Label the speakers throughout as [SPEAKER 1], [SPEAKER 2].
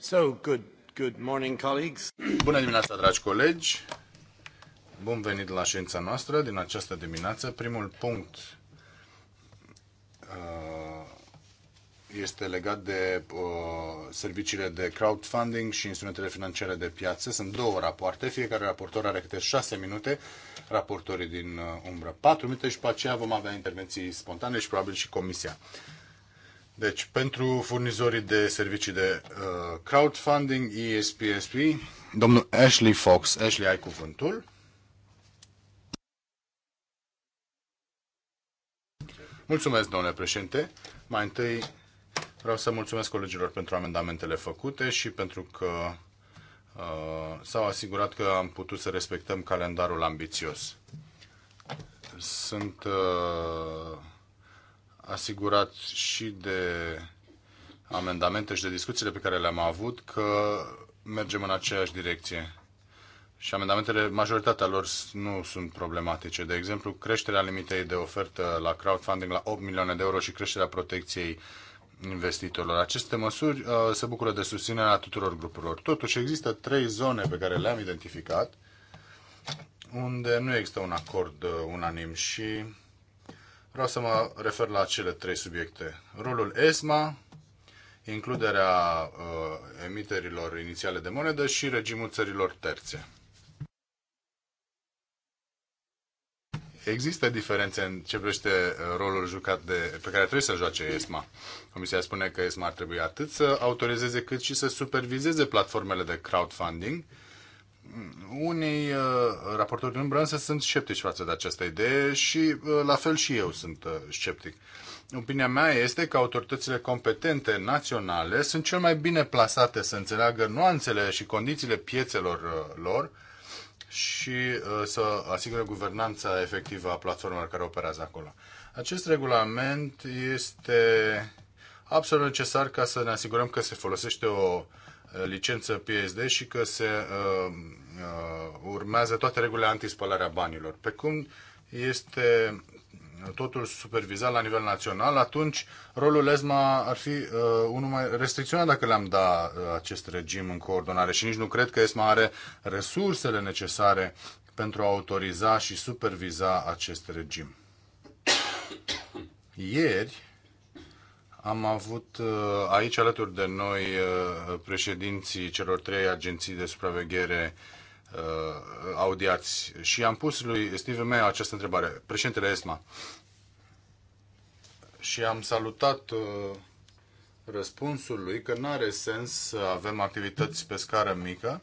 [SPEAKER 1] So, good, good morning, colleagues. Bună dimineața, dragi colegi. Bun venit la ședința noastră din această dimineață. Primul punct uh, este legat de uh, serviciile de crowdfunding și instrumentele financiare de piață. Sunt două rapoarte, fiecare raportor are câte șase minute, raportorii din uh, umbră patru minute și pe aceea vom avea intervenții spontane și probabil și comisia. Deci, pentru furnizorii de servicii de uh, crowdfunding, ESPSP, domnul Ashley Fox. Ashley, ai cuvântul. Mulțumesc, domnule președinte. Mai întâi vreau să mulțumesc colegilor pentru amendamentele făcute și pentru că uh, s-au asigurat că am putut să respectăm calendarul ambițios. Sunt uh, asigurat și de amendamente și de discuțiile pe care le-am avut că mergem în aceeași direcție. Și amendamentele, majoritatea lor nu sunt problematice. De exemplu, creșterea limitei de ofertă la crowdfunding la 8 milioane de euro și creșterea protecției investitorilor. Aceste măsuri uh, se bucură de susținerea tuturor grupurilor. Totuși, există trei zone pe care le-am identificat unde nu există un acord uh, unanim și Vreau să mă refer la cele trei subiecte. Rolul ESMA, includerea uh, emiterilor inițiale de monedă și regimul țărilor terțe. Există diferențe în ce privește uh, rolul jucat de, pe care trebuie să joace ESMA. Comisia spune că ESMA ar trebui atât să autorizeze cât și să supervizeze platformele de crowdfunding uh, unii uh, raportori din umbră însă sunt sceptici față de această idee și uh, la fel și eu sunt uh, sceptic. Opinia mea este că autoritățile competente naționale sunt cel mai bine plasate să înțeleagă nuanțele și condițiile piețelor lor și să asigure guvernanța efectivă a platformelor care operează acolo. Acest regulament este absolut necesar ca să ne asigurăm că se folosește o licență PSD și că se uh, uh, urmează toate regulile antispălarea banilor. Pe cum este totul supervizat la nivel național, atunci rolul ESMA ar fi uh, unul mai restricționat dacă le-am da uh, acest regim în coordonare și nici nu cred că ESMA are resursele necesare pentru a autoriza și superviza acest regim. Ieri, am avut uh, aici alături de noi uh, președinții celor trei agenții de supraveghere uh, audiați și am pus lui Steve May această întrebare, președintele ESMA. Și am salutat răspunsul lui că nu are sens să avem activități pe scară mică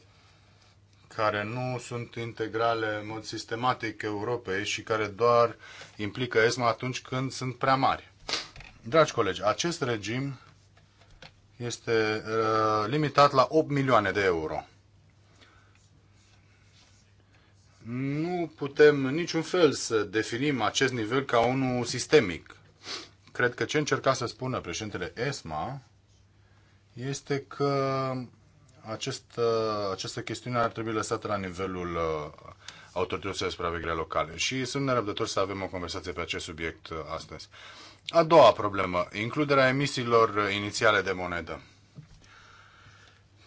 [SPEAKER 1] care nu sunt integrale în mod sistematic Europei și care doar implică ESMA atunci când sunt prea mari. Dragi colegi, acest regim este uh, limitat la 8 milioane de euro. Nu putem niciun fel să definim acest nivel ca unul sistemic. Cred că ce încerca să spună președintele ESMA este că acest, uh, această chestiune ar trebui lăsată la nivelul uh, autorităților de supraveghere locale. Și sunt nerăbdător să avem o conversație pe acest subiect astăzi. A doua problemă, includerea emisiilor inițiale de monedă.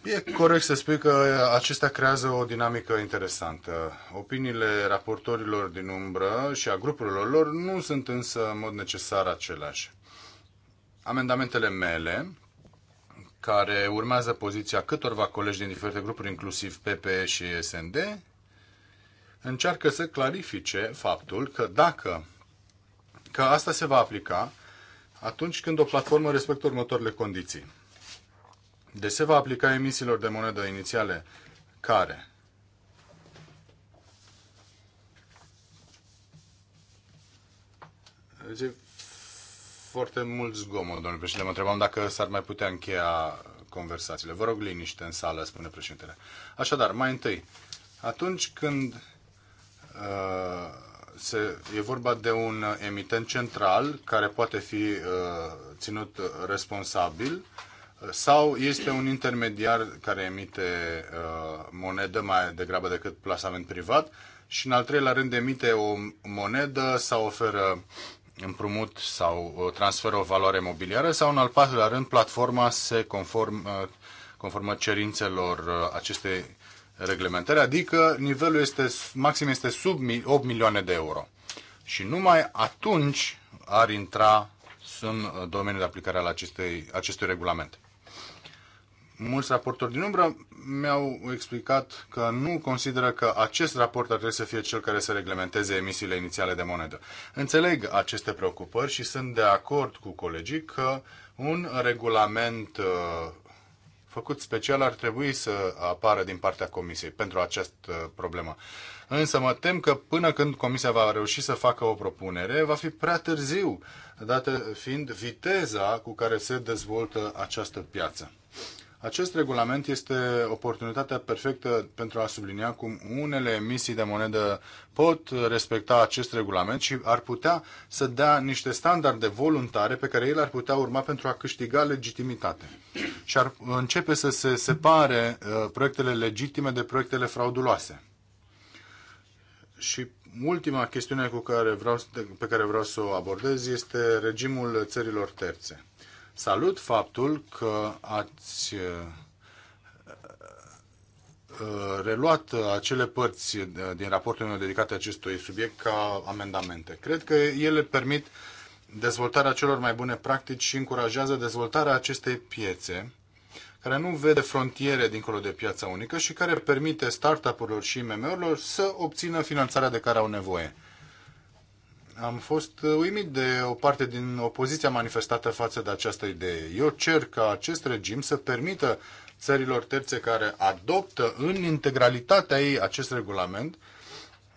[SPEAKER 1] E corect să spui că acestea creează o dinamică interesantă. Opiniile raportorilor din umbră și a grupurilor lor nu sunt însă în mod necesar aceleași. Amendamentele mele, care urmează poziția câtorva colegi din diferite grupuri, inclusiv PPE și SND, încearcă să clarifice faptul că dacă că asta se va aplica atunci când o platformă respectă următoarele condiții. Deci se va aplica emisiilor de monedă inițiale care Deci e foarte mult zgomot, domnule președinte. Mă întrebam dacă s-ar mai putea încheia conversațiile. Vă rog liniște în sală, spune președintele. Așadar, mai întâi, atunci când uh, se, e vorba de un emitent central care poate fi uh, ținut responsabil uh, sau este un intermediar care emite uh, monedă mai degrabă decât plasament privat și în al treilea rând emite o monedă sau oferă împrumut sau uh, transferă o valoare imobiliară sau în al patrulea rând platforma se conform, uh, conformă cerințelor acestei reglementări, adică nivelul este, maxim este sub 8 milioane de euro. Și numai atunci ar intra în domeniul de aplicare al acestei, acestui regulament. Mulți raportori din umbră mi-au explicat că nu consideră că acest raport ar trebui să fie cel care să reglementeze emisiile inițiale de monedă. Înțeleg aceste preocupări și sunt de acord cu colegii că un regulament uh, făcut special ar trebui să apară din partea Comisiei pentru această problemă. Însă mă tem că până când Comisia va reuși să facă o propunere, va fi prea târziu, dată fiind viteza cu care se dezvoltă această piață. Acest regulament este oportunitatea perfectă pentru a sublinia cum unele emisii de monedă pot respecta acest regulament și ar putea să dea niște standarde voluntare pe care el ar putea urma pentru a câștiga legitimitate. Și ar începe să se separe uh, proiectele legitime de proiectele frauduloase. Și ultima chestiune cu care vreau, pe care vreau să o abordez este regimul țărilor terțe. Salut faptul că ați uh, uh, reluat acele părți din raportul meu dedicat acestui subiect ca amendamente. Cred că ele permit dezvoltarea celor mai bune practici și încurajează dezvoltarea acestei piețe care nu vede frontiere dincolo de piața unică și care permite startup-urilor și IMM-urilor să obțină finanțarea de care au nevoie am fost uimit de o parte din opoziția manifestată față de această idee. Eu cer ca acest regim să permită țărilor terțe care adoptă în integralitatea ei acest regulament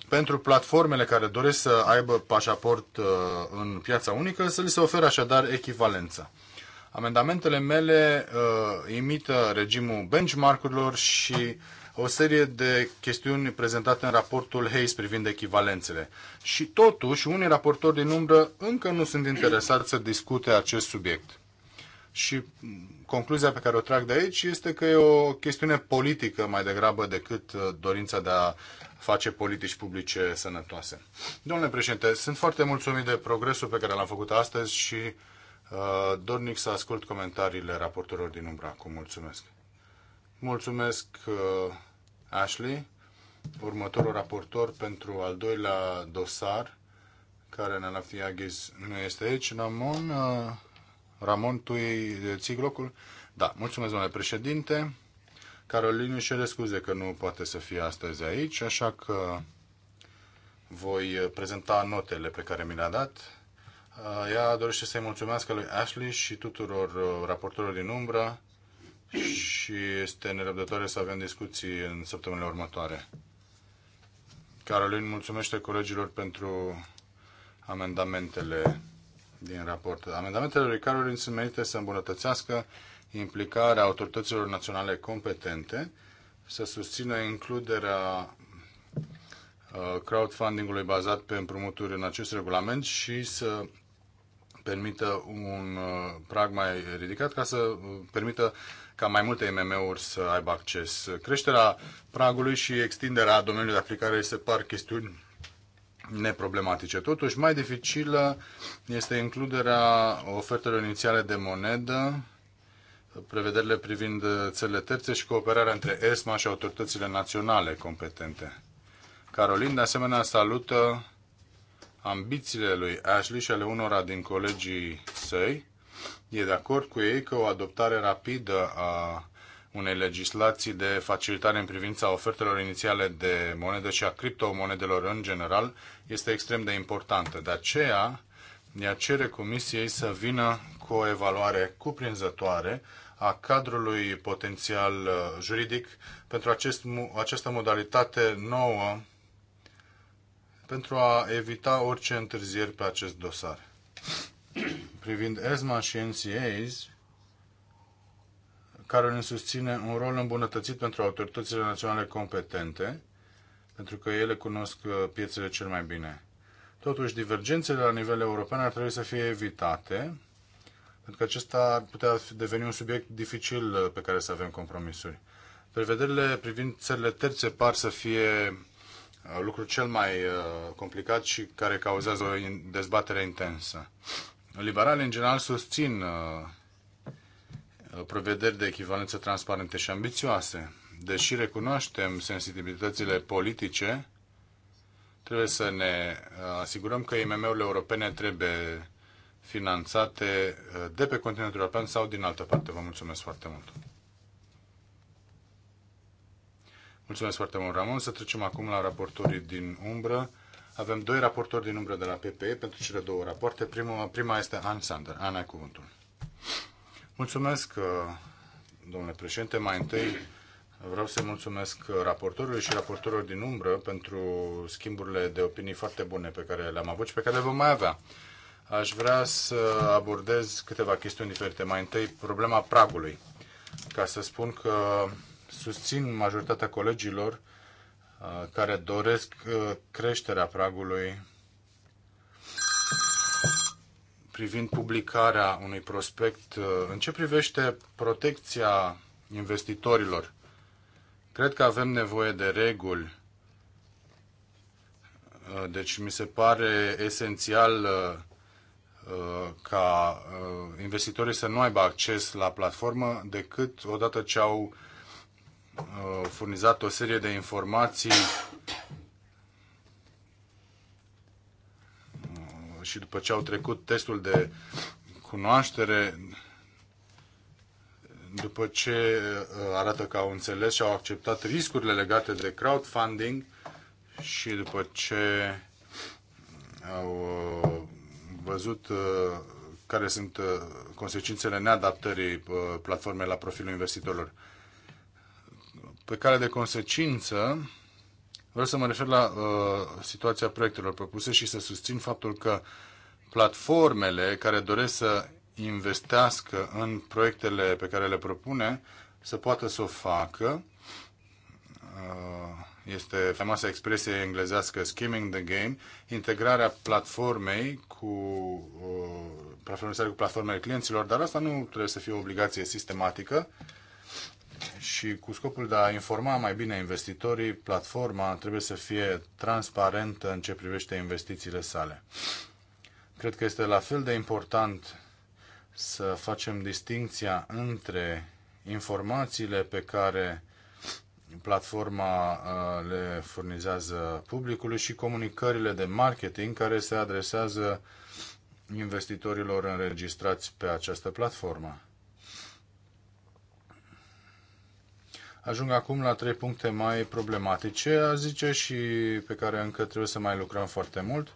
[SPEAKER 1] pentru platformele care doresc să aibă pașaport uh, în piața unică să li se ofere așadar echivalența. Amendamentele mele uh, imită regimul benchmark-urilor și uh, o serie de chestiuni prezentate în raportul Hayes privind echivalențele. Și totuși, unii raportori din umbră încă nu sunt interesați să discute acest subiect. Și concluzia pe care o trag de aici este că e o chestiune politică mai degrabă decât uh, dorința de a face politici publice sănătoase. Domnule președinte, sunt foarte mulțumit de progresul pe care l-am făcut astăzi și uh, dornic să ascult comentariile raportorilor din umbră. Acum mulțumesc. Mulțumesc, uh, Ashley, următorul raportor pentru al doilea dosar, care în Alafiaghis nu este aici. Ramon, uh, Ramon, tu ții locul? Da, mulțumesc, domnule președinte. Carolin își cere scuze că nu poate să fie astăzi aici, așa că voi prezenta notele pe care mi le-a dat. Uh, ea dorește să-i mulțumească lui Ashley și tuturor raportorilor din umbră și este nerăbdătoare să avem discuții în săptămânile următoare. Carolin mulțumește colegilor pentru amendamentele din raport. Amendamentele lui Carolin sunt menite să îmbunătățească implicarea autorităților naționale competente, să susțină includerea uh, crowdfunding-ului bazat pe împrumuturi în acest regulament și să permită un uh, prag mai ridicat ca să uh, permită ca mai multe IMM-uri să aibă acces. Creșterea pragului și extinderea domeniului de aplicare se par chestiuni neproblematice. Totuși, mai dificilă este includerea ofertelor inițiale de monedă, prevederile privind țările terțe și cooperarea între ESMA și autoritățile naționale competente. Carolin, de asemenea, salută ambițiile lui Ashley și ale unora din colegii săi e de acord cu ei că o adoptare rapidă a unei legislații de facilitare în privința ofertelor inițiale de monedă și a criptomonedelor în general este extrem de importantă. De aceea, ea cere Comisiei să vină cu o evaluare cuprinzătoare a cadrului potențial uh, juridic pentru acest, această modalitate nouă pentru a evita orice întârzieri pe acest dosar privind ESMA și NCAs, care ne susține un rol îmbunătățit pentru autoritățile naționale competente, pentru că ele cunosc uh, piețele cel mai bine. Totuși, divergențele la nivel european ar trebui să fie evitate, pentru că acesta ar putea deveni un subiect dificil uh, pe care să avem compromisuri. Prevederile privind țările terțe par să fie uh, lucru cel mai complicat și care cauzează o dezbatere intensă. Liberalii, în general, susțin uh, prevederi de echivalență transparente și ambițioase. Deși recunoaștem sensibilitățile politice, trebuie să ne uh, asigurăm că IMM-urile europene trebuie finanțate uh, de pe continentul european sau din altă parte. Vă mulțumesc foarte mult! Mulțumesc foarte mult, Ramon. Să trecem acum la raportorii din umbră. Avem doi raportori din umbră de la PPE pentru cele două rapoarte. Prima, prima este Ann Sander. Ana, ai cuvântul. Mulțumesc, uh, domnule președinte. Mai întâi vreau să mulțumesc uh, raportorului și raportorilor din umbră pentru schimburile de opinii foarte bune pe care le-am avut și pe care le vom mai avea. Aș vrea să abordez câteva chestiuni diferite. Mai întâi, problema pragului. Ca să spun că susțin majoritatea colegilor Uh, care doresc uh, creșterea pragului privind publicarea unui prospect uh, în ce privește protecția investitorilor. Cred că avem nevoie de reguli. Deci mi se pare esențial ca investitorii să nu aibă acces la platformă decât odată ce au furnizat o serie de informații și după ce au trecut testul de cunoaștere, după ce uh, arată că au înțeles și au acceptat riscurile legate de crowdfunding și după ce au uh, văzut uh, care sunt consecințele neadaptării platformei la profilul investitorilor. Pe care de consecință, vreau să mă refer la uh, situația proiectelor propuse și să susțin faptul că platformele care doresc să investească în proiectele pe care le propune să poată să o facă. Uh, este faimoasa expresie englezească skimming the game, integrarea platformei cu uh, platformele cu platformele clienților, dar asta nu trebuie să fie o obligație sistematică. Uh, și cu scopul de a informa mai bine investitorii, platforma trebuie să fie transparentă în ce privește investițiile sale. Cred că este la fel de important să facem distinția între informațiile pe care platforma uh, le furnizează publicului și comunicările de marketing care se adresează investitorilor înregistrați pe această platformă. Ajung acum la trei puncte mai problematice, a zice, și pe care încă trebuie să mai lucrăm foarte mult.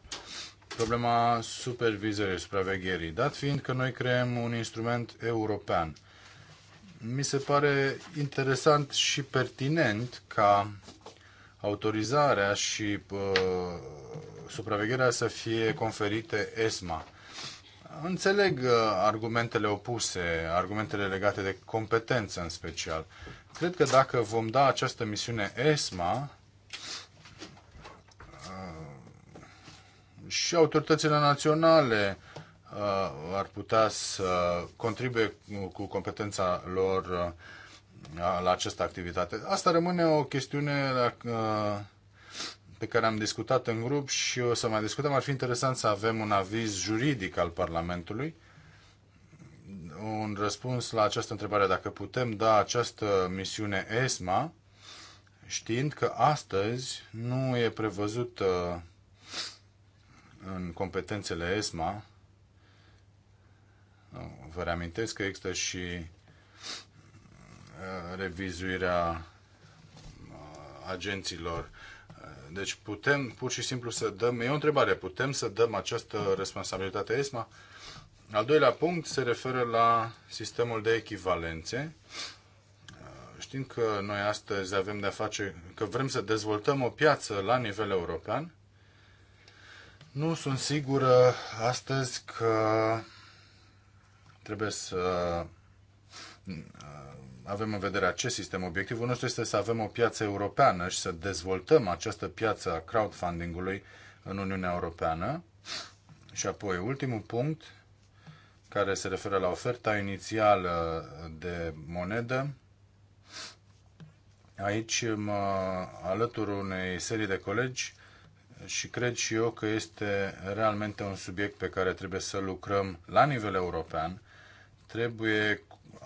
[SPEAKER 1] Problema supervizării, supravegherii, dat fiind că noi creăm un instrument european. Mi se pare interesant și pertinent ca autorizarea și uh, supravegherea să fie conferite ESMA. Înțeleg uh, argumentele opuse, argumentele legate de competență în special. Cred că dacă vom da această misiune ESMA, uh, și autoritățile naționale uh, ar putea să contribuie cu competența lor uh, la această activitate. Asta rămâne o chestiune pe care am discutat în grup și o să mai discutăm. Ar fi interesant să avem un aviz juridic al Parlamentului un răspuns la această întrebare, dacă putem da această misiune ESMA, știind că astăzi nu e prevăzut uh, în competențele ESMA. Uh, vă reamintesc că există și uh, revizuirea agenților. Deci putem pur și simplu să dăm, e o întrebare, putem să dăm această responsabilitate ESMA? Al doilea punct se referă la sistemul de echivalențe. Știm că noi astăzi avem de-a face, că vrem să dezvoltăm o piață la nivel european. Nu sunt sigură astăzi că trebuie să uh, avem în vedere acest sistem. Obiectivul nostru este să avem o piață europeană și să dezvoltăm această piață a crowdfunding-ului în Uniunea Europeană. Și apoi, ultimul punct, care se referă la oferta inițială de monedă. Aici mă alătur unei serii de colegi și cred și eu că este realmente un subiect pe care trebuie să lucrăm la nivel european. Trebuie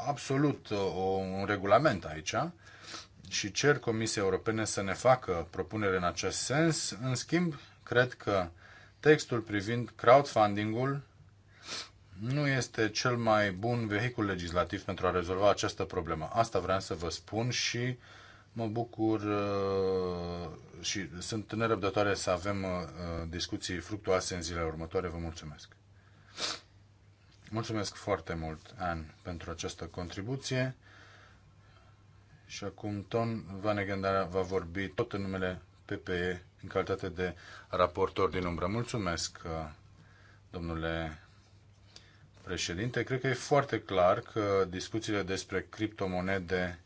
[SPEAKER 1] absolut uh, un regulament aici și cer Comisiei Europene să ne facă propunere în acest sens. În schimb, cred că textul privind crowdfunding-ul nu este cel mai bun vehicul legislativ pentru a rezolva această problemă. Asta vreau să vă spun și mă bucur uh, și sunt nerăbdătoare să avem uh, discuții fructuoase în zilele următoare. Vă mulțumesc! Mulțumesc foarte mult, An, pentru această contribuție. Și acum Ton Vanegendara va vorbi tot în numele PPE în calitate de raportor din umbră. Mulțumesc, uh, domnule președinte. Cred că e foarte clar că discuțiile despre criptomonede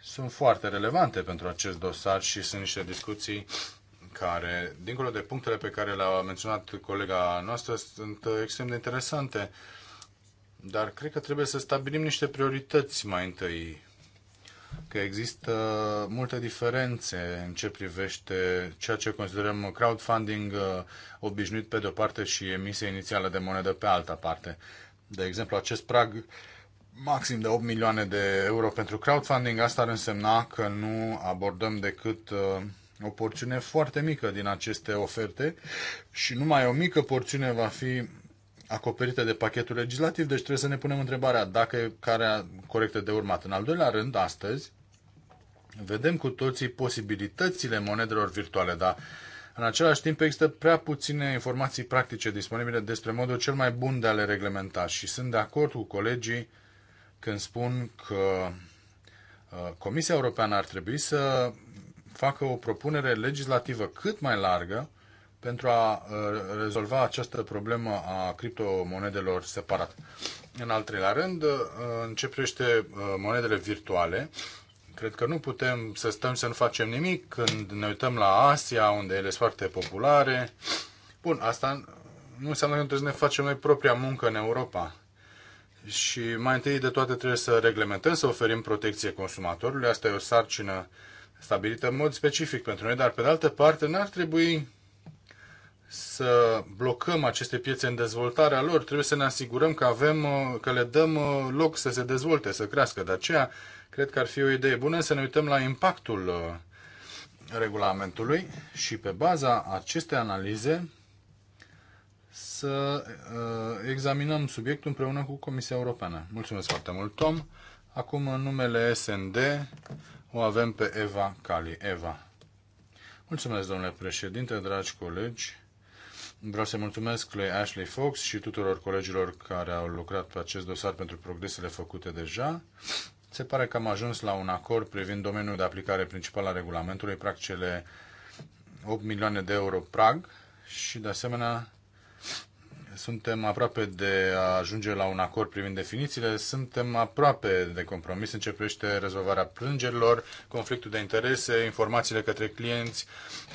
[SPEAKER 1] sunt foarte relevante pentru acest dosar și sunt niște discuții care, dincolo de punctele pe care le-a menționat colega noastră, sunt extrem de interesante. Dar cred că trebuie să stabilim niște priorități mai întâi că există multe diferențe în ce privește ceea ce considerăm crowdfunding uh, obișnuit pe de-o parte și emisia inițială de monedă pe alta parte. De exemplu, acest prag maxim de 8 milioane de euro pentru crowdfunding, asta ar însemna că nu abordăm decât uh, o porțiune foarte mică din aceste oferte și numai o mică porțiune va fi acoperite de pachetul legislativ, deci trebuie să ne punem întrebarea dacă e care corectă de urmat. În al doilea rând, astăzi, vedem cu toții posibilitățile monedelor virtuale, dar în același timp există prea puține informații practice disponibile despre modul cel mai bun de a le reglementa și sunt de acord cu colegii când spun că uh, Comisia Europeană ar trebui să facă o propunere legislativă cât mai largă pentru a uh, rezolva această problemă a criptomonedelor separat. În al treilea rând, uh, începește uh, monedele virtuale. Cred că nu putem să stăm să nu facem nimic când ne uităm la Asia, unde ele sunt foarte populare. Bun, asta nu înseamnă că trebuie să ne facem noi propria muncă în Europa. Și mai întâi de toate trebuie să reglementăm, să oferim protecție consumatorului. Asta e o sarcină stabilită în mod specific pentru noi, dar pe de altă parte n-ar trebui să blocăm aceste piețe în dezvoltarea lor, trebuie să ne asigurăm că, avem, uh, că le dăm uh, loc să se dezvolte, să crească. De aceea, cred că ar fi o idee bună să ne uităm la impactul uh, regulamentului și pe baza acestei analize să examinăm subiectul împreună cu Comisia Europeană. Mulțumesc foarte mult, Tom. Acum, în numele SND, o avem pe Eva Cali. Eva. Mulțumesc, domnule președinte, dragi colegi. Vreau să mulțumesc lui Ashley Fox și tuturor colegilor care au lucrat pe acest dosar pentru progresele făcute deja. Se pare că am ajuns la un acord privind domeniul de aplicare principal al regulamentului, practic cele 8 milioane de euro prag și, de asemenea, suntem aproape de a ajunge la un acord privind definițiile, suntem aproape de compromis în ce privește rezolvarea plângerilor, conflictul de interese, informațiile către clienți,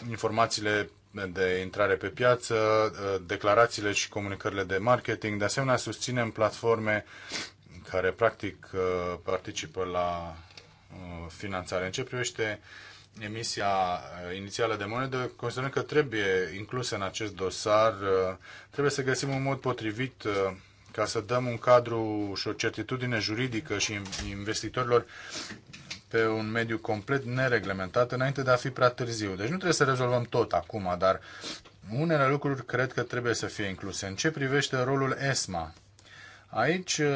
[SPEAKER 1] informațiile de intrare pe piață, uh, declarațiile și comunicările de marketing. De asemenea, susținem platforme care practic uh, participă la uh, finanțare. În ce privește emisia inițială de monedă, considerăm că trebuie inclusă în acest dosar, trebuie să găsim un mod potrivit ca să dăm un cadru și o certitudine juridică și investitorilor pe un mediu complet nereglementat înainte de a fi prea târziu. Deci nu trebuie să rezolvăm tot acum, dar unele lucruri cred că trebuie să fie incluse. În ce privește rolul ESMA? Aici uh,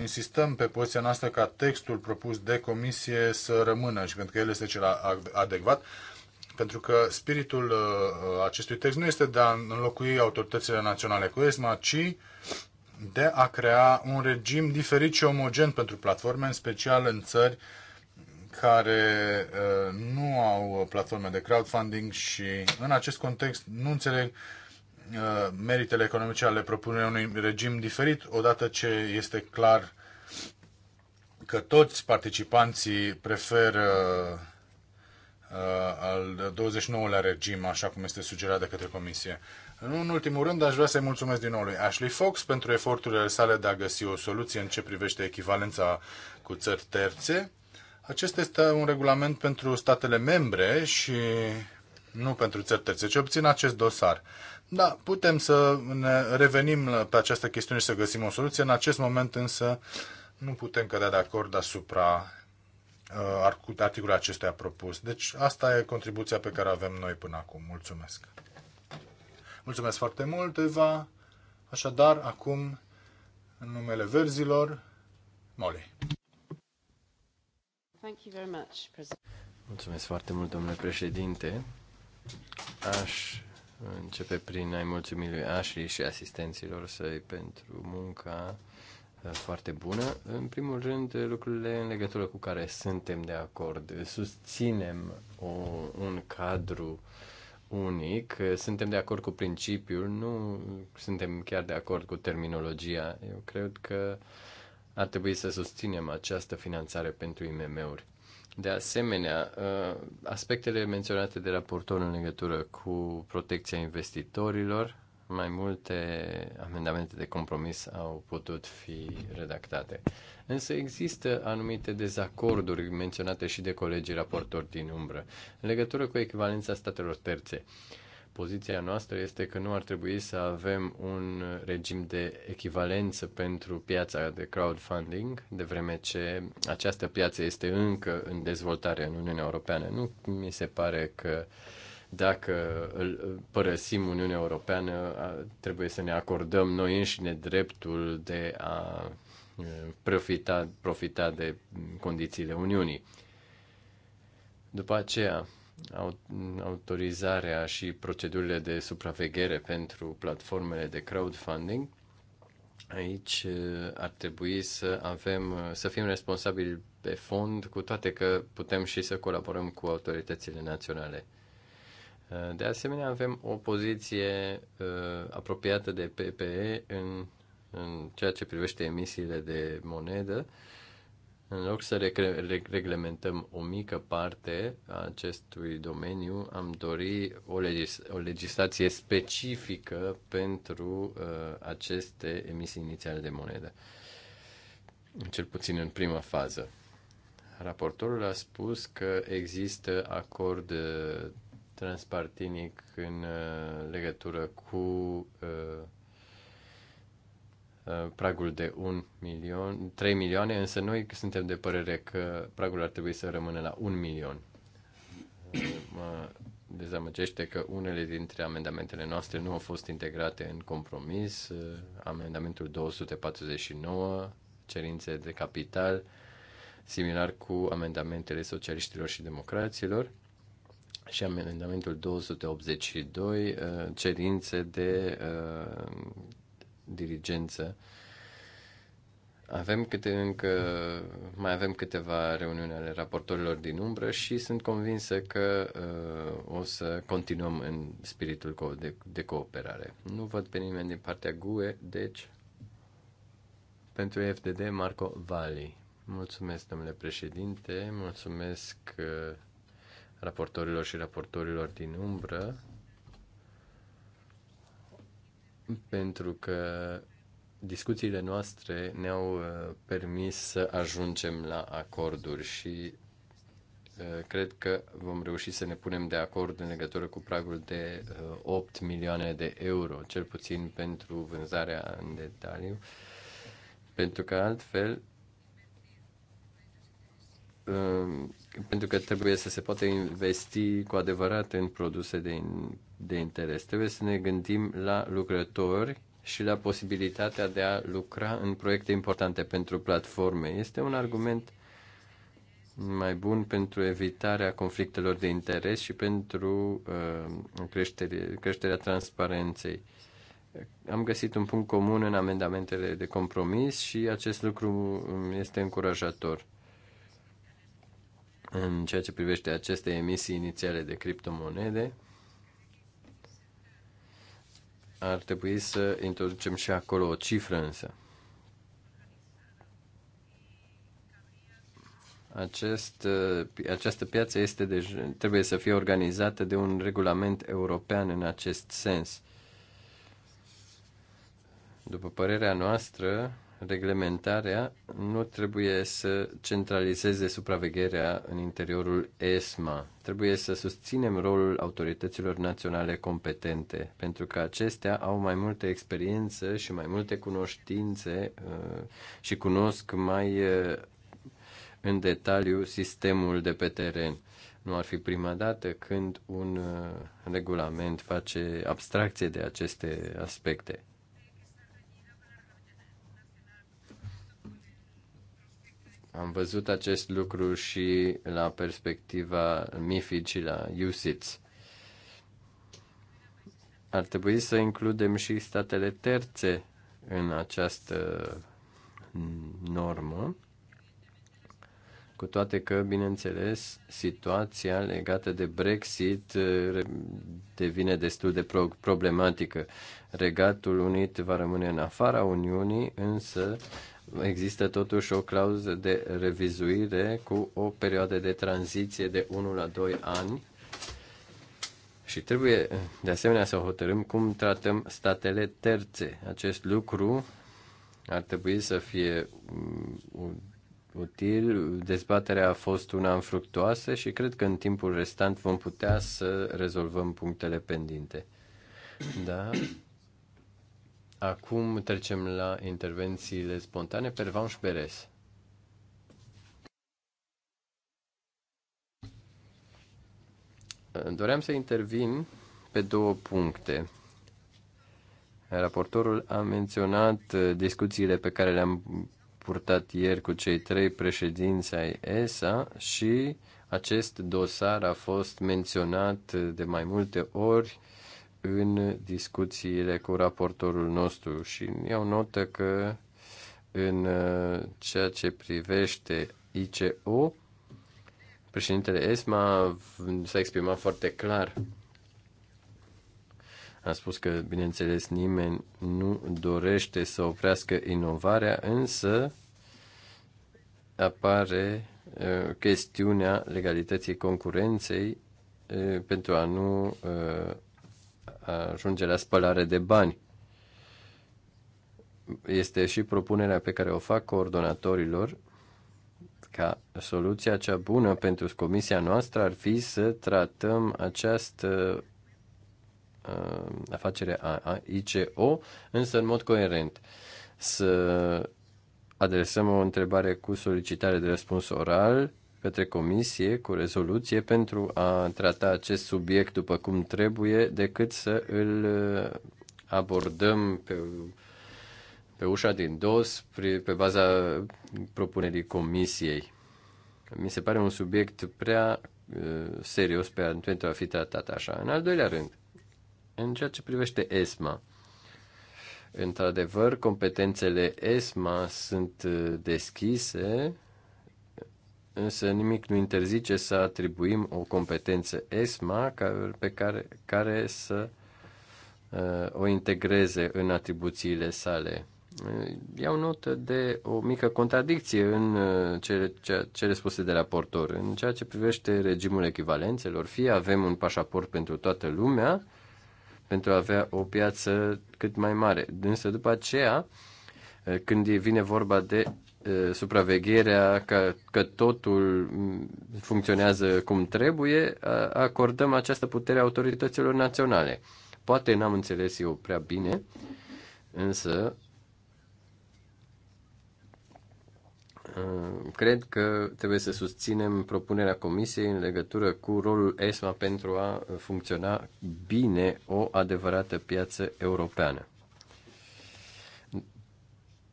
[SPEAKER 1] insistăm pe poziția noastră ca textul propus de comisie să rămână și pentru că el este cel adecvat, pentru că spiritul uh, uh, acestui text nu este de a înlocui autoritățile naționale cu ESMA, ci de a crea un regim diferit și omogen pentru platforme, în special în țări care uh, nu au uh, platforme de crowdfunding și în acest context nu înțeleg uh, meritele economice ale propunerii unui regim diferit, odată ce este clar că toți participanții preferă al 29-lea regim, așa cum este sugerat de către Comisie. În ultimul rând, aș vrea să-i mulțumesc din nou lui Ashley Fox pentru eforturile sale de a găsi o soluție în ce privește echivalența cu țări terțe acesta este un regulament pentru statele membre și nu pentru țări terțe. Ce obțin acest dosar? Da, putem să ne revenim pe această chestiune și să găsim o soluție. În acest moment însă nu putem cădea de acord asupra uh, articolul articolului acestuia propus. Deci asta e contribuția pe care avem noi până acum. Mulțumesc! Mulțumesc foarte mult, Eva! Așadar, acum, în numele verzilor, Molly. Thank you very much,
[SPEAKER 2] Mulțumesc foarte mult, domnule președinte. Aș începe prin a-i mulțumi lui Ashley și asistenților săi pentru munca eh, foarte bună. În primul rând, lucrurile în legătură cu care suntem de acord. Susținem o, un cadru unic, suntem de acord cu principiul, nu suntem chiar de acord cu terminologia. Eu cred că uh, ar trebui să susținem această finanțare pentru IMM-uri. De asemenea, ă, aspectele menționate de raportor în legătură cu protecția investitorilor, mai multe amendamente de compromis au putut fi redactate. Însă există anumite dezacorduri menționate și de colegii raportori din umbră în legătură cu echivalența statelor terțe. Uh, Poziția noastră este că nu ar trebui să avem un regim de echivalență pentru piața de crowdfunding, de vreme ce această piață este încă în dezvoltare în Uniunea Europeană. Nu mi se pare că dacă îl părăsim Uniunea Europeană, trebuie să ne acordăm noi înșine dreptul de a profita, profita de condițiile Uniunii. După aceea, autorizarea și procedurile de supraveghere pentru platformele de crowdfunding. Aici uh, ar trebui să avem, uh, să fim responsabili pe fond, cu toate că putem și să colaborăm cu autoritățile naționale. Uh, de asemenea, avem o poziție apropiată de PPE în, în ceea ce privește emisiile de monedă. Uh, în loc să reglementăm o mică parte a acestui domeniu, am dori o, legis- o legislație specifică pentru uh, aceste emisii inițiale de monedă, cel puțin în prima fază. Raportorul a spus că există acord uh, transpartinic în uh, legătură cu uh, Uh, pragul de 1 milion, 3 milioane, însă noi suntem de părere că pragul ar trebui să rămână la 1 milion. Uh, mă dezamăgește că unele dintre amendamentele noastre nu au fost integrate în compromis. Uh, amendamentul 249, cerințe de capital, similar cu amendamentele socialiștilor și democraților și amendamentul 282, cerințe de dirigență. Avem câte încă, mai avem câteva reuniuni ale raportorilor din umbră și sunt convinsă că uh, o să continuăm în spiritul co- de, de cooperare. Nu văd pe nimeni din partea GUE, deci pentru FDD Marco Vali. Mulțumesc, domnule președinte, mulțumesc uh, raportorilor și raportorilor din umbră pentru că discuțiile noastre ne-au uh, permis să ajungem la acorduri și uh, cred că vom reuși să ne punem de acord în legătură cu pragul de 8 uh, milioane de euro, cel puțin pentru vânzarea în detaliu, pentru că altfel pentru că trebuie să se poată investi cu adevărat în produse de de interes. Trebuie să ne gândim la lucrători și la posibilitatea de a lucra în proiecte importante pentru platforme. Este un argument mai bun pentru evitarea conflictelor de interes și pentru uh, creștere, creșterea transparenței. Am găsit un punct comun în amendamentele de compromis și acest lucru um, este încurajator în ceea ce privește aceste emisii inițiale de criptomonede ar trebui să introducem și acolo o cifră însă. Acest, uh, această piață este de, trebuie să fie organizată de un regulament european în acest sens. După părerea noastră, reglementarea nu trebuie să centralizeze supravegherea în interiorul ESMA. Trebuie să susținem rolul autorităților naționale competente, pentru că acestea au mai multă experiență și mai multe cunoștințe uh, și cunosc mai uh, în detaliu sistemul de pe teren. Nu ar fi prima dată când un uh, regulament face abstracție de aceste aspecte Am văzut acest lucru și la perspectiva MIFID și la USITS. Ar trebui să includem și statele terțe în această normă, cu toate că, bineînțeles, situația legată de Brexit eh, devine destul de problematică. Regatul Unit va rămâne în afara Uniunii, însă există totuși o clauză de revizuire cu o perioadă de tranziție de 1 la 2 ani și trebuie de asemenea să hotărâm cum tratăm statele terțe. Acest lucru ar trebui să fie mm, util. Dezbaterea a fost una înfructuoasă și cred că în timpul restant vom putea să rezolvăm punctele pendinte. Da, Acum trecem la intervențiile spontane. pe Vanș Beres. Doream să intervin pe două puncte. Raportorul a menționat uh, discuțiile pe care le-am purtat ieri cu cei trei președinți ai ESA și acest dosar a fost menționat uh, de mai multe ori în discuțiile cu raportorul nostru și iau notă că în uh, ceea ce privește ICO, președintele ESMA s-a exprimat foarte clar. A spus că, bineînțeles, nimeni nu dorește să oprească inovarea, însă apare uh, chestiunea legalității concurenței uh, pentru a nu ajunge la spălare de bani. Este și propunerea pe care o fac coordonatorilor ca soluția cea bună pentru comisia noastră ar fi să tratăm această uh, afacere a, a ICO, însă în mod coerent. Să adresăm o întrebare cu solicitare de răspuns oral către comisie cu rezoluție pentru a trata acest subiect după cum trebuie, decât să îl uh, abordăm pe, pe ușa din dos, pe baza propunerii comisiei. Mi se pare un subiect prea uh, serios pe, pentru a fi tratat așa. În al doilea rând, în ceea ce privește ESMA, într-adevăr, competențele ESMA sunt uh, deschise însă nimic nu interzice să atribuim o competență ESMA pe care, care să uh, o integreze în atribuțiile sale. Uh, iau notă de o mică contradicție în uh, cele, ce, cele spuse de raportor. În ceea ce privește regimul echivalențelor, fie avem un pașaport pentru toată lumea, pentru a avea o piață cât mai mare. Însă după aceea, când vine vorba de supravegherea că, că totul funcționează cum trebuie, acordăm această putere autorităților naționale. Poate n-am înțeles eu prea bine, însă cred că trebuie să susținem propunerea Comisiei în legătură cu rolul ESMA pentru a funcționa bine o adevărată piață europeană.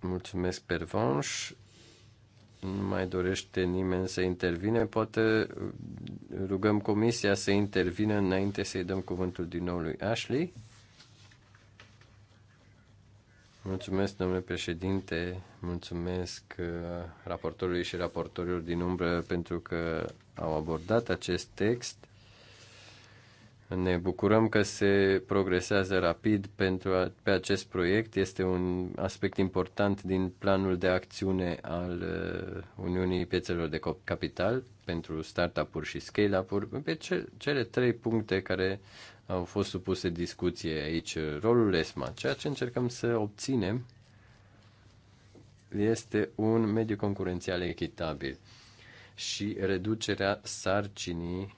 [SPEAKER 2] Mulțumesc, Pervanș. Nu mai dorește nimeni să intervine. Poate uh, rugăm comisia să intervină înainte să-i dăm cuvântul din nou lui Ashley. Mulțumesc, domnule președinte, mulțumesc uh, raportorului și raportorilor din umbră pentru că au abordat acest text ne bucurăm că se progresează rapid pentru a, pe acest proiect. Este un aspect important din planul de acțiune al uh, Uniunii Piețelor de Capital pentru startup-uri și scale-up-uri, pe cele trei puncte care au fost supuse discuție aici. Rolul ESMA, ceea ce încercăm să obținem este un mediu concurențial echitabil și reducerea sarcinii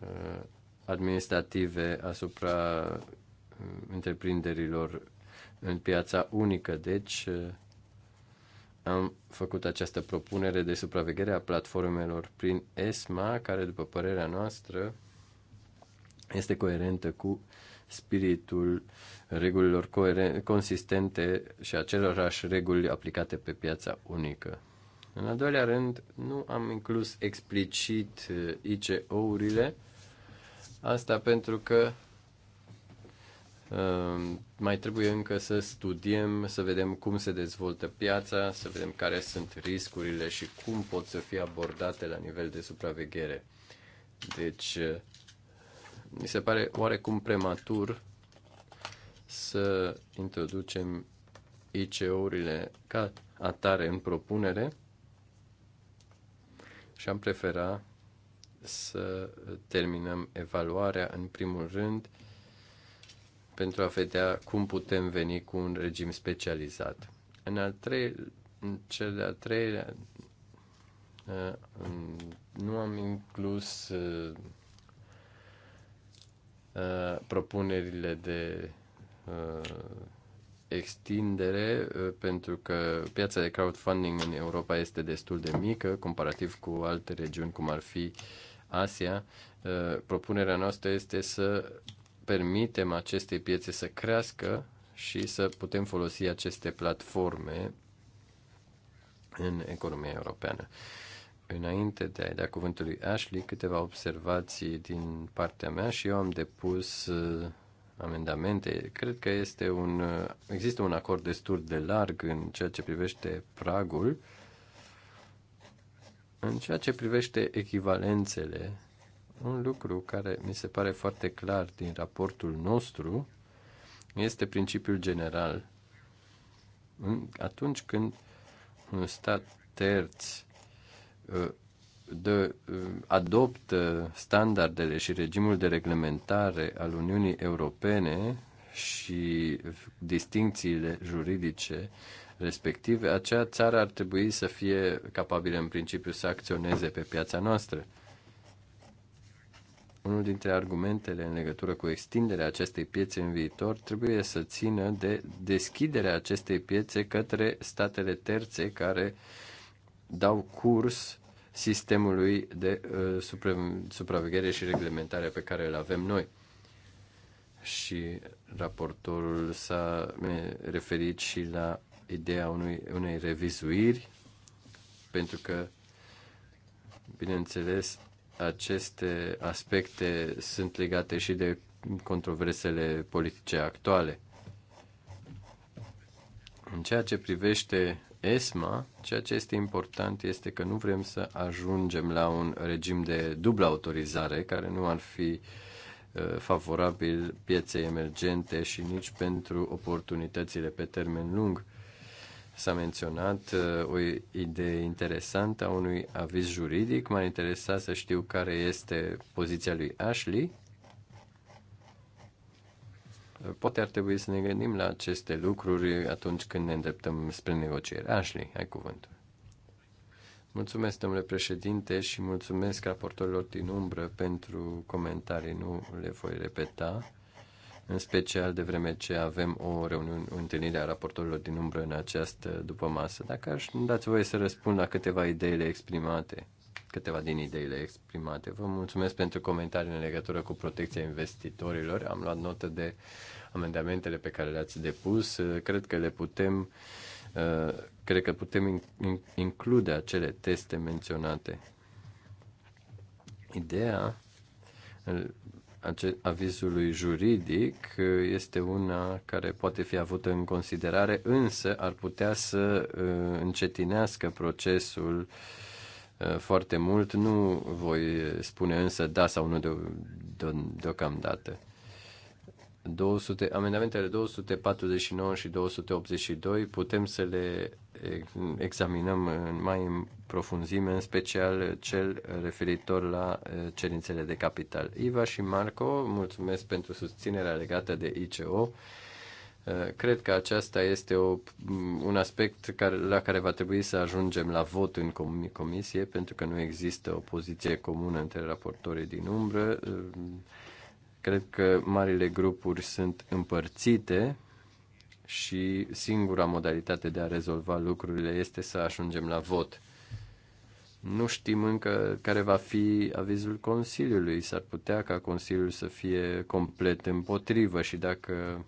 [SPEAKER 2] uh, administrative asupra uh, întreprinderilor în piața unică. Deci uh, am făcut această propunere de supraveghere a platformelor prin ESMA, care, după părerea noastră, este coerentă cu spiritul regulilor consistente și acelorași reguli aplicate pe piața unică. În al doilea rând, nu am inclus explicit uh, ICO-urile, Asta pentru că um, mai trebuie încă să studiem, să vedem cum se dezvoltă piața, să vedem care sunt riscurile și cum pot să fie abordate la nivel de supraveghere. Deci, uh, mi se pare oarecum prematur să introducem ICO-urile ca atare în propunere și am preferat să terminăm evaluarea în primul rând pentru a vedea cum putem veni cu un regim specializat. În al trei, în cel de-al treilea, uh, nu am inclus uh, uh, propunerile de extindere pentru că piața de crowdfunding în Europa este destul de mică comparativ cu alte regiuni cum ar fi Asia, uh, propunerea noastră este să permitem acestei piețe să crească și să putem folosi aceste platforme în economia europeană. Înainte de a-i da cuvântul lui Ashley, câteva observații din partea mea și eu am depus uh, amendamente. Cred că este un, uh, există un acord destul de larg în ceea ce privește pragul în ceea ce privește echivalențele, un lucru care mi se pare foarte clar din raportul nostru este principiul general. Atunci când un stat terț ă, de, ă, adoptă standardele și regimul de reglementare al Uniunii Europene și distincțiile juridice respectiv acea țară ar trebui să fie capabilă în principiu să acționeze pe piața noastră. Unul dintre argumentele în legătură cu extinderea acestei piețe în viitor trebuie să țină de deschiderea acestei piețe către statele terțe care dau curs sistemului de uh, supra- supraveghere și reglementare pe care îl avem noi. Și raportorul s-a referit și la ideea unui, unei revizuiri, pentru că, bineînțeles, aceste aspecte sunt legate și de controversele politice actuale. În ceea ce privește ESMA, ceea ce este important este că nu vrem să ajungem la un regim de dublă autorizare care nu ar fi uh, favorabil pieței emergente și nici pentru oportunitățile pe termen lung S-a menționat uh, o idee interesantă a unui aviz juridic. M-ar interesa să știu care este poziția lui Ashley. Uh, poate ar trebui să ne gândim la aceste lucruri atunci când ne îndreptăm spre negocieri. Ashley, ai cuvântul. Mulțumesc, domnule președinte, și mulțumesc raportorilor din umbră pentru comentarii. Nu le voi repeta în special de vreme ce avem o reuniune, o întâlnire a raportorilor din umbră în această după masă. Dacă aș dați voie să răspund la câteva ideile exprimate, câteva din ideile exprimate. Vă mulțumesc pentru comentarii în legătură cu protecția investitorilor. Am luat notă de amendamentele pe care le-ați depus. Cred că le putem uh, cred că putem include acele teste menționate. Ideea avizului juridic uh, este una care poate fi avută în considerare, însă ar putea să uh, încetinească procesul uh, foarte mult. Nu voi spune însă da sau nu de, de, deocamdată. 200, amendamentele 249 și 282 putem să le examinăm mai în profunzime, în special cel referitor la eh, cerințele de capital. Iva și Marco, mulțumesc pentru susținerea legată de ICO. Eh, cred că aceasta este o, mm, un aspect care, la care va trebui să ajungem la vot în comisie, pentru că nu există o poziție comună între raportorii din umbră. Eh, Cred că marile grupuri sunt împărțite și singura modalitate de a rezolva lucrurile este să ajungem la vot. Nu știm încă care va fi avizul Consiliului. S-ar putea ca Consiliul să fie complet împotrivă și dacă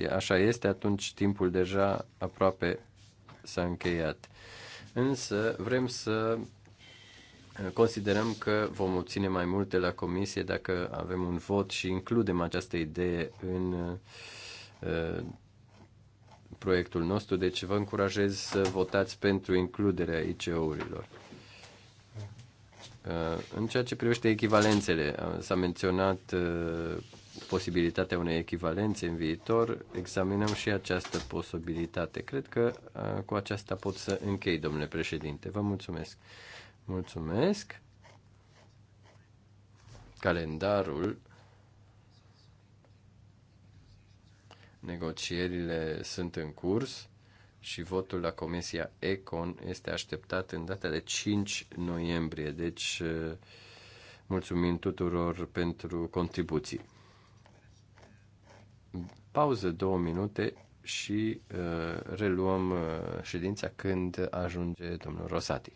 [SPEAKER 2] uh, așa este, atunci timpul deja aproape s-a încheiat. Însă vrem să Considerăm că vom obține mai multe la comisie dacă avem un vot și includem această idee în uh, proiectul nostru, deci vă încurajez să votați pentru includerea ICO-urilor. Uh, în ceea ce privește echivalențele, uh, s-a menționat posibilitatea unei echivalențe în viitor, examinăm și această posibilitate. Cred că cu aceasta pot să închei, domnule președinte. Vă mulțumesc. Mulțumesc. Calendarul Negocierile sunt în curs și votul la Comisia Econ este așteptat în data de 5 noiembrie. Deci, mulțumim tuturor pentru contribuții. Pauză două minute și uh, reluăm uh, ședința când ajunge domnul Rosati.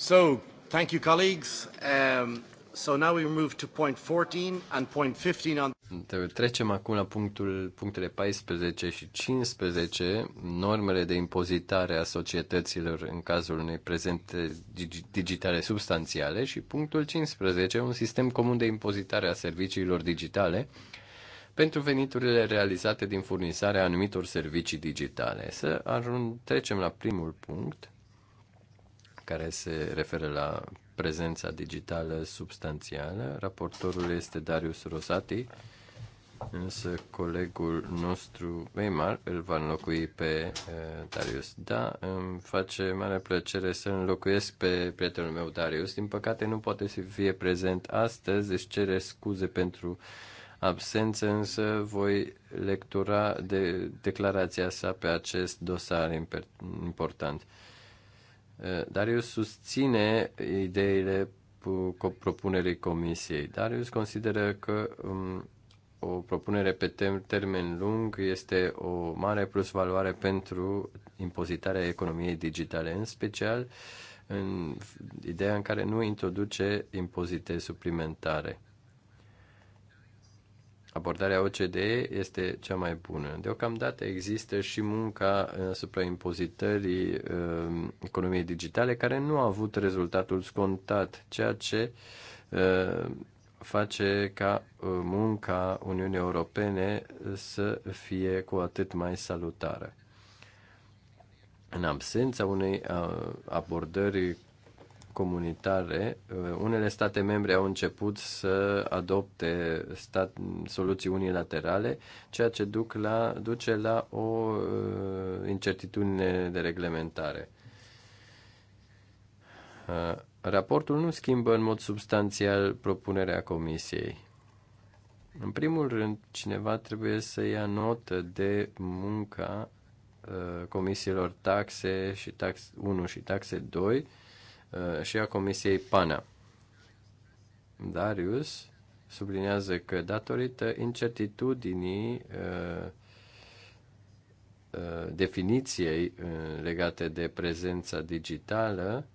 [SPEAKER 3] So, thank you, colleagues. Um, so now we move to point 14 and point 15 on...
[SPEAKER 2] Trecem acum la punctul, punctele 14 și 15, normele de impozitare a societăților în cazul unei prezente digitale substanțiale și punctul 15, un sistem comun de impozitare a serviciilor digitale pentru veniturile realizate din furnizarea anumitor servicii digitale. Să trecem la primul punct, care se referă la prezența digitală substanțială. Raportorul este Darius Rosati, însă colegul nostru Weimar îl va înlocui pe uh, Darius. Da, îmi face mare plăcere să înlocuiesc pe prietenul meu Darius. Din păcate nu poate să fie prezent astăzi, își cere scuze pentru absență, însă voi lectura de declarația sa pe acest dosar important. Eh, Darius susține ideile propunerii comisiei. Darius consideră că um, o propunere pe termen lung este o mare plus valoare pentru impozitarea economiei digitale, în special în ideea în care nu introduce impozite suplimentare abordarea OCDE este cea mai bună. Deocamdată există și munca uh, asupra impozitării uh, economiei digitale care nu a avut rezultatul scontat, ceea ce uh, face ca munca Uniunii Europene să fie cu atât mai salutară. În absența unei abordări comunitare, uh, unele state membre au început să adopte stat, soluții unilaterale, ceea ce duc la, duce la o uh, incertitudine de reglementare. Uh, raportul nu schimbă în mod substanțial propunerea Comisiei. În primul rând, cineva trebuie să ia notă de munca comisiilor taxe și tax 1 și taxe 2 Uh, și a Comisiei PANA. Darius sublinează că datorită incertitudinii uh, uh, definiției legate de prezența digitală,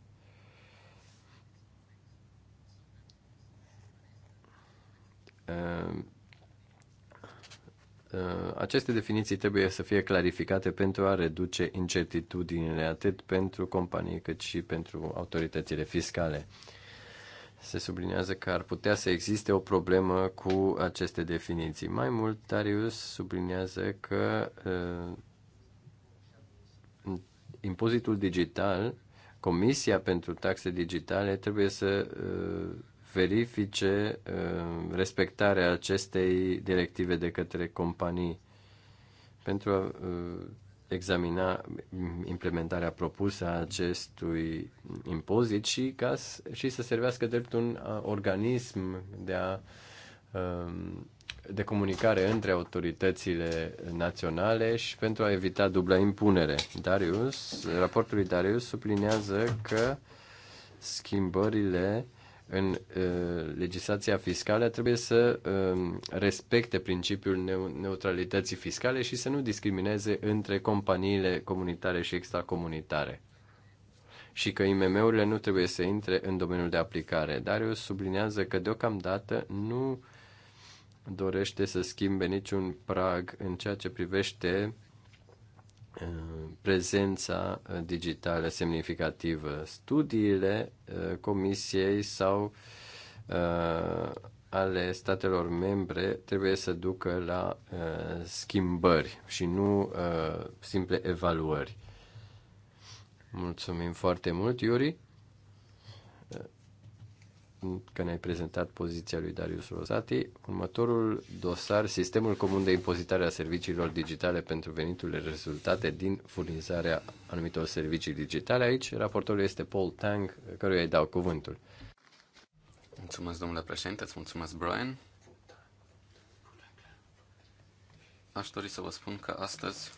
[SPEAKER 2] Uh, aceste definiții trebuie să fie clarificate pentru a reduce incertitudinile atât pentru companii cât și pentru autoritățile fiscale. Se sublinează că ar putea să existe o problemă cu aceste definiții. Mai mult, Darius sublinează că uh, impozitul digital, Comisia pentru Taxe Digitale trebuie să uh, verifice uh, respectarea acestei directive de către companii pentru a uh, examina implementarea propusă a acestui impozit și, ca, și să servească drept un organism de, a, um, de comunicare între autoritățile naționale și pentru a evita dubla impunere. Darius, raportul lui Darius sublinează că schimbările în uh, legislația fiscală trebuie să um, respecte principiul neutralității fiscale și să nu discrimineze între companiile comunitare și extracomunitare și că IMM-urile nu trebuie să intre în domeniul de aplicare. Dar eu sublinează că deocamdată nu dorește să schimbe niciun prag în ceea ce privește prezența uh, digitală semnificativă. Studiile uh, Comisiei sau uh, ale statelor membre trebuie să ducă la schimbări și nu simple evaluări. Mulțumim foarte mult, Iuri că ne-ai prezentat poziția lui Darius Rosati. Următorul dosar, Sistemul Comun de Impozitare a Serviciilor Digitale pentru veniturile rezultate din furnizarea anumitor servicii digitale. Aici, raportorul este Paul
[SPEAKER 3] Tang, căruia îi dau cuvântul. Mulțumesc, domnule președinte, îți mulțumesc, Brian. Aș dori să vă spun că astăzi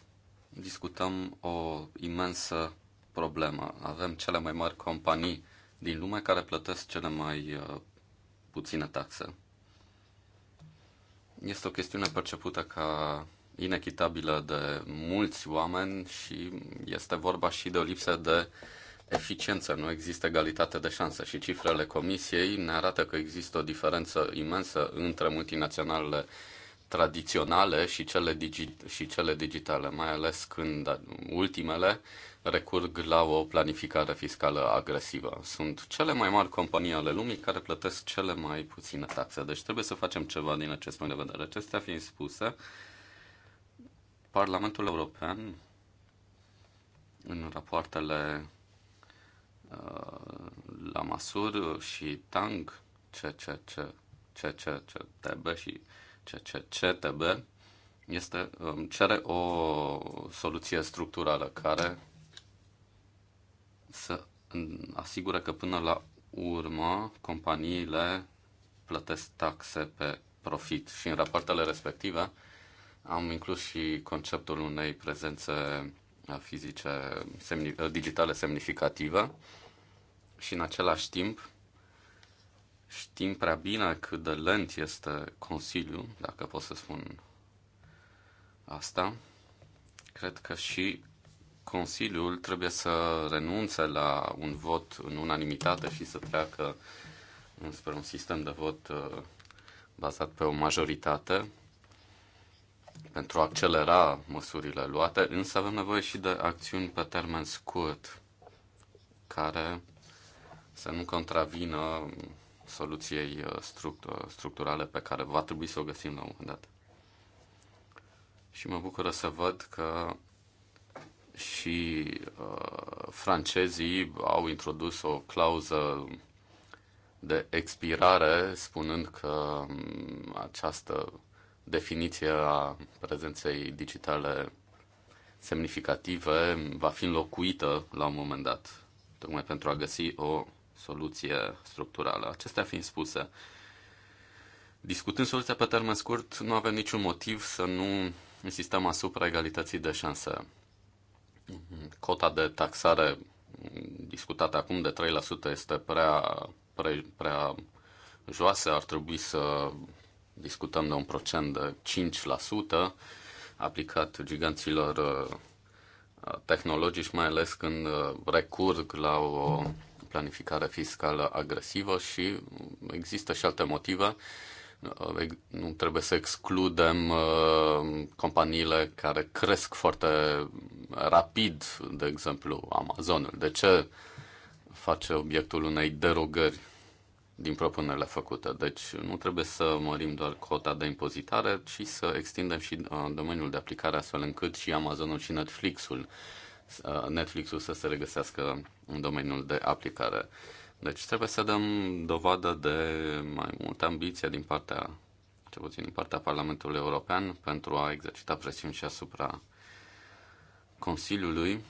[SPEAKER 3] discutăm o imensă problemă. Avem cele mai mari companii din lume care plătesc cele mai uh, puține taxe. Este o chestiune percepută ca inechitabilă de mulți oameni și este vorba și de o lipsă de eficiență, nu există egalitate de șanse și cifrele comisiei ne arată că există o diferență imensă între multinaționalele uh, tradiționale și cele, digi- și cele digitale, mai ales când ultimele recurg la o planificare fiscală agresivă. Sunt cele mai mari companii ale lumii care plătesc cele mai puține taxe. Deci trebuie să facem ceva din acest punct de vedere. Acestea fiind spuse, Parlamentul European, în rapoartele uh, la Masur și Tang, CCC, CCCTB și uh, CCCTB este, cere o soluție structurală care să asigură că până la urmă companiile plătesc taxe pe profit și în rapoartele respective am inclus și conceptul unei prezențe fizice semni, digitale semnificative și în același timp Știm prea bine cât de lent este Consiliul, dacă pot să spun asta. Cred că și Consiliul trebuie să renunțe la un vot în unanimitate și să treacă spre un sistem de vot uh, bazat pe o majoritate pentru a accelera măsurile luate, însă avem nevoie și de acțiuni pe termen scurt care să nu contravină soluției uh, uh, structurale pe care va trebui să o găsim la un moment dat. Și mă bucură să văd că și uh, francezii au introdus o clauză de expirare, spunând că um, această definiție a prezenței digitale semnificative va fi înlocuită la un moment dat, tocmai pentru a găsi o soluție structurală. Acestea fiind spuse, discutând soluția pe termen scurt, nu avem niciun motiv să nu insistăm asupra egalității de șanse. Cota de taxare discutată acum de 3% este prea, prea, prea joasă, ar trebui să discutăm de un procent de 5% aplicat giganților uh, tehnologici, mai ales când uh, recurg la o planificare fiscală agresivă și există și alte motive. Nu trebuie să excludem uh, companiile care cresc foarte rapid, de exemplu Amazonul. De ce face obiectul unei derogări din propunerile făcute. Deci nu trebuie să mărim doar cota de impozitare, ci să extindem și uh, domeniul de aplicare astfel încât și Amazonul și Netflixul Uh, Netflix-ul să se regăsească în domeniul de aplicare. Deci trebuie să dăm dovadă de mai multă ambiție din partea, ce puțin din partea Parlamentului European, pentru a exercita presiuni și asupra Consiliului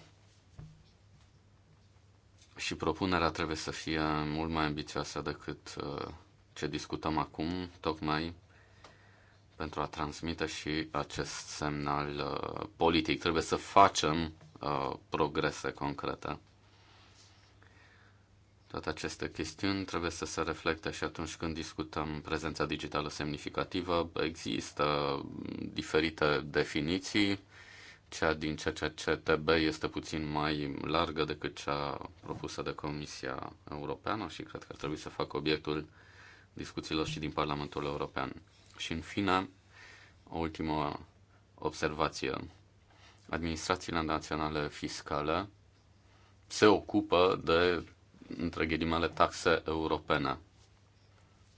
[SPEAKER 3] și propunerea trebuie să fie mult mai ambițioasă decât uh, ce discutăm acum, tocmai pentru a transmite și acest semnal uh, politic. Trebuie să facem Uh, progrese concrete. Toate aceste chestiuni trebuie să se reflecte și atunci când discutăm prezența digitală semnificativă. Există diferite definiții. Cea din CCCTB este puțin mai largă decât cea propusă de Comisia Europeană și cred că ar trebui să facă obiectul discuțiilor și din Parlamentul European. Și în fine, o ultimă observație administrațiile naționale fiscale se ocupă de, între ghilimele, taxe europene.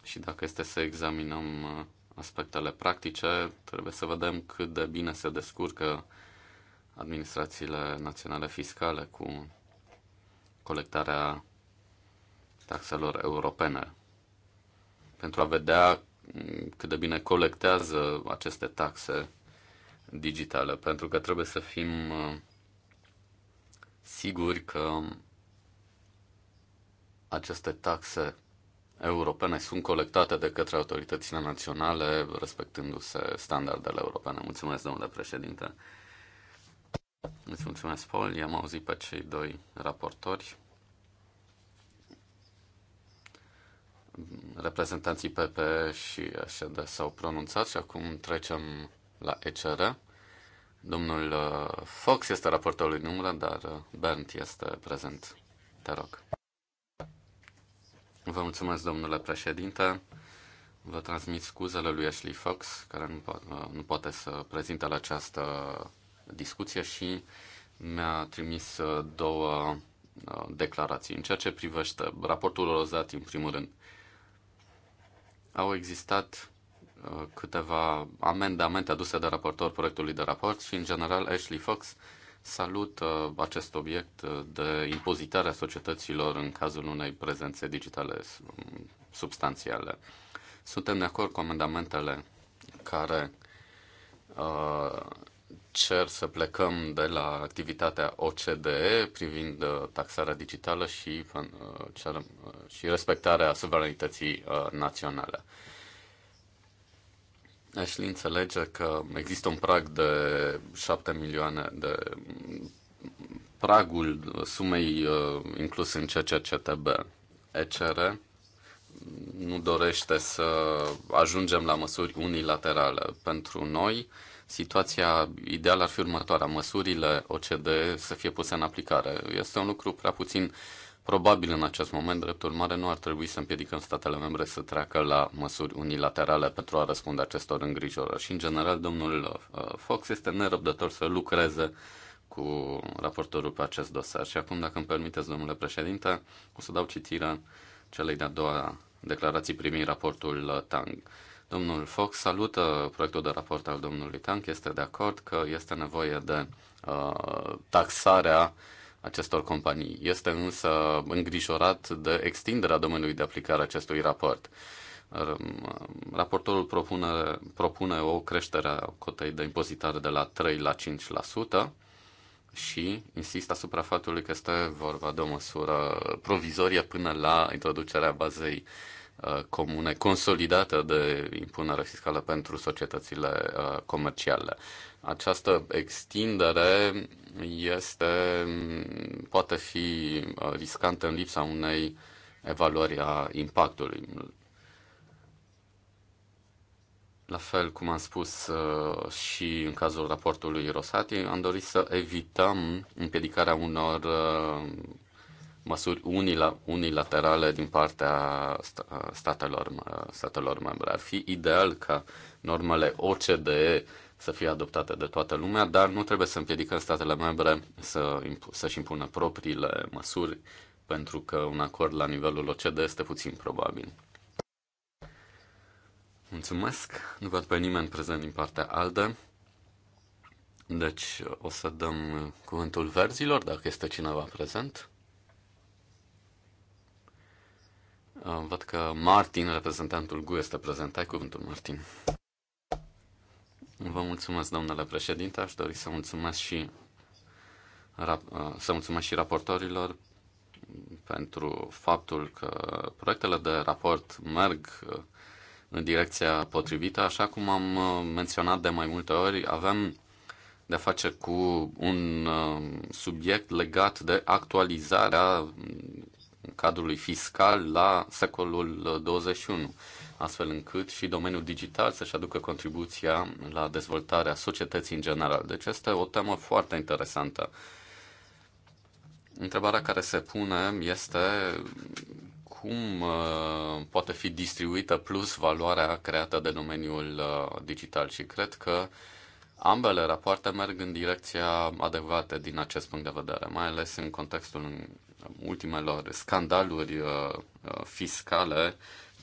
[SPEAKER 3] Și dacă este să examinăm uh, aspectele practice, trebuie să vedem cât de bine se descurcă administrațiile naționale fiscale cu colectarea taxelor europene pentru a vedea mm, cât de bine colectează aceste taxe digitală, pentru că trebuie să fim uh, siguri că aceste taxe europene sunt colectate de către autoritățile naționale, respectându-se standardele europene. Mulțumesc, domnule președinte. Îți mulțumesc, Paul. I-am auzit pe cei doi raportori. Reprezentanții PP și așa de s-au pronunțat și acum trecem la ECR. Domnul uh, Fox este raportorul lui Numără, dar uh, Bernd este prezent. Te rog. Vă mulțumesc, domnule președinte. Vă transmit scuzele lui Ashley Fox, care nu, po- uh, nu poate să prezinte la această discuție și mi-a trimis două declarații. În ceea ce privește raportul Rozati, în primul rând, au existat câteva amendamente aduse de raportor proiectului de raport și, în general, Ashley Fox salut uh, acest obiect de impozitare a societăților în cazul unei prezențe digitale substanțiale. Suntem de acord cu amendamentele care uh, cer să plecăm de la activitatea OCDE privind uh, taxarea digitală și, și respectarea suveranității naționale. Ashley înțelege că există un prag de 7 milioane de pragul sumei uh, inclus în CCCTB. ECR nu dorește să ajungem la măsuri unilaterale. Pentru noi, situația ideală ar fi următoarea, măsurile OCDE să fie puse în aplicare. Este un lucru prea puțin uh, Probabil în acest moment, drept urmare, nu ar trebui să împiedicăm statele membre să treacă la măsuri unilaterale pentru a răspunde acestor îngrijorări. Și, în general, domnul uh, Fox este nerăbdător să lucreze cu raportorul pe acest dosar. Și acum, dacă îmi permiteți, domnule președinte, o să dau citirea celei de-a doua declarații primii raportul uh, Tang. Domnul Fox salută proiectul de raport al domnului Tang. este de acord că este nevoie de uh, taxarea acestor companii. Este însă îngrijorat de extinderea domeniului de aplicare acestui raport. Raportorul propune, propune o creștere a cotei de impozitare de la 3 la 5% și insist asupra faptului că este vorba de o măsură provizorie până la introducerea bazei uh, comune consolidată de impunere fiscală pentru societățile uh, comerciale această extindere este, poate fi uh, riscantă în lipsa unei evaluări a impactului. La fel cum am spus uh, și în cazul raportului Rosati, am dorit să evităm împiedicarea unor uh, măsuri unilaterale din partea statelor, statelor membre. Ar fi ideal ca normele OCDE să fie adoptată de toată lumea, dar nu trebuie să împiedicăm statele membre să, să-și impună propriile măsuri, pentru că un acord la nivelul OCD este puțin probabil. Mulțumesc, nu văd pe nimeni prezent din partea ALDE. Deci o să dăm cuvântul verzilor, dacă este cineva prezent. Văd că Martin, reprezentantul GU, este prezent. Ai cuvântul, Martin. Vă mulțumesc, domnule președinte. Aș dori să mulțumesc și, uh, să mulțumesc și raportorilor pentru faptul că proiectele de raport merg uh, în direcția potrivită. Așa cum am uh, menționat de mai multe ori, avem de a face cu un subiect legat de actualizarea mm, cadrului fiscal la secolul 21 astfel încât și domeniul digital să-și aducă contribuția la dezvoltarea societății în general. Deci este o temă foarte interesantă. Întrebarea care se pune este cum uh, poate fi distribuită plus valoarea creată de domeniul uh, digital și cred că ambele rapoarte merg în direcția adecvată din acest punct de vedere, mai ales în contextul ultimelor scandaluri uh, fiscale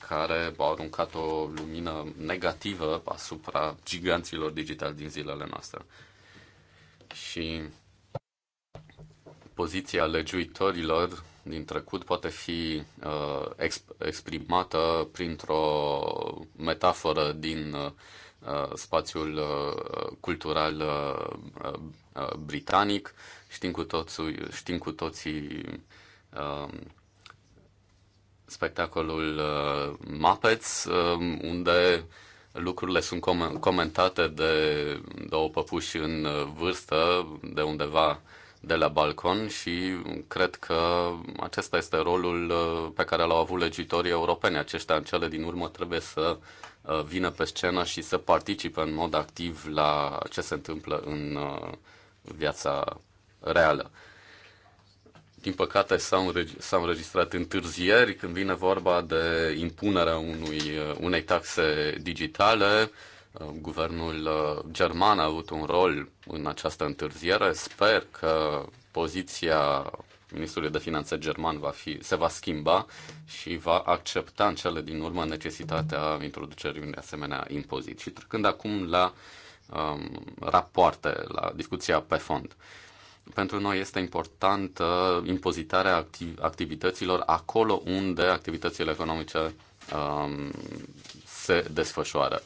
[SPEAKER 3] care au aruncat o lumină negativă asupra giganților digitali din zilele noastre. Și poziția legiuitorilor din trecut poate fi uh, exp- exprimată printr-o metaforă din uh, spațiul uh, cultural uh, uh, britanic. Știm cu, toți, știm cu toții uh, spectacolul uh, Muppets, uh, unde lucrurile sunt com- comentate de două păpuși în uh, vârstă, de undeva de la balcon și cred că acesta este rolul uh, pe care l-au avut legitorii europeni. Aceștia în cele din urmă trebuie să uh, vină pe scenă și să participe în mod activ la ce se întâmplă în viața reală. Din păcate s-au înregistrat întârzieri când vine vorba de impunerea unui, uh, unei taxe digitale. Uh, guvernul uh, german a avut un rol în această întârziere. Sper că poziția Ministrului de Finanțe german va fi, se va schimba și va accepta în cele din urmă necesitatea introducerii unei asemenea impozit. Și trecând acum la um, rapoarte, la discuția pe fond. Uh, pentru noi este importantă impozitarea activ- activităților acolo unde activitățile economice um, se desfășoară.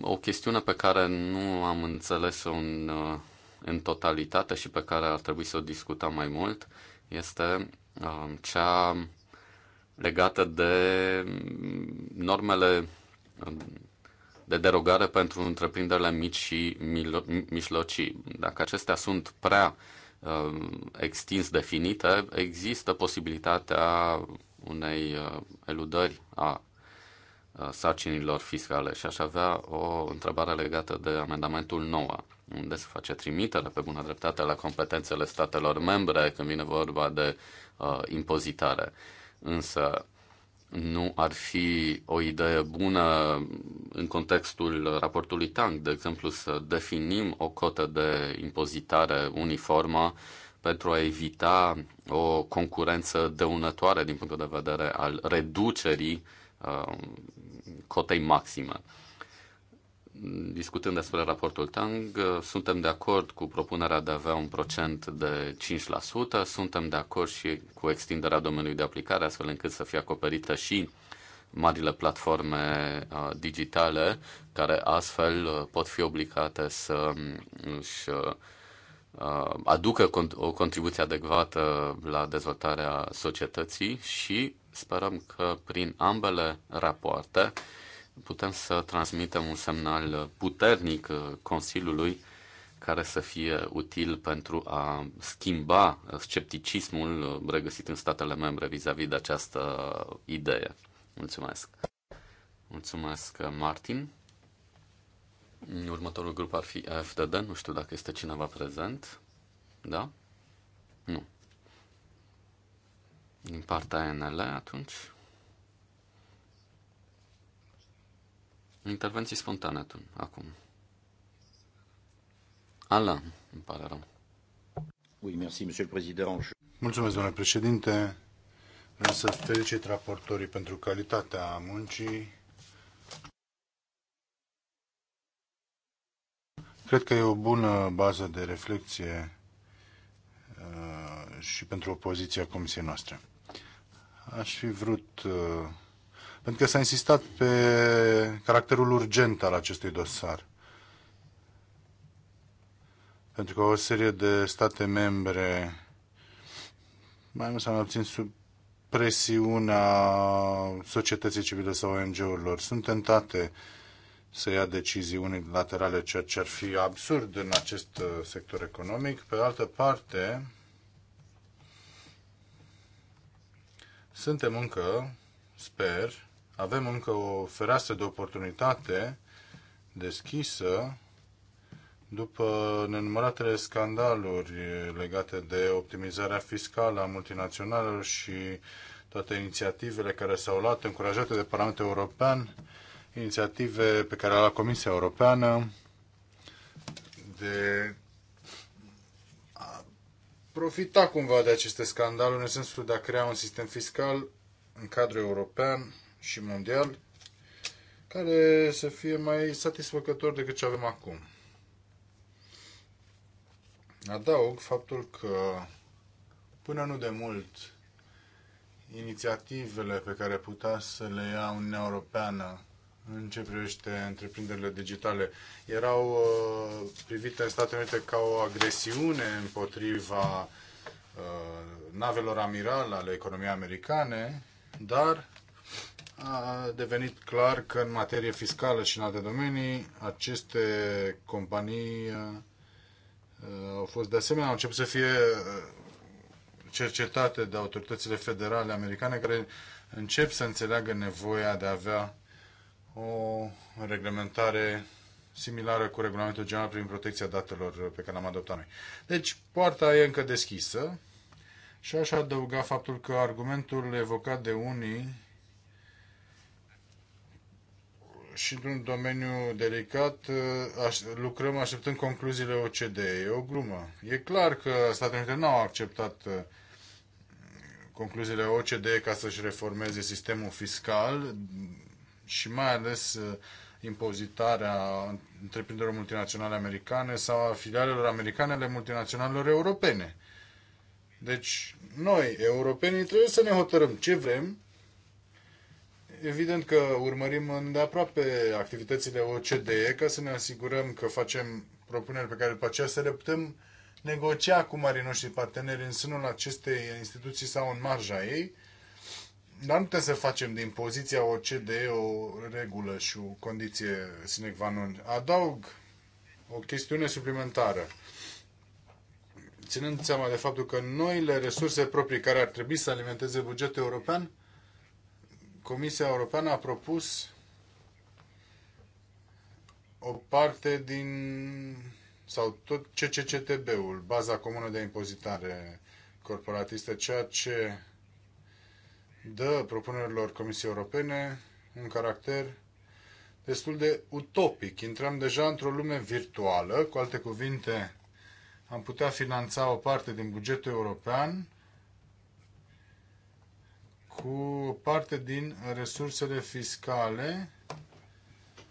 [SPEAKER 3] O chestiune pe care nu am înțeles-o în, uh, în totalitate și pe care ar trebui să o discutăm mai mult este um, cea legată de um, normele um, de derogare pentru întreprinderile mici și mijlocii. Dacă acestea sunt prea uh, extins definite, există posibilitatea unei uh, eludări a uh, sarcinilor fiscale și aș avea o întrebare legată de amendamentul 9 unde se face trimitere pe bună dreptate la competențele statelor membre când vine vorba de uh, impozitare. Însă, nu ar fi o idee bună în contextul raportului TANC, de exemplu, să definim o cotă de impozitare uniformă pentru a evita o concurență dăunătoare din punctul de vedere al reducerii uh, cotei maxime discutând despre raportul Tang, suntem de acord cu propunerea de a avea un procent de 5%, suntem de acord și cu extinderea domeniului de aplicare, astfel încât să fie acoperită și marile platforme uh, digitale, care astfel uh, pot fi obligate să um, își uh, aducă o contribuție adecvată la dezvoltarea societății și sperăm că prin ambele rapoarte putem să transmitem un semnal puternic uh, Consiliului care să fie util pentru a schimba scepticismul uh, regăsit în statele membre vis-a-vis -vis de această idee. Mulțumesc! Mulțumesc, uh, Martin! Următorul grup ar fi FDD, nu știu dacă este cineva prezent. Da? Nu. Din partea NL, atunci? Intervenții spontane acum.
[SPEAKER 1] Ala, îmi pare rău. Oui, merci, monsieur le président. Mulțumesc, domnule președinte. Vreau să felicit raportorii pentru calitatea muncii. Cred că e o bună bază de reflexie uh, și pentru opoziția comisiei noastre. Aș fi vrut uh, pentru că s-a insistat pe caracterul urgent al acestui dosar. Pentru că o serie de state membre mai mult s-au obțin sub presiunea societății civile sau ONG-urilor. Sunt tentate să ia decizii unilaterale, ceea ce ar fi absurd în acest uh, sector economic. Pe de altă parte, suntem încă, sper, avem încă o fereastră de oportunitate deschisă după nenumăratele scandaluri legate de optimizarea fiscală a multinaționalelor și toate inițiativele care s-au luat, încurajate de Parlamentul European, inițiative pe care le-a luat Comisia Europeană de a profita cumva de aceste scandaluri în sensul de a crea un sistem fiscal în cadrul european și mondial care să fie mai satisfăcător decât ce avem acum. Adaug faptul că până nu de mult inițiativele pe care putea să le ia Uniunea Europeană în ce privește întreprinderile digitale erau uh, privite în Statele Unite ca o agresiune împotriva uh, navelor amiral ale economiei americane, dar a devenit clar că în materie fiscală și în alte domenii aceste companii uh, au fost de asemenea, au început să fie uh, cercetate de autoritățile federale americane care încep să înțeleagă nevoia de a avea o reglementare similară cu regulamentul general prin protecția datelor pe care l-am adoptat noi. Deci, poarta e încă deschisă și aș adăuga faptul că argumentul evocat de unii și într un domeniu delicat uh, lucrăm așteptând concluziile OCDE. E o glumă. E clar că Statele Unite n au acceptat uh, concluziile OCDE ca să-și reformeze sistemul fiscal și mai ales uh, impozitarea întreprinderilor multinaționale americane sau a filialelor americane ale multinaționalelor europene. Deci, noi, europenii, trebuie să ne hotărâm ce vrem evident că urmărim îndeaproape activitățile OCDE ca să ne asigurăm că facem propuneri pe care după aceea să le putem negocia cu marii noștri parteneri în sânul acestei instituții sau în marja ei, dar nu putem să facem din poziția OCDE o regulă și o condiție sine qua non. Adaug o chestiune suplimentară. Ținând seama de faptul că noile resurse proprii care ar trebui să alimenteze bugetul european Comisia Europeană a propus o parte din sau tot CCCTB-ul, baza comună de impozitare corporatistă, ceea ce dă propunerilor Comisiei Europene un caracter destul de utopic. Intrăm deja într-o lume virtuală, cu alte cuvinte, am putea finanța o parte din bugetul european cu parte din resursele fiscale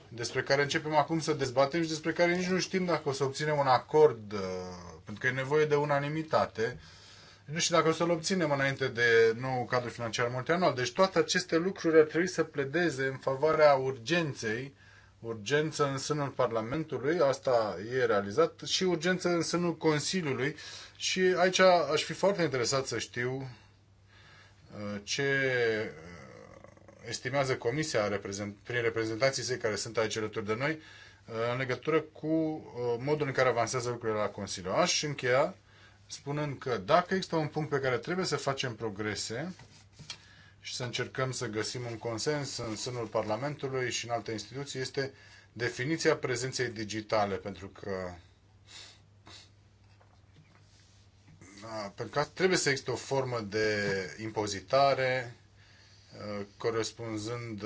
[SPEAKER 1] despre care începem acum să dezbatem și despre care nici nu știm dacă o să obținem un acord, uh, pentru că e nevoie de unanimitate. Nu știu dacă o să-l obținem înainte de nou cadru financiar multianual. Deci toate aceste lucruri ar trebui să pledeze în favoarea urgenței, urgență în sânul Parlamentului, asta e realizat, și urgență în sânul Consiliului. Și aici aș fi foarte interesat să știu ce uh, estimează Comisia prin reprezentanții săi care sunt aici alături de noi uh, în legătură cu uh, modul în care avansează lucrurile la Consiliu. Aș încheia spunând că dacă există un punct pe care trebuie să facem progrese și să încercăm să găsim un consens în sânul Parlamentului și în alte instituții, este definiția prezenței digitale, pentru că pentru că trebuie să existe o formă de impozitare corespunzând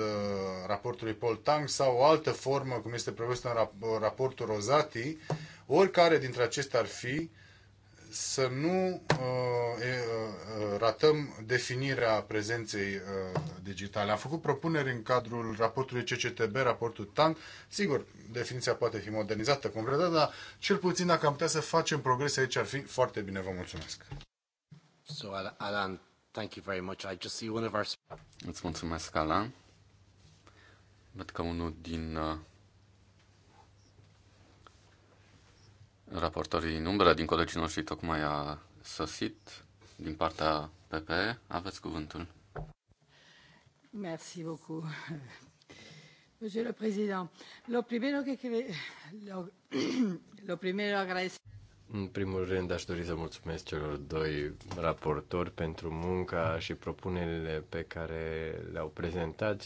[SPEAKER 1] raportului Paul Tang sau o altă formă, cum este prevăzută în raportul Rosati, oricare dintre acestea ar fi, să nu uh, uh, ratăm definirea prezenței uh, digitale. Am făcut propuneri în cadrul raportului CCTB, raportul TANC. Sigur, definiția poate fi modernizată, completată, dar cel puțin dacă am putea să facem progrese aici ar fi foarte bine. Vă mulțumesc. So, Alan, thank you very much. I just see one of our... Îți mulțumesc, Alan.
[SPEAKER 3] Văd că unul din uh Raportorii în umbră din colegii noștri tocmai a sosit din partea PPE. Aveți cuvântul.
[SPEAKER 2] Merci beaucoup. Monsieur le Président, lo primero que lo, lo primero agradec în primul rând, aș dori să mulțumesc celor doi raportori pentru munca și propunerile pe care le-au prezentat.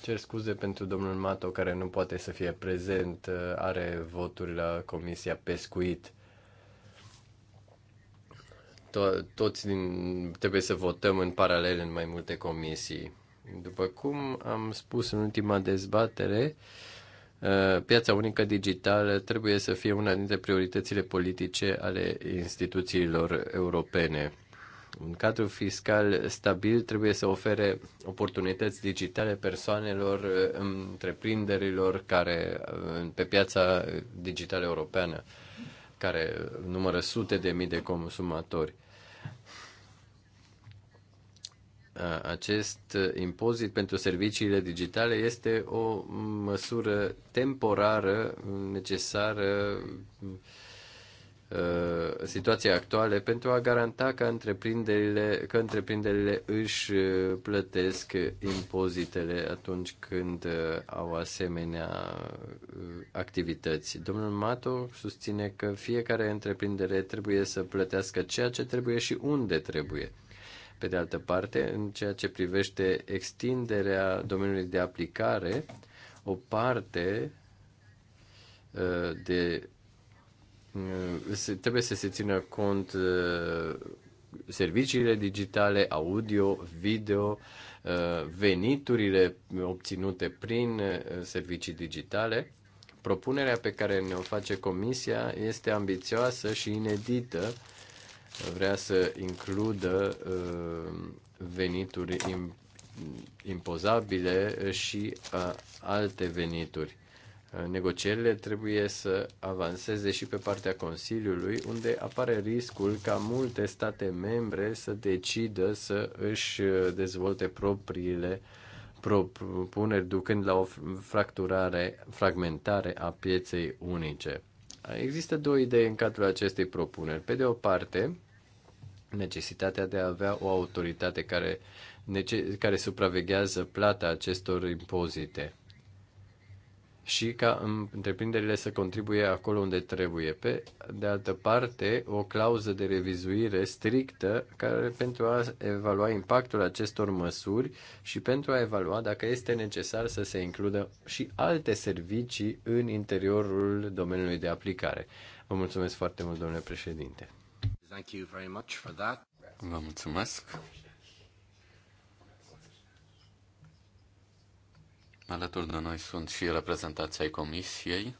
[SPEAKER 2] Cer scuze pentru domnul Mato, care nu poate să fie prezent, are voturi la Comisia Pescuit. To- toți din, trebuie să votăm în paralel în mai multe comisii. După cum am spus în ultima dezbatere, uh, Uh, piața unică digitală trebuie să fie una dintre prioritățile politice ale instituțiilor europene. Un cadru fiscal stabil trebuie să ofere oportunități digitale persoanelor, uh, întreprinderilor care uh, pe piața digitală europeană, care numără sute de mii de consumatori acest uh, impozit pentru serviciile digitale este o măsură temporară necesară uh, situației actuale pentru a garanta că întreprinderile, că întreprinderile își uh, plătesc impozitele atunci când au asemenea activități. Domnul Mato susține că fiecare întreprindere trebuie să plătească ceea ce trebuie și unde trebuie pe de altă parte, în ceea ce privește extinderea domeniului de aplicare, o parte uh, de uh, trebuie să se țină cont uh, serviciile digitale, audio, video, veniturile obținute prin servicii digitale. Propunerea pe care ne-o face Comisia este ambițioasă și inedită vrea să includă uh, venituri impozabile uh, și uh, alte venituri. Negocierile trebuie să avanseze și pe partea Consiliului, unde apare riscul ca multe state membre să decidă să își dezvolte propriile propuneri, ducând la o fracturare, fragmentare a pieței unice Există două idei în cadrul acestei propuneri. Pe de o parte, necesitatea de a avea o autoritate care, care supraveghează plata acestor impozite și ca întreprinderile să contribuie acolo unde trebuie. Pe de altă parte, o clauză de revizuire strictă care pentru a evalua impactul acestor măsuri și pentru a evalua dacă este necesar să se includă și alte servicii în interiorul domeniului de aplicare. Vă mulțumesc foarte mult, domnule președinte. Thank you very much for that. Vă
[SPEAKER 3] mulțumesc Alături de noi sunt și reprezentanții ai comisiei.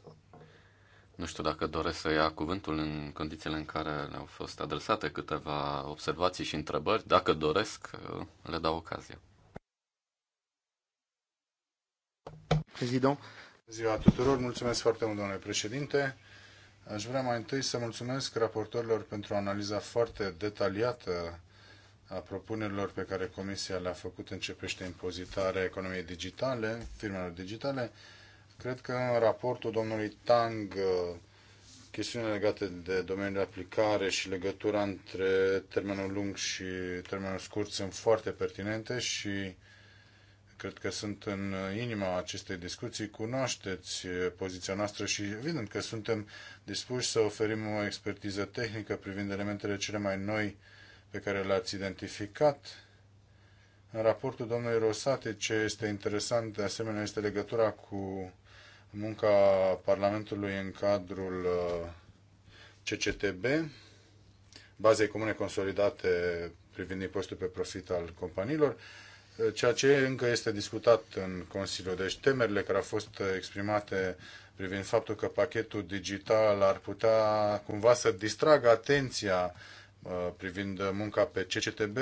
[SPEAKER 3] Nu știu dacă doresc să ia cuvântul în condițiile în care le-au fost adresate câteva observații și întrebări. Dacă doresc, le dau ocazia.
[SPEAKER 1] Prezident. Ziua tuturor, mulțumesc foarte mult, domnule președinte. Aș vrea mai întâi să mulțumesc raportorilor pentru analiza foarte detaliată a propunerilor pe care Comisia le-a făcut privește impozitarea economiei digitale, firmelor digitale. Cred că în raportul domnului Tang uh, chestiunile legate de domeniul de aplicare și legătura între termenul lung și termenul scurt sunt foarte pertinente și cred că sunt în inima acestei discuții. Cunoașteți poziția noastră și evident că suntem dispuși să oferim o expertiză tehnică privind elementele cele mai noi pe care le-ați identificat. În raportul domnului Rosate, ce este interesant de asemenea este legătura cu munca Parlamentului în cadrul uh, CCTB, bazei comune consolidate privind impostul pe profit al companiilor, uh, ceea ce încă este discutat în Consiliu. Deci temerile care au fost exprimate privind faptul că pachetul digital ar putea cumva să distragă atenția Uh, privind munca pe CCTB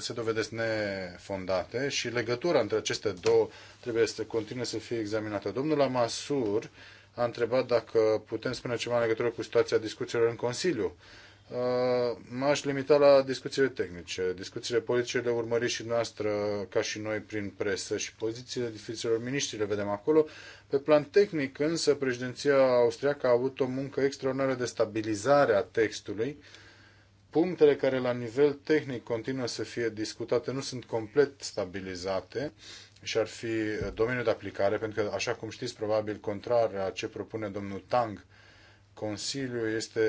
[SPEAKER 1] se dovedesc nefondate și legătura între aceste două trebuie să continue să fie examinată. Domnul Amasur a întrebat dacă putem spune ceva în legătură cu situația discuțiilor în Consiliu. Uh, m-aș limita la discuțiile tehnice. Discuțiile politice le urmăriți și noastră, ca și noi, prin presă și pozițiile diferiților miniștri le vedem acolo. Pe plan tehnic, însă, președinția austriacă a avut o muncă extraordinară de stabilizare a textului, punctele care la nivel tehnic continuă să fie discutate nu sunt complet stabilizate și ar fi uh, domeniul de aplicare, pentru că, așa cum știți, probabil contrar a ce propune domnul Tang, Consiliul este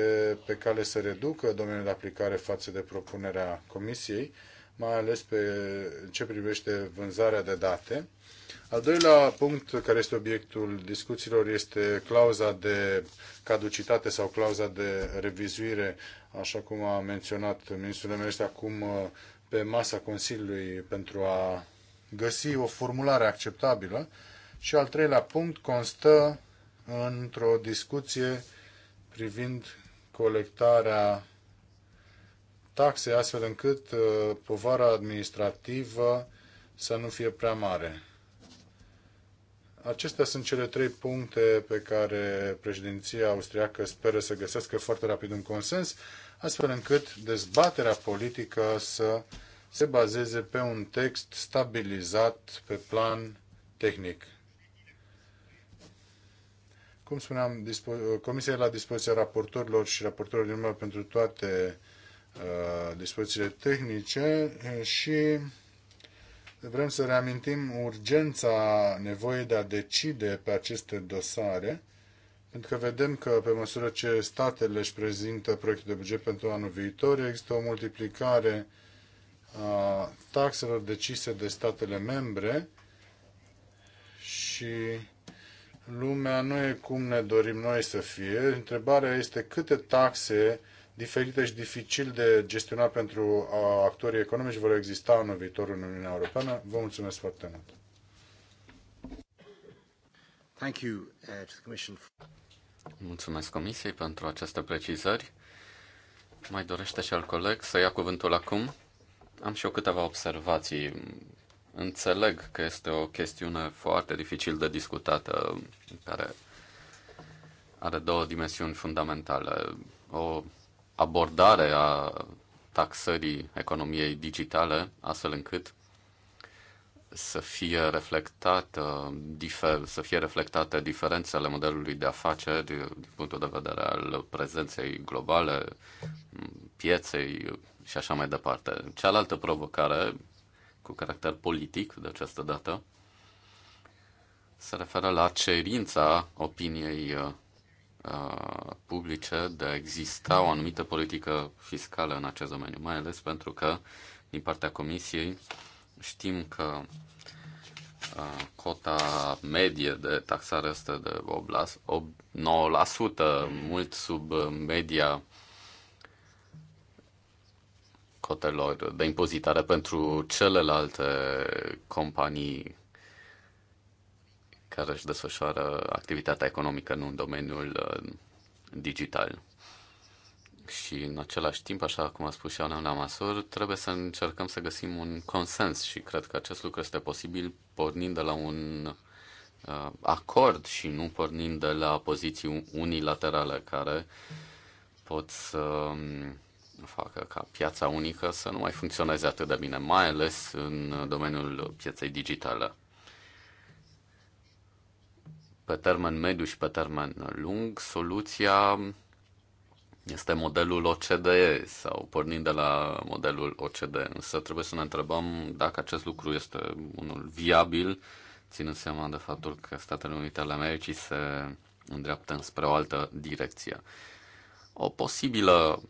[SPEAKER 1] pe cale să reducă domeniul de aplicare față de propunerea Comisiei, mai ales pe ce privește vânzarea de date. Al doilea punct care este obiectul discuțiilor este clauza de caducitate sau clauza de revizuire așa cum a menționat ministrul de Merește acum uh, pe masa Consiliului pentru a găsi o formulare acceptabilă. Și al treilea punct constă într-o discuție privind colectarea taxe, astfel încât uh, povara administrativă să nu fie prea mare. Acestea sunt cele trei puncte pe care președinția austriacă speră să găsească foarte rapid un consens, astfel încât dezbaterea politică să se bazeze pe un text stabilizat pe plan tehnic. Cum spuneam, Comisia e la dispoziția raportorilor și raportorilor din urmă pentru toate uh, dispozițiile tehnice și Vrem să reamintim urgența nevoii de a decide pe aceste dosare, pentru că vedem că pe măsură ce statele își prezintă proiectul de buget pentru anul viitor, există o multiplicare a taxelor decise de statele membre și lumea nu e cum ne dorim noi să fie. Întrebarea este câte taxe diferite și dificil de gestionat pentru actorii economici vor exista în viitorul în Uniunea Europeană. Vă mulțumesc foarte mult! Thank you, uh, to the commission.
[SPEAKER 3] Mulțumesc Comisiei pentru aceste precizări. Mai dorește și al coleg să ia cuvântul acum? Am și eu câteva observații. Înțeleg că este o chestiune foarte dificil de discutată, care are două dimensiuni fundamentale. O abordare a taxării economiei digitale, astfel încât să fie reflectată, difer, să fie reflectate diferențele modelului de afaceri din punctul de vedere al prezenței globale, pieței și așa mai departe. Cealaltă provocare cu caracter politic de această dată se referă la cerința opiniei Uh, publice de a exista o anumită politică fiscală în acest domeniu, mai ales pentru că din partea Comisiei știm că uh, cota medie de taxare este de 9%, mult sub uh, media cotelor de impozitare pentru celelalte companii care își desfășoară activitatea economică nu în domeniul uh, digital. Și în același timp, așa cum a spus și Ana Masur, trebuie să încercăm să găsim un consens și cred că acest lucru este posibil pornind de la un uh, acord și nu pornind de la poziții unilaterale care pot să um, facă ca piața unică să nu mai funcționeze atât de bine, mai ales în domeniul pieței digitale pe termen mediu și pe termen lung, soluția este modelul OCDE sau pornind de la modelul OCDE. Însă trebuie să ne întrebăm dacă acest lucru este unul viabil, ținând seama de faptul că Statele Unite ale Americii se îndreaptă spre o altă direcție. O posibilă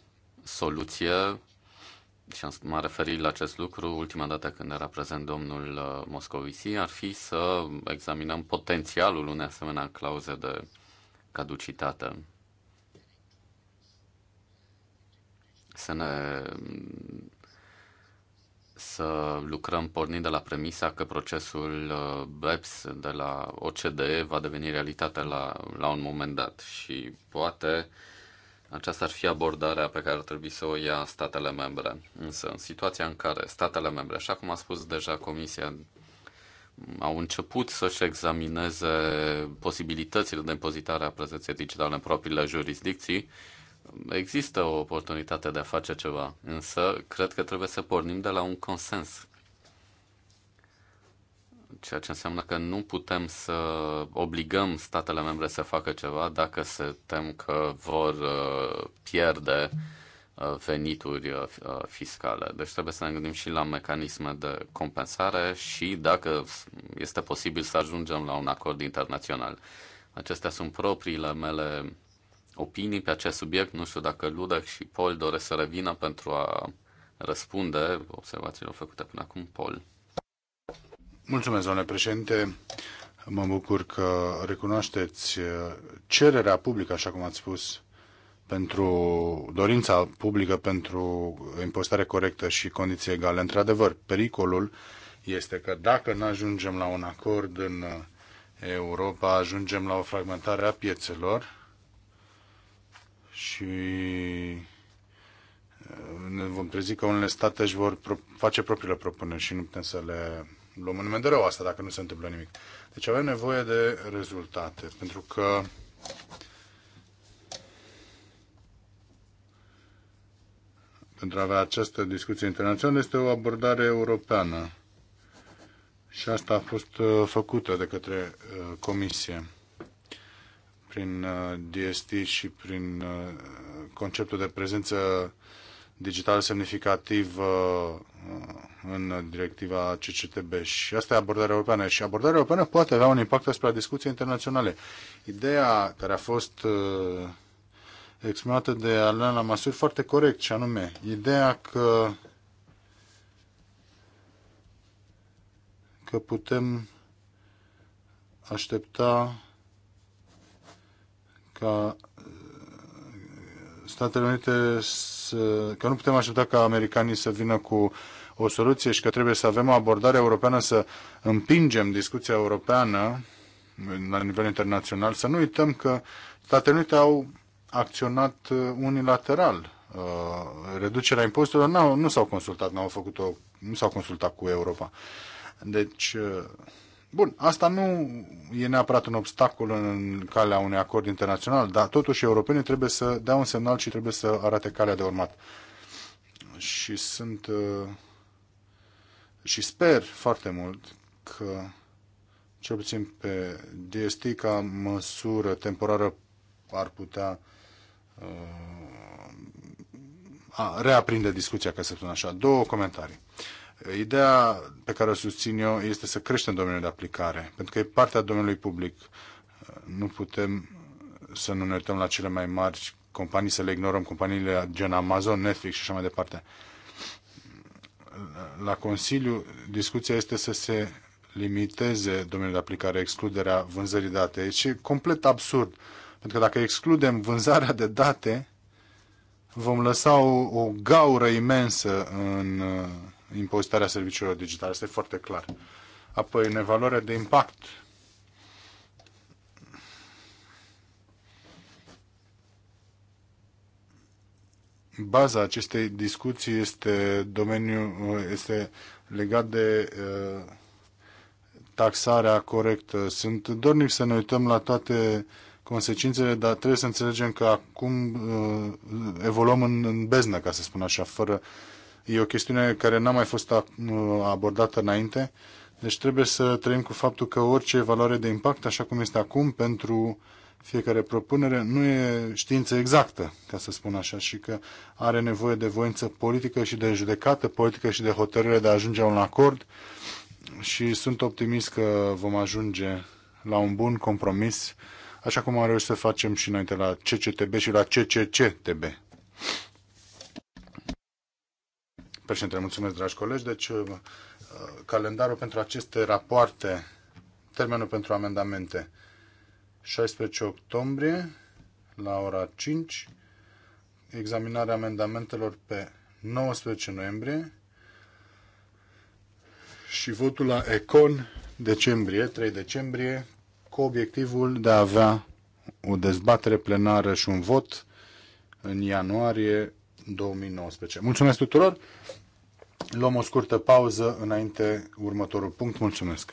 [SPEAKER 3] soluție și m a referit la acest lucru ultima dată când era prezent domnul uh, Moscovici, ar fi să examinăm potențialul unei asemenea clauze de caducitate. Să ne să lucrăm pornind de la premisa că procesul uh, BEPS de la OCDE va deveni realitate la, la un moment dat și poate uh, aceasta ar fi abordarea pe care ar trebui să o ia statele membre. Însă, în situația în care statele membre, așa cum a spus deja Comisia, au început să-și examineze posibilitățile de impozitare a prezenței digitale în propriile jurisdicții, există o oportunitate de a face ceva. Însă, cred că trebuie să pornim de la un consens ceea ce înseamnă că nu putem să obligăm statele membre să facă ceva dacă se tem că vor uh, pierde uh, venituri uh, fiscale. Deci trebuie să ne gândim și la mecanisme de compensare și dacă este posibil să ajungem la un acord internațional. Acestea sunt propriile mele opinii pe acest subiect. Nu știu dacă Ludac și Paul doresc să revină pentru a răspunde
[SPEAKER 1] observațiilor făcute până acum. Paul. Mulțumesc, domnule președinte. Mă bucur că recunoașteți cererea publică, așa cum ați spus, pentru dorința publică pentru impostare corectă și condiții egale. Într-adevăr, pericolul este că dacă nu ajungem la un acord în Europa, ajungem la o fragmentare a piețelor și ne vom trezi că unele state își vor face propriile propuneri și nu putem să le luăm în medereu asta dacă nu se întâmplă nimic. Deci avem nevoie de rezultate, pentru că pentru a avea această discuție internațională este o abordare europeană. Și asta a fost uh, făcută de către uh, Comisie prin uh, DST și prin conceptul de prezență digital semnificativ uh, uh, în directiva CCTB și asta e abordarea europeană și abordarea europeană poate avea un impact asupra discuției internaționale. Ideea care a fost uh, exprimată de Alain Măsuri foarte corect și anume ideea că că putem aștepta ca Statele Unite să, că nu putem aștepta ca americanii să vină cu o soluție și că trebuie să avem o abordare europeană, să împingem discuția europeană la nivel internațional, să nu uităm că Statele Unite au acționat uh, unilateral. Uh, reducerea impozitelor nu, s-au consultat, nu s-au consultat cu Europa. Deci uh, Bun, asta nu e neapărat un obstacol în calea unui acord internațional, dar totuși europenii trebuie să dea un semnal și trebuie să arate calea de urmat. Și sunt uh, și sper foarte mult că cel puțin pe DST ca măsură temporară ar putea uh, a, reaprinde discuția, ca să spun așa. Două comentarii. Uh, Ideea pe care o susțin eu este să creștem domeniul de aplicare, pentru că e partea domeniului public. Nu putem să nu ne uităm la cele mai mari companii, să le ignorăm, companiile gen Amazon, Netflix și așa mai departe. La Consiliu, discuția este să se limiteze domeniul de aplicare, excluderea vânzării date. E deci e complet absurd, pentru că dacă excludem vânzarea de date, vom lăsa o, o gaură imensă în impozitarea serviciilor digitale. Asta e foarte clar. Apoi, în evaluarea de impact, baza acestei discuții este domeniul este legat de uh, taxarea corectă. Sunt dornic să ne uităm la toate consecințele, dar trebuie să înțelegem că acum uh, evoluăm în, în beznă, ca să spun așa, fără E o chestiune care n-a mai fost uh, abordată înainte. Deci trebuie să trăim cu faptul că orice valoare de impact, așa cum este acum, pentru fiecare propunere, nu e știință exactă, ca să spun așa, și că are nevoie de voință politică și de judecată politică și de hotărâre de a ajunge la un acord și sunt optimist că vom ajunge la un bun compromis, așa cum am reușit să facem și înainte la CCTB și la CCCTB. președinte, mulțumesc, dragi colegi. Deci, uh, calendarul pentru aceste rapoarte, termenul pentru amendamente, 16 octombrie la ora 5, examinarea amendamentelor pe 19 noiembrie și votul la ECON decembrie, 3 decembrie, cu obiectivul de a avea o dezbatere plenară și un vot în ianuarie 2019. Mulțumesc tuturor! Luăm o scurtă pauză înainte următorul punct. Mulțumesc!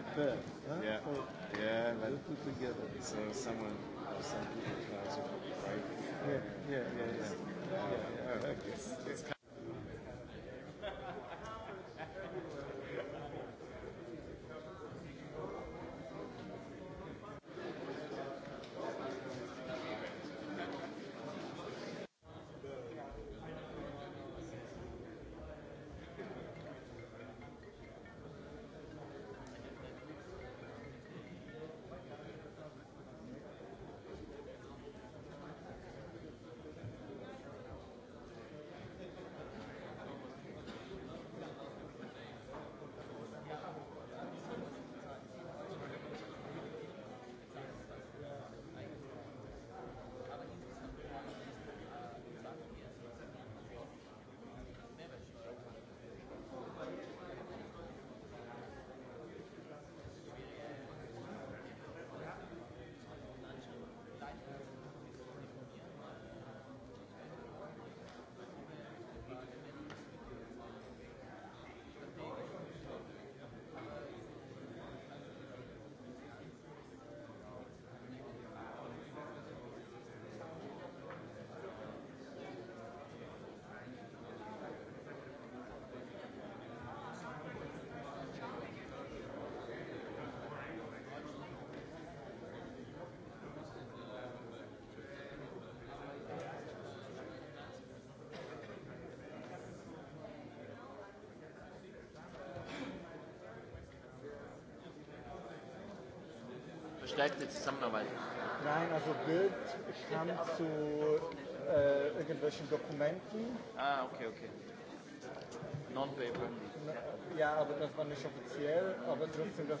[SPEAKER 3] the first. Huh? Yeah. Or yeah. like put together. So someone, some people right? to Yeah. Yeah. Yeah. Yeah. yeah. yeah.
[SPEAKER 1] yeah. yeah. yeah. yeah. yeah. yeah.
[SPEAKER 3] vielleicht eine Zusammenarbeit.
[SPEAKER 1] Nein, also Bild kam zu äh, irgendwelchen Dokumenten.
[SPEAKER 3] Ah, okay, okay. Non-paper.
[SPEAKER 1] Ja, aber das war nicht offiziell, aber trotzdem, dass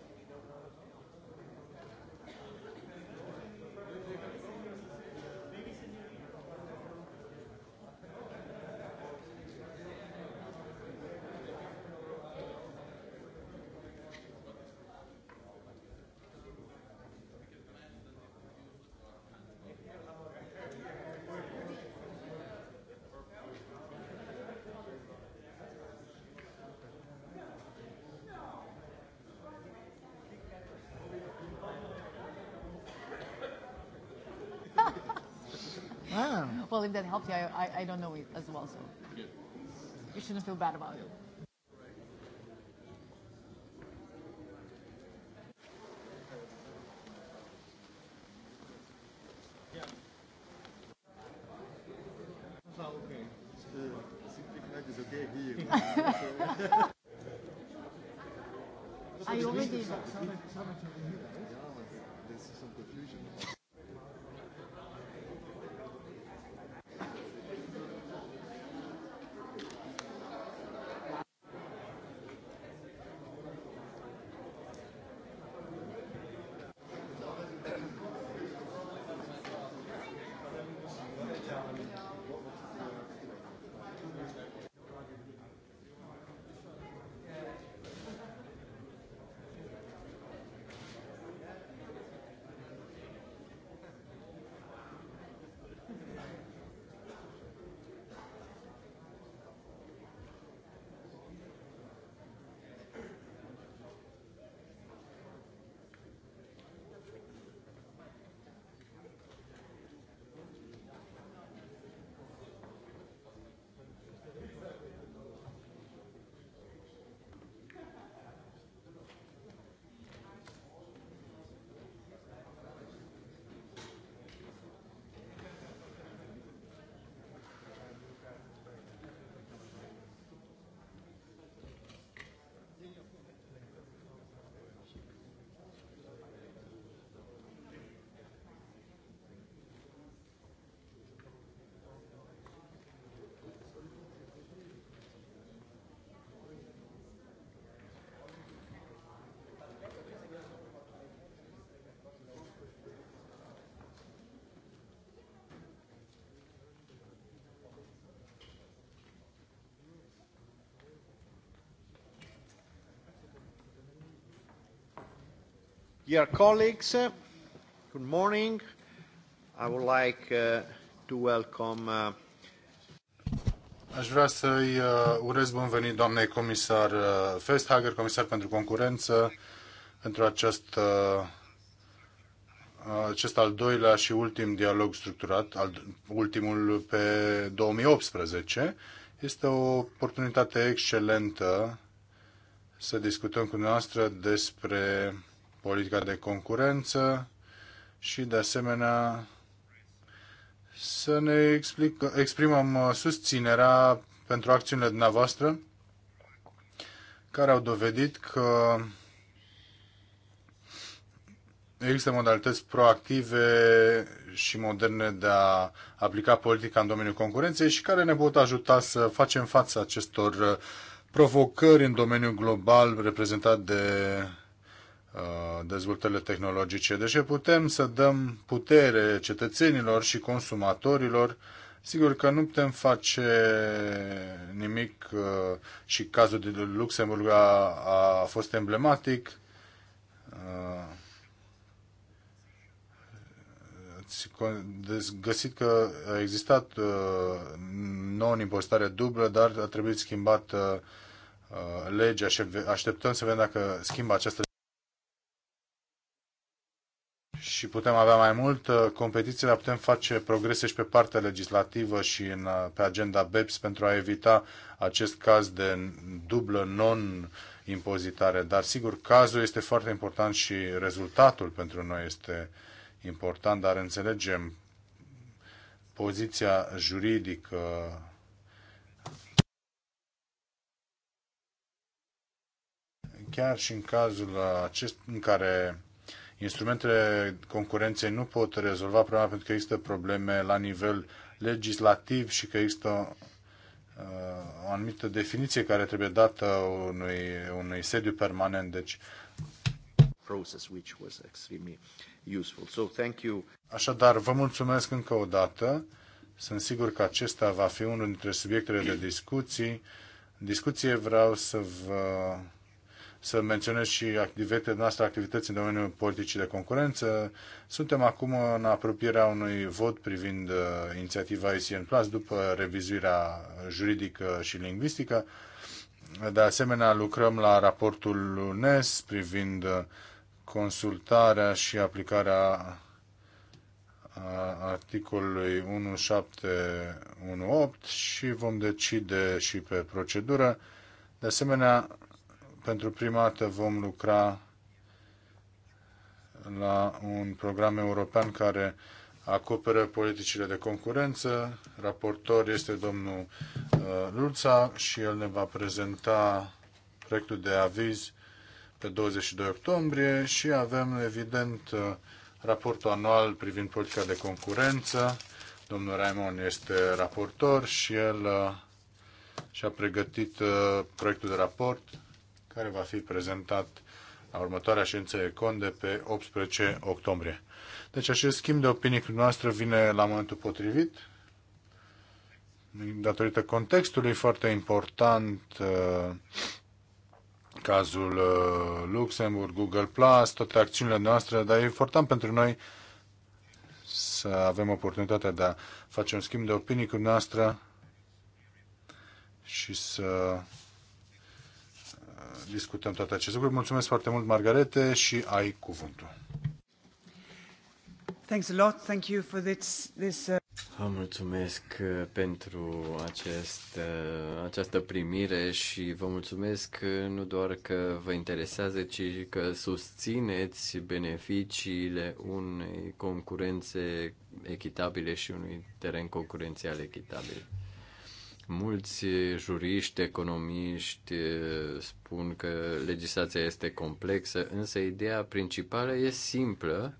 [SPEAKER 3] Ah. well, if that helps you, I, I, I don't know it as well, so yeah. you shouldn't feel bad about it.
[SPEAKER 1] I already. know. there's some confusion. Dear colleagues, good morning. I would like uh, to welcome uh... Aș vrea să-i uh, urez bun venit doamnei comisar uh, Festhager, comisar pentru concurență, pentru acest, uh, uh, acest al doilea și ultim dialog structurat, al, ultimul pe 2018. Este o oportunitate excelentă să discutăm cu dumneavoastră despre politica de concurență și, de asemenea, să ne explic, exprimăm uh, susținerea pentru acțiunile dumneavoastră care au dovedit că există modalități proactive și moderne de a aplica politica în domeniul concurenței și care ne pot ajuta să facem față acestor uh, provocări în domeniul global reprezentat de Uh, dezvoltările tehnologice. Deci putem să dăm putere cetățenilor și consumatorilor. Sigur că nu putem face nimic uh, și cazul de Luxemburg a, a fost emblematic. Uh, ați găsit că a existat non-impostare dublă, dar a trebuit schimbat legea și așteptăm să vedem dacă schimbă această și putem avea mai mult. Uh, competițiile, putem face progrese și pe partea legislativă și în, uh, pe agenda BEPS pentru a evita acest caz de dublă non-impozitare. Dar sigur, cazul este foarte important și rezultatul pentru noi este important, dar înțelegem poziția juridică chiar și în cazul acest în care Instrumentele concurenței nu pot rezolva problema pentru că există probleme la nivel legislativ și că există uh, o anumită definiție care trebuie dată unui, unui sediu permanent. Deci, process which was extremely useful. So thank you. Așadar, vă mulțumesc încă o dată. Sunt sigur că acesta va fi unul dintre subiectele de discuții. În discuție vreau să vă să menționez și activitățile noastre, activități în domeniul politicii de concurență. Suntem acum în apropierea unui vot privind uh, inițiativa ICN Plus după revizuirea juridică și lingvistică. De asemenea, lucrăm la raportul UNES privind uh, consultarea și aplicarea uh, articolului 1718 și vom decide și pe procedură. De asemenea, pentru prima dată vom lucra la un program european care acoperă politicile de concurență. Raportor este domnul uh, Lulța și el ne va prezenta proiectul de aviz pe 22 octombrie și avem, evident, uh, raportul anual privind politica de concurență. Domnul Raimon este raportor și el uh, și-a pregătit proiectul de raport care va fi prezentat la următoarea ședință Econ de pe 18 octombrie. Deci acest schimb de opinii cu noastră vine la momentul potrivit, datorită contextului foarte important, uh, cazul uh, Luxemburg, Google Plus, toate acțiunile noastre, dar e important pentru noi să avem oportunitatea de a face un schimb de opinii cu noastră și să discutăm toate aceste lucruri. Mulțumesc foarte mult, Margarete, și ai cuvântul.
[SPEAKER 3] Thanks a lot. Thank you for this, this, uh...
[SPEAKER 1] Vă
[SPEAKER 2] mulțumesc uh, pentru acest, uh, această primire și vă mulțumesc uh, nu doar că vă interesează, ci că susțineți beneficiile unei concurențe echitabile și unui teren concurențial echitabil. Mulți juriști, economiști eh, spun că legislația este complexă, însă ideea principală e simplă.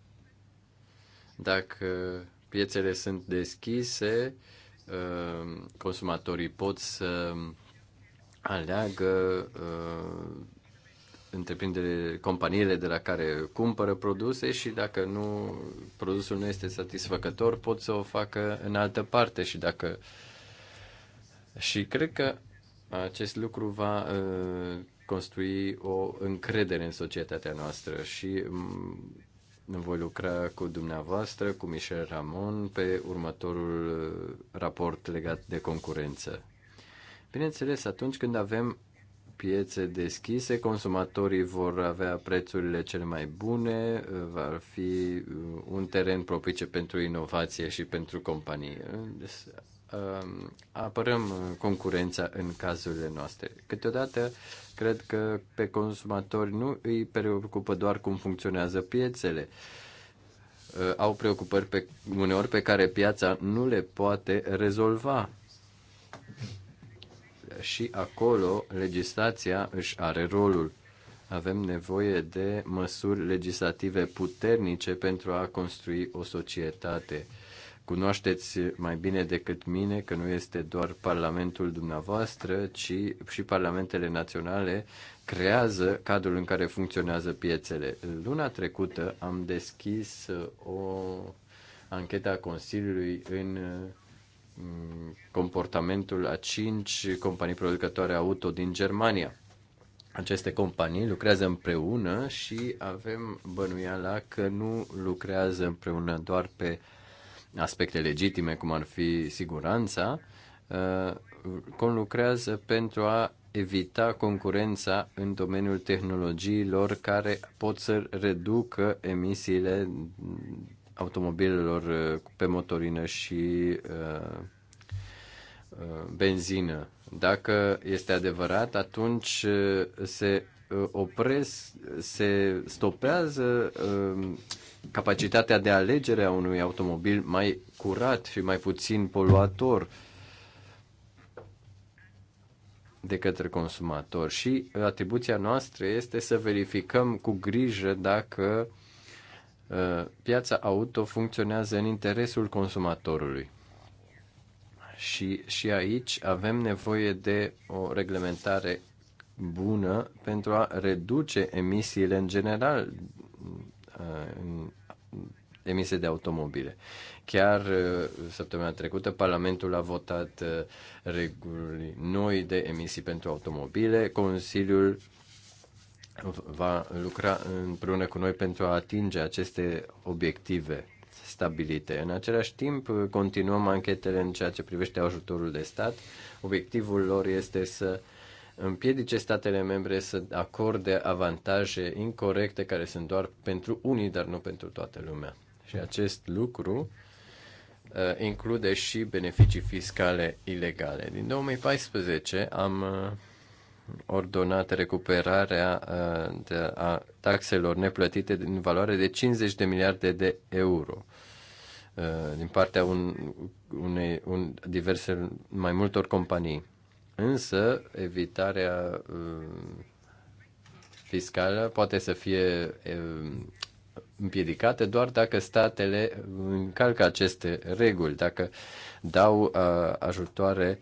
[SPEAKER 2] Dacă piețele sunt deschise, eh, consumatorii pot să aleagă eh, întreprinderile, companiile de la care cumpără produse și dacă nu produsul nu este satisfăcător, pot să o facă în altă parte și dacă uh, și cred că acest lucru va uh, construi o încredere în societatea noastră și mm, voi lucra cu dumneavoastră, cu Michel Ramon, pe următorul uh, raport legat de concurență. Bineînțeles, atunci când avem piețe deschise, consumatorii vor avea prețurile cele mai bune, uh, va fi un teren propice pentru inovație și pentru companii. Deci, Um, apărăm concurența în cazurile noastre. Câteodată cred că pe consumatori nu îi preocupă doar cum funcționează piețele. Uh, au preocupări pe, uneori pe care piața nu le poate rezolva. Și acolo legislația își are rolul. Avem nevoie de măsuri legislative puternice pentru a construi o societate uh, Cunoașteți mai bine decât mine că nu este doar Parlamentul dumneavoastră, ci și Parlamentele naționale creează cadrul în care funcționează piețele. Luna trecută am deschis uh, o anchetă a Consiliului în mm, comportamentul a cinci companii producătoare auto din Germania. Aceste companii lucrează împreună și avem bănuiala că nu lucrează împreună doar pe uh, aspecte legitime, cum ar fi siguranța, uh, conlucrează pentru a evita concurența în domeniul tehnologiilor care pot să reducă emisiile automobilelor uh, pe motorină și uh, benzină. Dacă este adevărat, atunci se opresc, se stopează capacitatea de alegere a unui automobil mai curat și mai puțin poluator de către consumator. Și atribuția noastră este să verificăm cu grijă dacă uh, piața auto funcționează în interesul consumatorului. Și, și aici avem nevoie de o reglementare bună pentru a reduce emisiile în general Uh, emise de automobile. Chiar uh, săptămâna trecută Parlamentul a votat uh, reguli noi de emisii pentru automobile. Consiliul va lucra împreună cu noi pentru a atinge aceste obiective stabilite. În același timp, continuăm anchetele în ceea ce privește ajutorul de stat. Obiectivul lor este să împiedice statele membre să acorde avantaje incorrecte care sunt doar pentru unii, dar nu pentru toată lumea. Și acest lucru uh, include și beneficii fiscale ilegale. Din 2014 am uh, ordonat recuperarea uh, de, a taxelor neplătite din valoare de 50 de miliarde de euro uh, din partea un, unei, un, diverse, mai multor companii Însă, evitarea uh, fiscală poate să fie uh, împiedicată doar dacă statele încalcă aceste reguli, dacă dau uh, ajutoare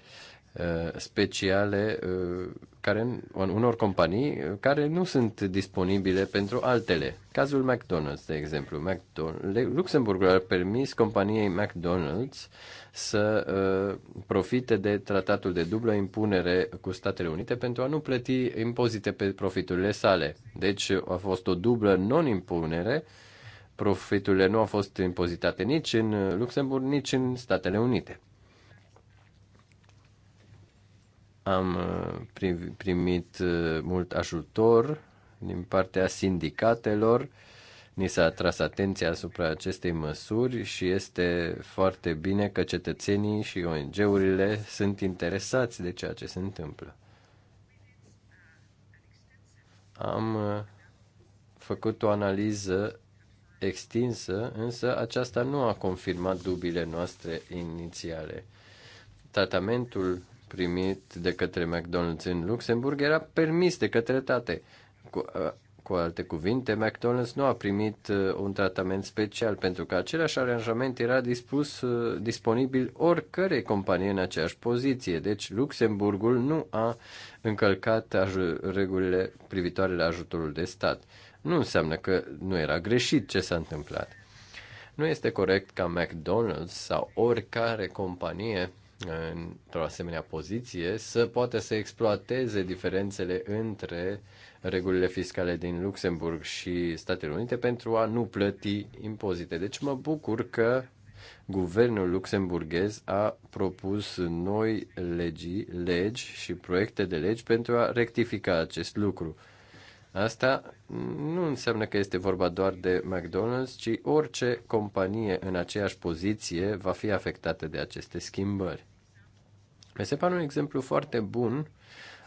[SPEAKER 2] Uh, speciale uh, care, unor companii uh, care nu sunt disponibile pentru altele. Cazul McDonald's, de exemplu. McDonald's, Luxemburgul a permis companiei McDonald's să uh, profite de tratatul de dublă impunere cu Statele Unite pentru a nu plăti impozite pe profiturile sale. Deci a fost o dublă non-impunere. Profiturile nu au fost impozitate nici în Luxemburg, nici în Statele Unite. Am uh, primit uh, mult ajutor din partea sindicatelor. Ni s-a atras atenția asupra acestei măsuri și este foarte bine că cetățenii și ONG-urile sunt interesați de ceea ce se întâmplă. Am uh, făcut o analiză extinsă, însă aceasta nu a confirmat dubile noastre inițiale. Tratamentul primit de către McDonald's în Luxemburg era permis de către tate. Cu, cu alte cuvinte, McDonald's nu a primit uh, un tratament special pentru că același aranjament era dispus, uh, disponibil oricărei companie în aceeași poziție. Deci Luxemburgul nu a încălcat regulile privitoare la ajutorul de stat. Nu înseamnă că nu era greșit ce s-a întâmplat. Nu este corect ca McDonald's sau oricare companie într-o asemenea poziție să poată să exploateze diferențele între regulile fiscale din Luxemburg și Statele Unite pentru a nu plăti impozite. Deci mă bucur că guvernul luxemburghez a propus noi legi, legi și proiecte de legi pentru a rectifica acest lucru. Asta nu înseamnă că este vorba doar de McDonald's, ci orice companie în aceeași poziție va fi afectată de aceste schimbări. Pesepa un exemplu foarte bun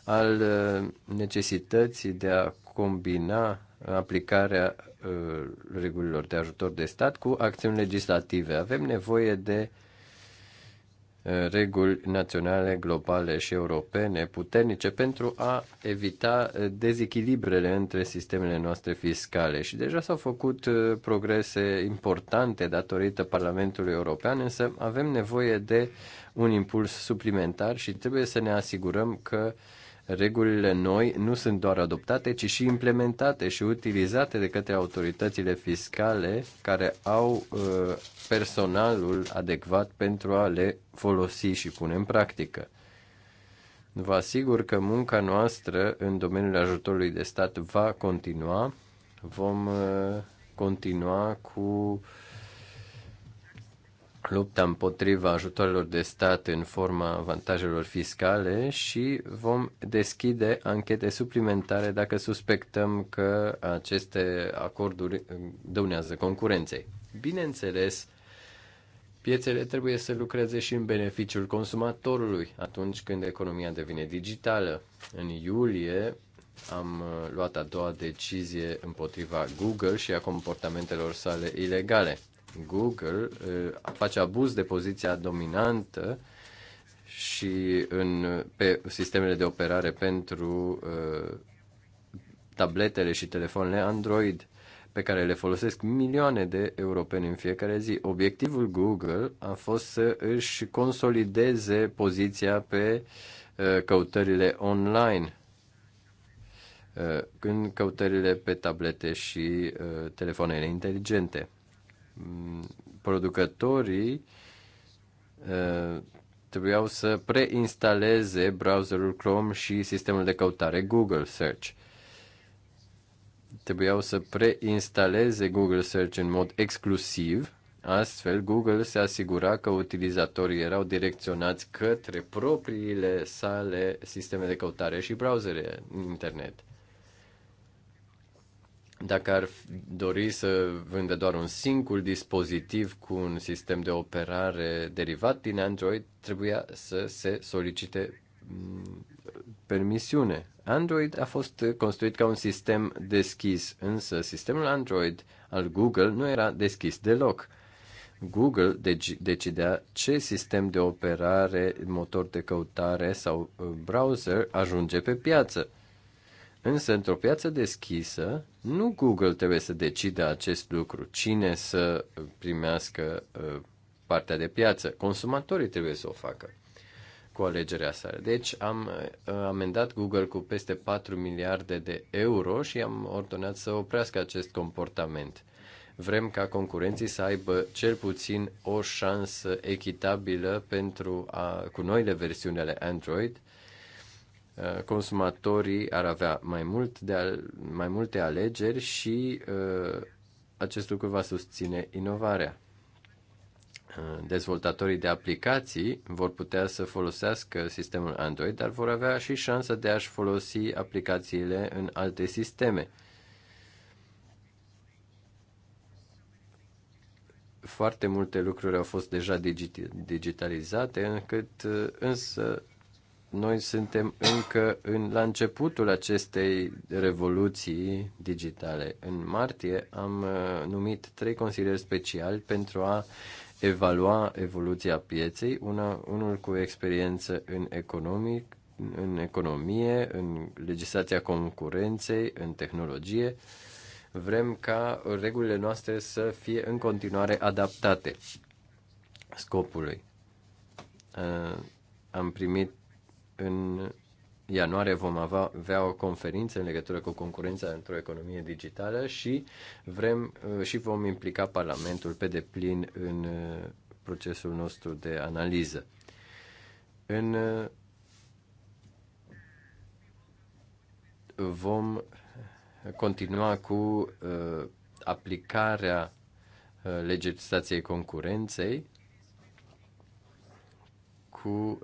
[SPEAKER 2] al uh, necesității de a combina aplicarea uh, regulilor de ajutor de stat cu acțiuni legislative. Avem nevoie de Uh, reguli naționale, globale și europene puternice pentru a evita uh, dezechilibrele între sistemele noastre fiscale. Și deja s-au făcut uh, progrese importante datorită Parlamentului European, însă avem nevoie de un impuls suplimentar și trebuie să ne asigurăm că uh, Regulile noi nu sunt doar adoptate, ci și implementate și utilizate de către autoritățile fiscale care au uh, personalul adecvat pentru a le folosi și pune în practică. Vă asigur că munca noastră în domeniul ajutorului de stat va continua. Vom uh, continua cu uh, lupta împotriva ajutoarelor de stat în forma avantajelor fiscale și vom deschide anchete suplimentare dacă suspectăm că aceste acorduri dăunează concurenței. Bineînțeles, piețele trebuie să lucreze și în beneficiul consumatorului atunci când economia devine digitală. În iulie am luat a doua decizie împotriva Google și a comportamentelor sale ilegale Google uh, face abuz de poziția dominantă și în, pe sistemele de operare pentru uh, tabletele și telefoanele Android pe care le folosesc milioane de europeni în fiecare zi. Obiectivul Google a fost să își consolideze poziția pe uh, căutările online uh, în căutările pe tablete și uh, telefoanele inteligente producătorii uh, trebuiau să preinstaleze browserul Chrome și sistemul de căutare Google Search. Trebuiau să preinstaleze Google Search în mod exclusiv, astfel Google se asigura că utilizatorii erau direcționați către propriile sale sisteme de căutare și browsere internet dacă ar dori să vândă doar un singur dispozitiv cu un sistem de operare derivat din Android, trebuia să se solicite mm, permisiune. Android a fost construit ca un sistem deschis, însă sistemul Android al Google nu era deschis deloc. Google deci, decidea ce sistem de operare, motor de căutare sau uh, browser ajunge pe piață Însă, într-o piață deschisă, nu Google trebuie să decide acest lucru, cine să primească uh, partea de piață. Consumatorii trebuie să o facă cu alegerea sa. Deci am uh, amendat Google cu peste 4 miliarde de euro și am ordonat să oprească acest comportament. Vrem ca concurenții să aibă cel puțin o șansă echitabilă pentru a, cu noile versiuni ale Android – Uh, consumatorii ar avea mai, mult de, mai multe alegeri și uh, acest lucru va susține inovarea. Uh, dezvoltatorii de aplicații vor putea să folosească sistemul Android, dar vor avea și șansa de a-și folosi aplicațiile în alte sisteme. foarte multe lucruri au fost deja digitalizate, încât însă noi suntem încă în, la începutul acestei revoluții digitale. În martie am uh, numit trei consilieri speciali pentru a evalua evoluția pieței, una, unul cu experiență în economic, în economie, în legislația concurenței, în tehnologie. Vrem ca regulile noastre să fie în continuare adaptate scopului. Uh, am primit în ianuarie vom avea o conferință în legătură cu concurența într-o economie digitală și vrem uh, și vom implica Parlamentul pe deplin în uh, procesul nostru de analiză. În uh, vom continua cu aplicarea legislației concurenței cu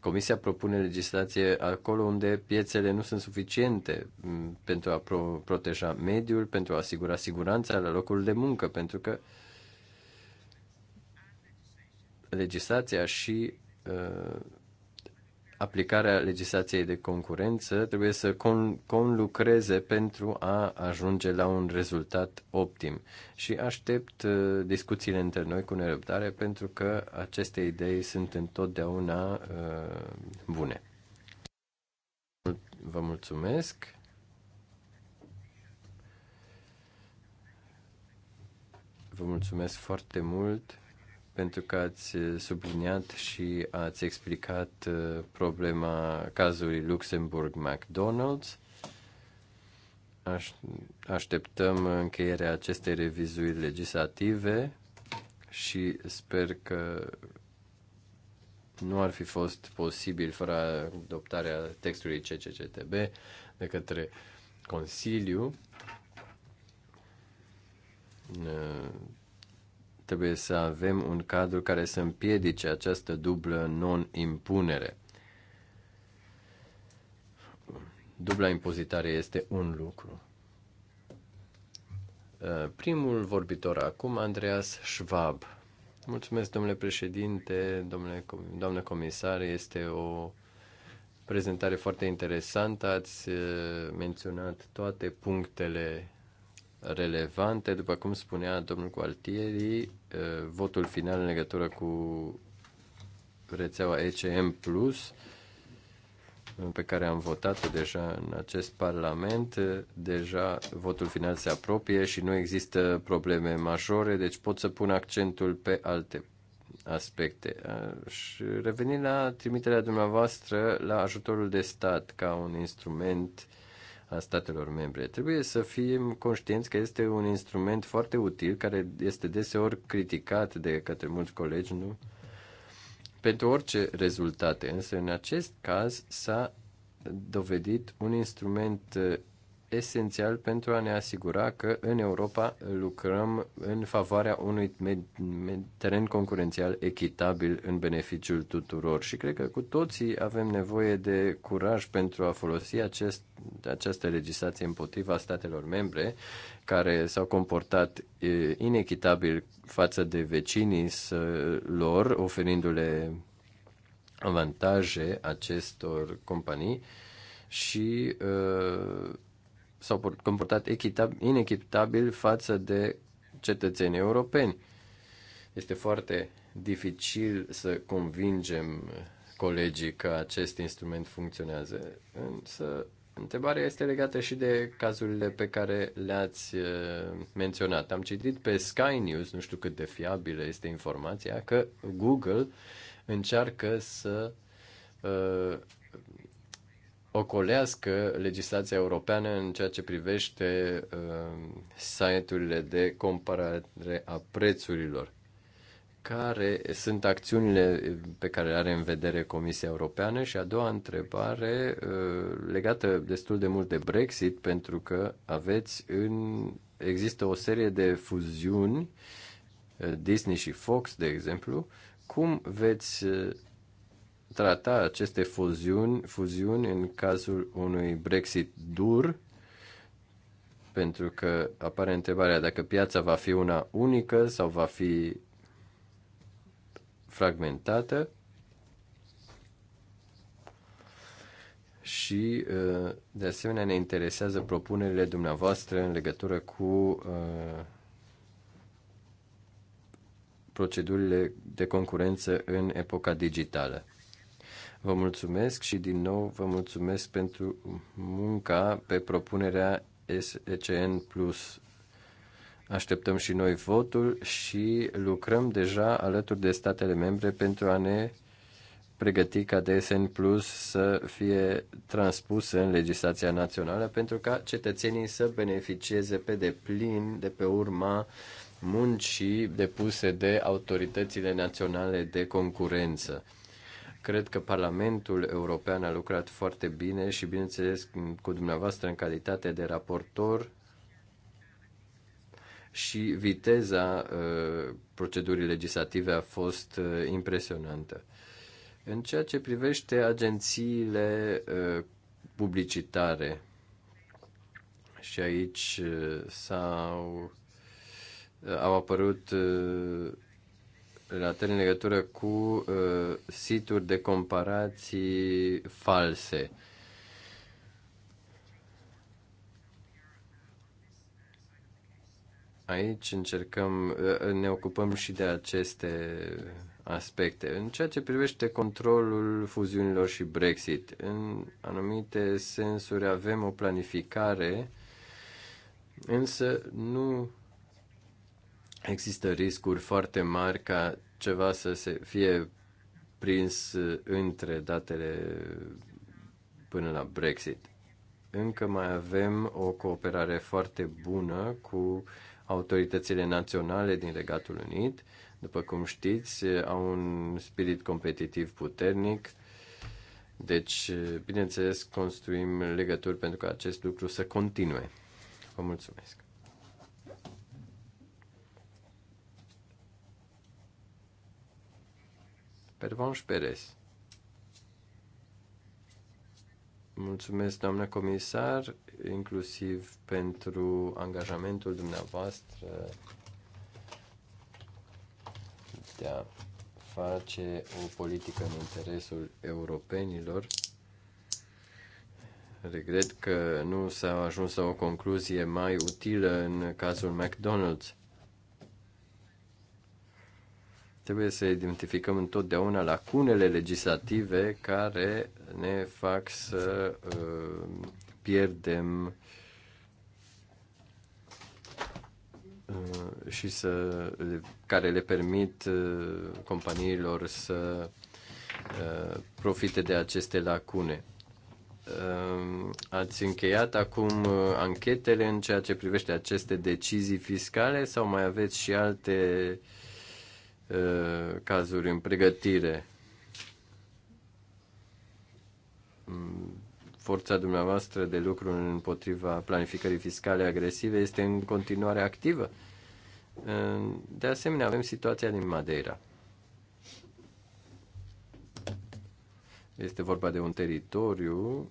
[SPEAKER 2] Comisia propune legislație acolo unde piețele nu sunt suficiente mm, pentru a pro- proteja mediul, pentru a asigura siguranța la locul de muncă, pentru că legislația și uh, aplicarea legislației de concurență trebuie să con- conlucreze pentru a ajunge la un rezultat optim. Și aștept uh, discuțiile între noi cu nerăbdare pentru că aceste idei sunt întotdeauna uh, bune. Vă mulțumesc. Vă mulțumesc foarte mult pentru că ați subliniat și ați explicat uh, problema cazului Luxemburg-McDonald's. așteptăm încheierea acestei revizuiri legislative și sper că nu ar fi fost posibil fără adoptarea textului CCCTB de către Consiliu Trebuie să avem un cadru care să împiedice această dublă non-impunere. Dubla impozitare este un lucru. Uh, primul vorbitor acum, Andreas Schwab. Mulțumesc, domnule președinte, domnule, doamnă comisar, este o prezentare foarte interesantă. Ați uh, menționat toate punctele relevante. După cum spunea domnul Gualtieri, Uh, votul final în legătură cu rețeaua ECM Plus pe care am votat deja în acest Parlament, deja votul final se apropie și nu există probleme majore, deci pot să pun accentul pe alte aspecte. Și revenind la trimiterea dumneavoastră la ajutorul de stat ca un instrument a statelor membre. Trebuie să fim conștienți că este un instrument foarte util care este deseori criticat de către mulți colegi, nu? Pentru orice rezultate, însă în acest caz s-a dovedit un instrument esențial pentru a ne asigura că în Europa lucrăm în favoarea unui teren concurențial echitabil în beneficiul tuturor și cred că cu toții avem nevoie de curaj pentru a folosi acest, această legislație împotriva statelor membre care s-au comportat inechitabil față de vecinii lor, oferindu-le avantaje acestor companii și uh, s-au comportat inechitabil față de cetățenii europeni. Este foarte dificil să convingem colegii că acest instrument funcționează, însă întrebarea este legată și de cazurile pe care le-ați uh, menționat. Am citit pe Sky News, nu știu cât de fiabilă este informația, că Google încearcă să uh, ocolească legislația europeană în ceea ce privește uh, site-urile de comparare a prețurilor. Care sunt acțiunile pe care le are în vedere Comisia Europeană? Și a doua întrebare, uh, legată destul de mult de Brexit, pentru că aveți în. există o serie de fuziuni, uh, Disney și Fox, de exemplu. Cum veți uh, trata aceste fuziuni, fuziuni în cazul unui Brexit dur, pentru că apare întrebarea dacă piața va fi una unică sau va fi fragmentată și uh, de asemenea ne interesează propunerile dumneavoastră în legătură cu uh, procedurile de concurență în epoca digitală. Vă mulțumesc și din nou vă mulțumesc pentru munca pe propunerea SECN+. Așteptăm și noi votul și lucrăm deja alături de statele membre pentru a ne pregăti ca DSN Plus să fie transpus în legislația națională pentru ca cetățenii să beneficieze pe deplin de pe urma muncii depuse de autoritățile naționale de concurență. Cred că Parlamentul European a lucrat foarte bine și, bineînțeles, cu dumneavoastră în calitate de raportor și viteza uh, procedurii legislative a fost uh, impresionantă. În ceea ce privește agențiile uh, publicitare, și aici uh, s-au, uh, au apărut uh, relatări în legătură cu uh, situri de comparații false. Aici încercăm, uh, ne ocupăm și de aceste aspecte. În ceea ce privește controlul fuziunilor și Brexit, în anumite sensuri avem o planificare, însă nu există riscuri foarte mari ca ceva să se fie prins uh, între datele până la Brexit. Încă mai avem o cooperare foarte bună cu autoritățile naționale din Regatul Unit. După cum știți, uh, au un spirit competitiv puternic. Deci, uh, bineînțeles, construim legături pentru ca acest lucru să continue. Vă mulțumesc! Pervanș Perez. Mulțumesc, doamnă comisar, inclusiv pentru angajamentul dumneavoastră de a face o politică în interesul europenilor. Regret că nu s-a ajuns la o concluzie mai utilă în cazul McDonald's. Trebuie să identificăm întotdeauna lacunele legislative care ne fac să uh, pierdem uh, și să, care le permit uh, companiilor să uh, profite de aceste lacune ați încheiat acum anchetele în ceea ce privește aceste decizii fiscale sau mai aveți și alte Uh, cazuri în pregătire. Mm, forța dumneavoastră de lucru împotriva planificării fiscale agresive este în continuare activă. Uh, de asemenea, avem situația din Madeira. Este vorba de un teritoriu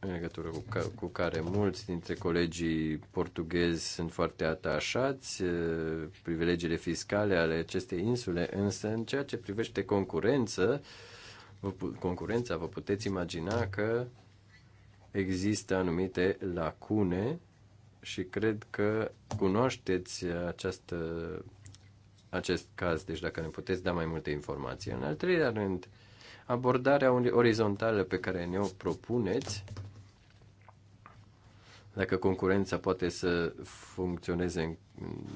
[SPEAKER 2] în legătură cu, ca, cu care mulți dintre colegii portughezi sunt foarte atașați, eh, privilegiile fiscale ale acestei insule, însă în ceea ce privește concurență, vă, concurența, vă puteți imagina că există anumite lacune și cred că cunoașteți această, acest caz, deci dacă ne puteți da mai multe informații. În al treilea rând, abordarea orizontală pe care ne-o propuneți dacă concurența poate să funcționeze în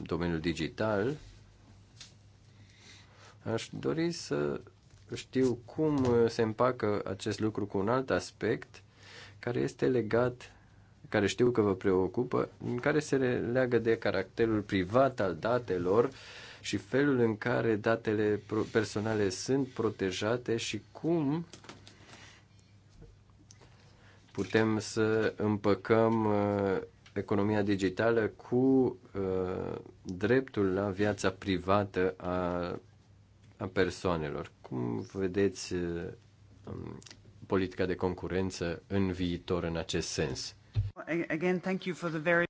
[SPEAKER 2] domeniul digital, aș dori să știu cum se împacă acest lucru cu un alt aspect care este legat, care știu că vă preocupă, în care se leagă de caracterul privat al datelor și felul în care datele personale sunt protejate și cum putem să împăcăm uh, economia digitală cu uh, dreptul la viața privată a, a persoanelor. Cum vedeți uh, um, politica de concurență în viitor în acest sens? Again, thank you for the very...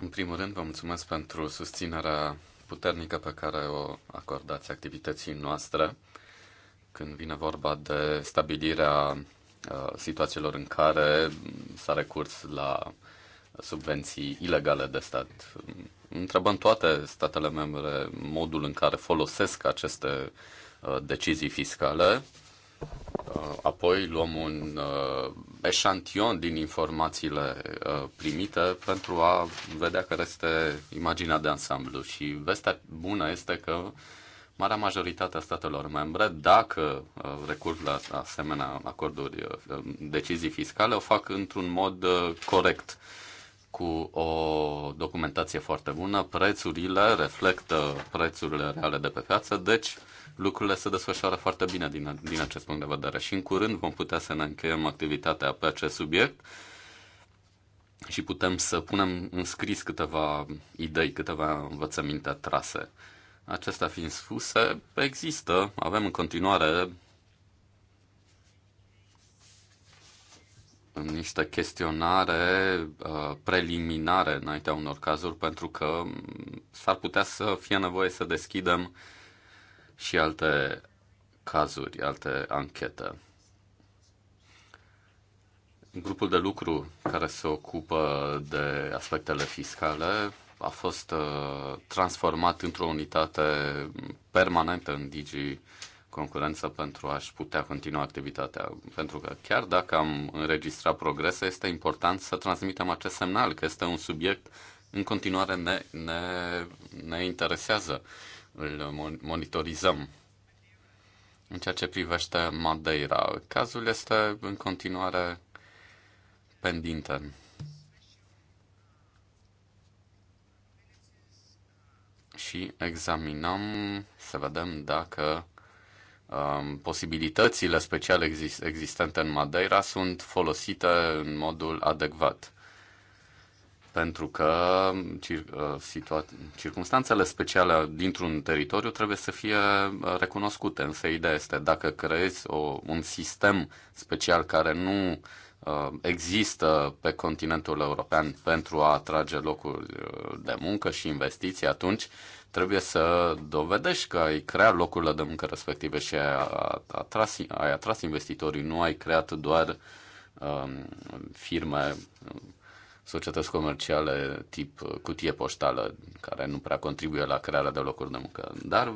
[SPEAKER 3] În primul rând, vă mulțumesc pentru susținerea puternică pe care o acordați activității noastre când vine vorba de stabilirea Uh, situațiilor în care s-a recurs la subvenții ilegale de stat. Întrebăm toate statele membre modul în care folosesc aceste uh, decizii fiscale. Uh, apoi luăm un eșantion din informațiile primite pentru a vedea care este imaginea de ansamblu. Și vestea bună este că marea majoritate a statelor membre, dacă uh, recurg la asemenea acorduri, uh, decizii fiscale, o fac într-un mod uh, corect, cu o documentație foarte bună, prețurile reflectă prețurile reale de pe piață, deci lucrurile se desfășoară foarte bine din, din acest punct de vedere și în curând vom putea să ne încheiem activitatea pe acest subiect și putem să punem în scris câteva idei, câteva învățăminte trase Acestea fiind spuse, există, avem în continuare niște chestionare uh, preliminare înaintea unor cazuri, pentru că s-ar putea să fie nevoie să deschidem și alte cazuri, alte anchete. Grupul de lucru care se ocupă de aspectele fiscale a fost uh, transformat într-o unitate permanentă în Digi concurență pentru a-și putea continua activitatea. Pentru că chiar dacă am înregistrat progrese, este important să transmitem acest semnal că este un subiect în continuare ne, ne, ne interesează, îl monitorizăm. În ceea ce privește Madeira, cazul este în continuare pendinte. și examinăm să vedem dacă um, posibilitățile speciale exist- existente în Madeira sunt folosite în modul adecvat. Pentru că cir- uh, circunstanțele speciale dintr-un teritoriu trebuie să fie uh, recunoscute. Însă ideea este dacă creezi o, un sistem special care nu Uh, există pe continentul european pentru a atrage locuri uh, de muncă și investiții, atunci trebuie să dovedești că ai creat locurile de muncă respective și ai atras, ai atras investitorii, nu ai creat doar um, firme, societăți comerciale tip uh, cutie poștală, care nu prea contribuie la crearea de locuri de muncă. Dar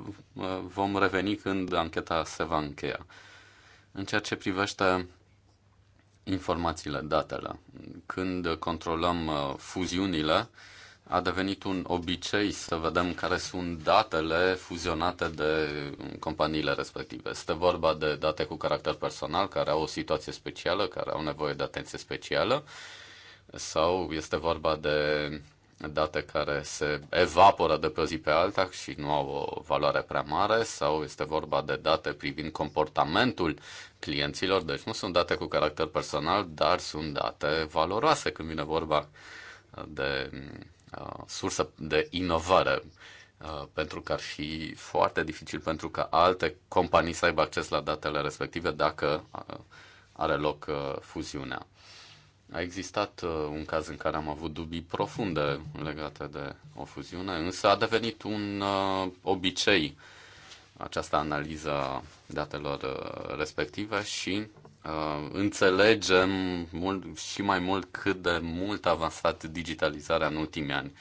[SPEAKER 3] vom reveni când ancheta se va încheia. În ceea ce privește informațiile, datele. Când controlăm uh, fuziunile, a devenit un obicei să vedem care sunt datele fuzionate de companiile respective. Este vorba de date cu caracter personal, care au o situație specială, care au nevoie de atenție specială, sau este vorba de date care se evaporă de pe o zi pe alta și nu au o valoare prea mare sau este vorba de date privind comportamentul clienților, deci nu sunt date cu caracter personal, dar sunt date valoroase când vine vorba de uh, sursă de inovare, uh, pentru că ar fi foarte dificil pentru că alte companii să aibă acces la datele respective dacă uh, are loc uh, fuziunea. A existat uh, un caz în care am avut dubii profunde legate de o fuziune, însă a devenit un uh, obicei această analiză a datelor uh, respective și uh, înțelegem mult, și mai mult cât de mult a avansat digitalizarea în ultimii ani.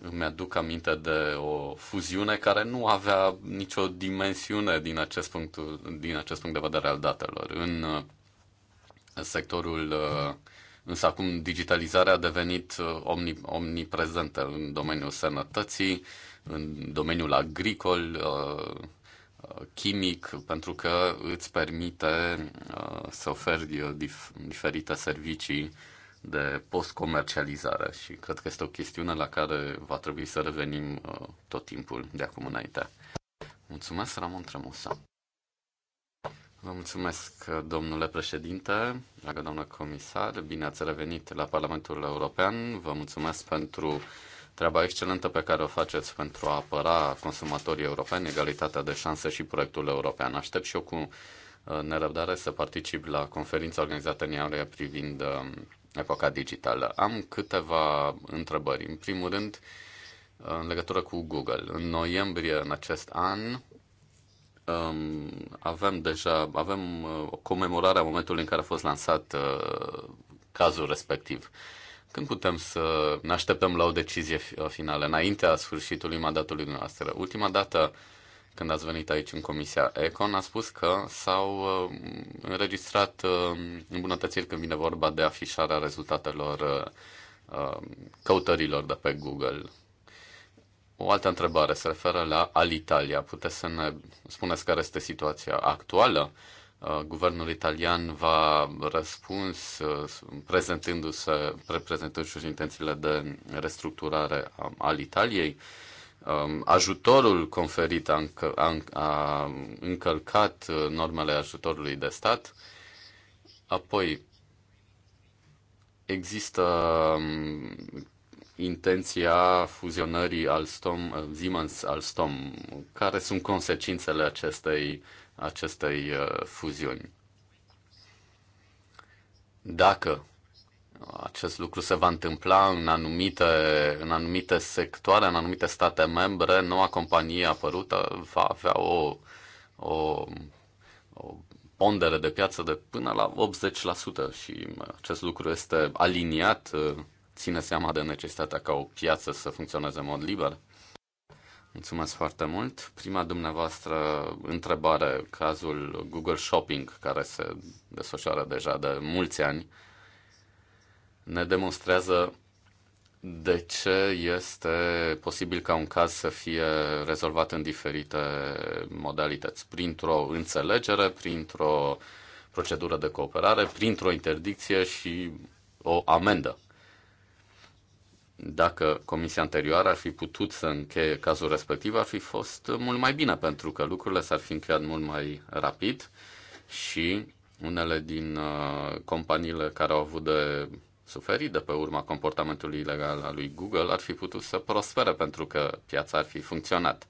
[SPEAKER 3] Îmi aduc aminte de o fuziune care nu avea nicio dimensiune din acest punct, din acest punct de vedere al datelor. În sectorul uh, Însă acum digitalizarea a devenit uh, omni, omniprezentă în domeniul sănătății, în domeniul agricol, uh, uh, chimic, pentru că îți permite să oferi dif- diferite servicii de post-comercializare și cred că este o chestiune la care va trebui să revenim tot timpul de acum înainte. Mulțumesc, Ramon Tremusa. Vă mulțumesc, domnule președinte, dragă doamnă comisar, bine ați revenit la Parlamentul European. Vă mulțumesc pentru treaba excelentă pe care o faceți pentru a apăra consumatorii europeni, egalitatea de șanse și proiectul european. Aștept și eu cu uh, nerăbdare să particip la conferința organizată în ianuarie privind um, epoca digitală. Am câteva întrebări. În primul rând, în legătură cu Google. În noiembrie în acest an, um, avem deja avem uh, o comemorare a momentului în care a fost lansat uh, cazul respectiv. Când putem să ne așteptăm la o decizie uh, finală, înaintea sfârșitului mandatului dumneavoastră? Ultima dată când ați venit aici în Comisia Econ, a spus că s-au uh, înregistrat îmbunătățiri când vine vorba de afișarea rezultatelor căutărilor de pe Google. O altă întrebare se referă la Alitalia. Puteți să ne spuneți care este situația actuală? Uh, guvernul italian va răspuns uh, prezentându-se, reprezentându-și intențiile de restructurare al Italiei. Um, ajutorul conferit a, a încălcat uh, normele ajutorului de stat. Apoi, există um, intenția fuzionării Alstom, Siemens Alstom. Care sunt consecințele acestei, acestei uh, fuziuni? Dacă acest lucru se va întâmpla în anumite, în anumite sectoare, în anumite state membre, noua companie apărută va avea o, o, o pondere de piață de până la 80% și acest lucru este aliniat uh, țină seama de necesitatea ca o piață să funcționeze în mod liber? Mulțumesc foarte mult. Prima dumneavoastră întrebare, cazul Google Shopping, care se desfășoară deja de mulți ani, ne demonstrează de ce este posibil ca un caz să fie rezolvat în diferite modalități? Printr-o înțelegere, printr-o procedură de cooperare, printr-o interdicție și o amendă dacă comisia anterioară ar fi putut să încheie cazul respectiv, ar fi fost mult mai bine, pentru că lucrurile s-ar fi încheiat mult mai rapid și unele din uh, companiile care au avut de suferit de pe urma comportamentului ilegal al lui Google ar fi putut să prospere pentru că piața ar fi funcționat.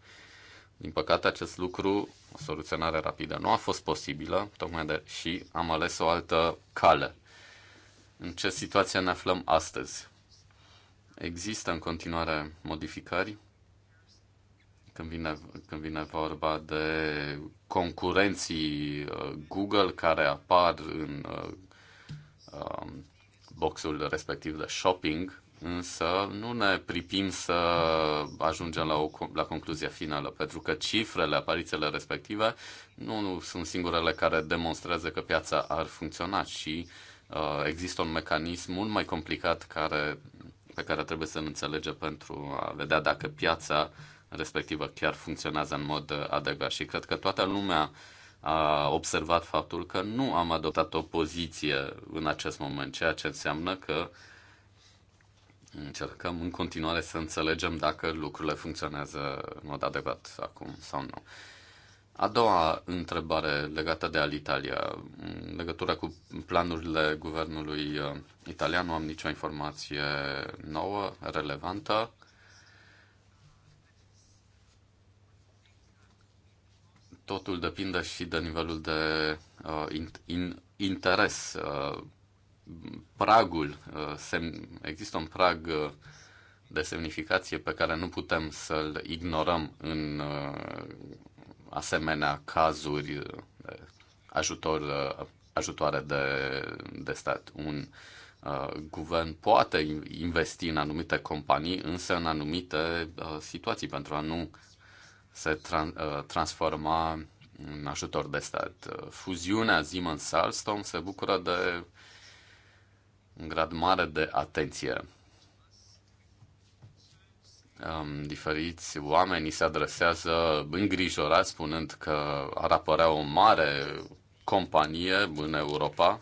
[SPEAKER 3] Din păcate, acest lucru, o soluționare rapidă, nu a fost posibilă, tocmai de și am ales o altă cale. În ce situație ne aflăm astăzi? Există în continuare modificări când vine, când vine vorba de concurenții uh, Google care apar în uh, um, boxul respectiv de shopping, însă nu ne pripim să ajungem la, o, la concluzia finală, pentru că cifrele, aparițiile respective nu sunt singurele care demonstrează că piața ar funcționa și uh, există un mecanism mult mai complicat care pe care trebuie să-l înțelege pentru a vedea dacă piața respectivă chiar funcționează în mod adecvat. Și cred că toată lumea a observat faptul că nu am adoptat o poziție în acest moment, ceea ce înseamnă că încercăm în continuare să înțelegem dacă lucrurile funcționează în mod adecvat acum sau nu. A doua întrebare legată de Alitalia, în legătură cu planurile guvernului uh, italian, nu am nicio informație nouă, relevantă. Totul depinde și de nivelul de uh, in, interes. Uh, pragul, uh, există un prag uh, de semnificație pe care nu putem să-l ignorăm în uh, asemenea cazuri de ajutor, ajutoare de, de stat. Un uh, guvern poate investi în anumite companii, însă în anumite uh, situații, pentru a nu se uh, transforma în ajutor de stat. Fuziunea Siemens-Alstom se bucură de un grad mare de atenție um, diferiți oameni se adresează îngrijorați spunând că ar apărea o mare companie în Europa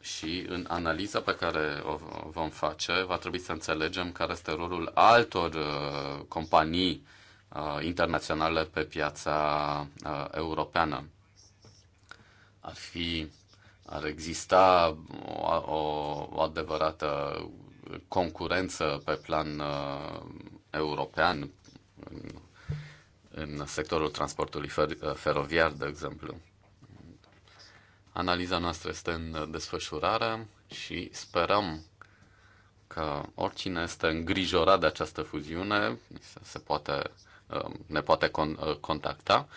[SPEAKER 3] și în analiza pe care o vom face va trebui să înțelegem care este rolul altor uh, companii uh, internaționale pe piața uh, europeană. Ar fi ar exista o, o, o adevărată concurență pe plan uh, european în, în sectorul transportului fer- uh, feroviar, de exemplu. Analiza noastră este în desfășurare și sperăm că oricine este îngrijorat de această fuziune se poate, uh, ne poate con- contacta.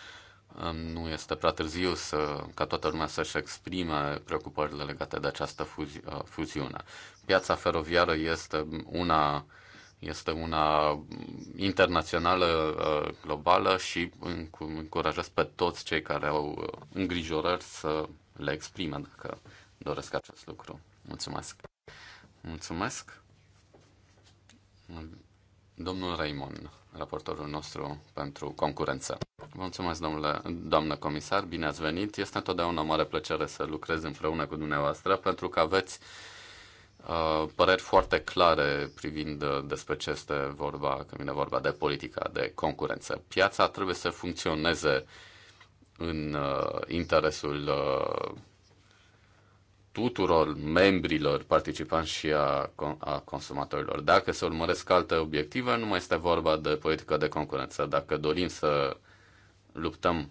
[SPEAKER 3] Nu este prea târziu să, ca toată lumea să-și exprime preocupările legate de această fuzi- fuziune. Piața feroviară este una, este una internațională, uh, globală și încurajez pe toți cei care au uh, îngrijorări să le exprime dacă doresc acest lucru. Mulțumesc! Mulțumesc! Domnul Raimon, raportorul nostru pentru concurență. mulțumesc, domnule, doamnă comisar, bine ați venit. Este întotdeauna o mare plăcere să lucrez împreună cu dumneavoastră pentru că aveți Uh, păreri foarte clare privind uh, despre ce este vorba când vine vorba de politica de concurență. Piața trebuie să funcționeze în uh, interesul tuturor membrilor, participanți și a, a consumatorilor. Dacă se urmăresc alte obiective, nu mai este vorba de politică de concurență. Dacă dorim să luptăm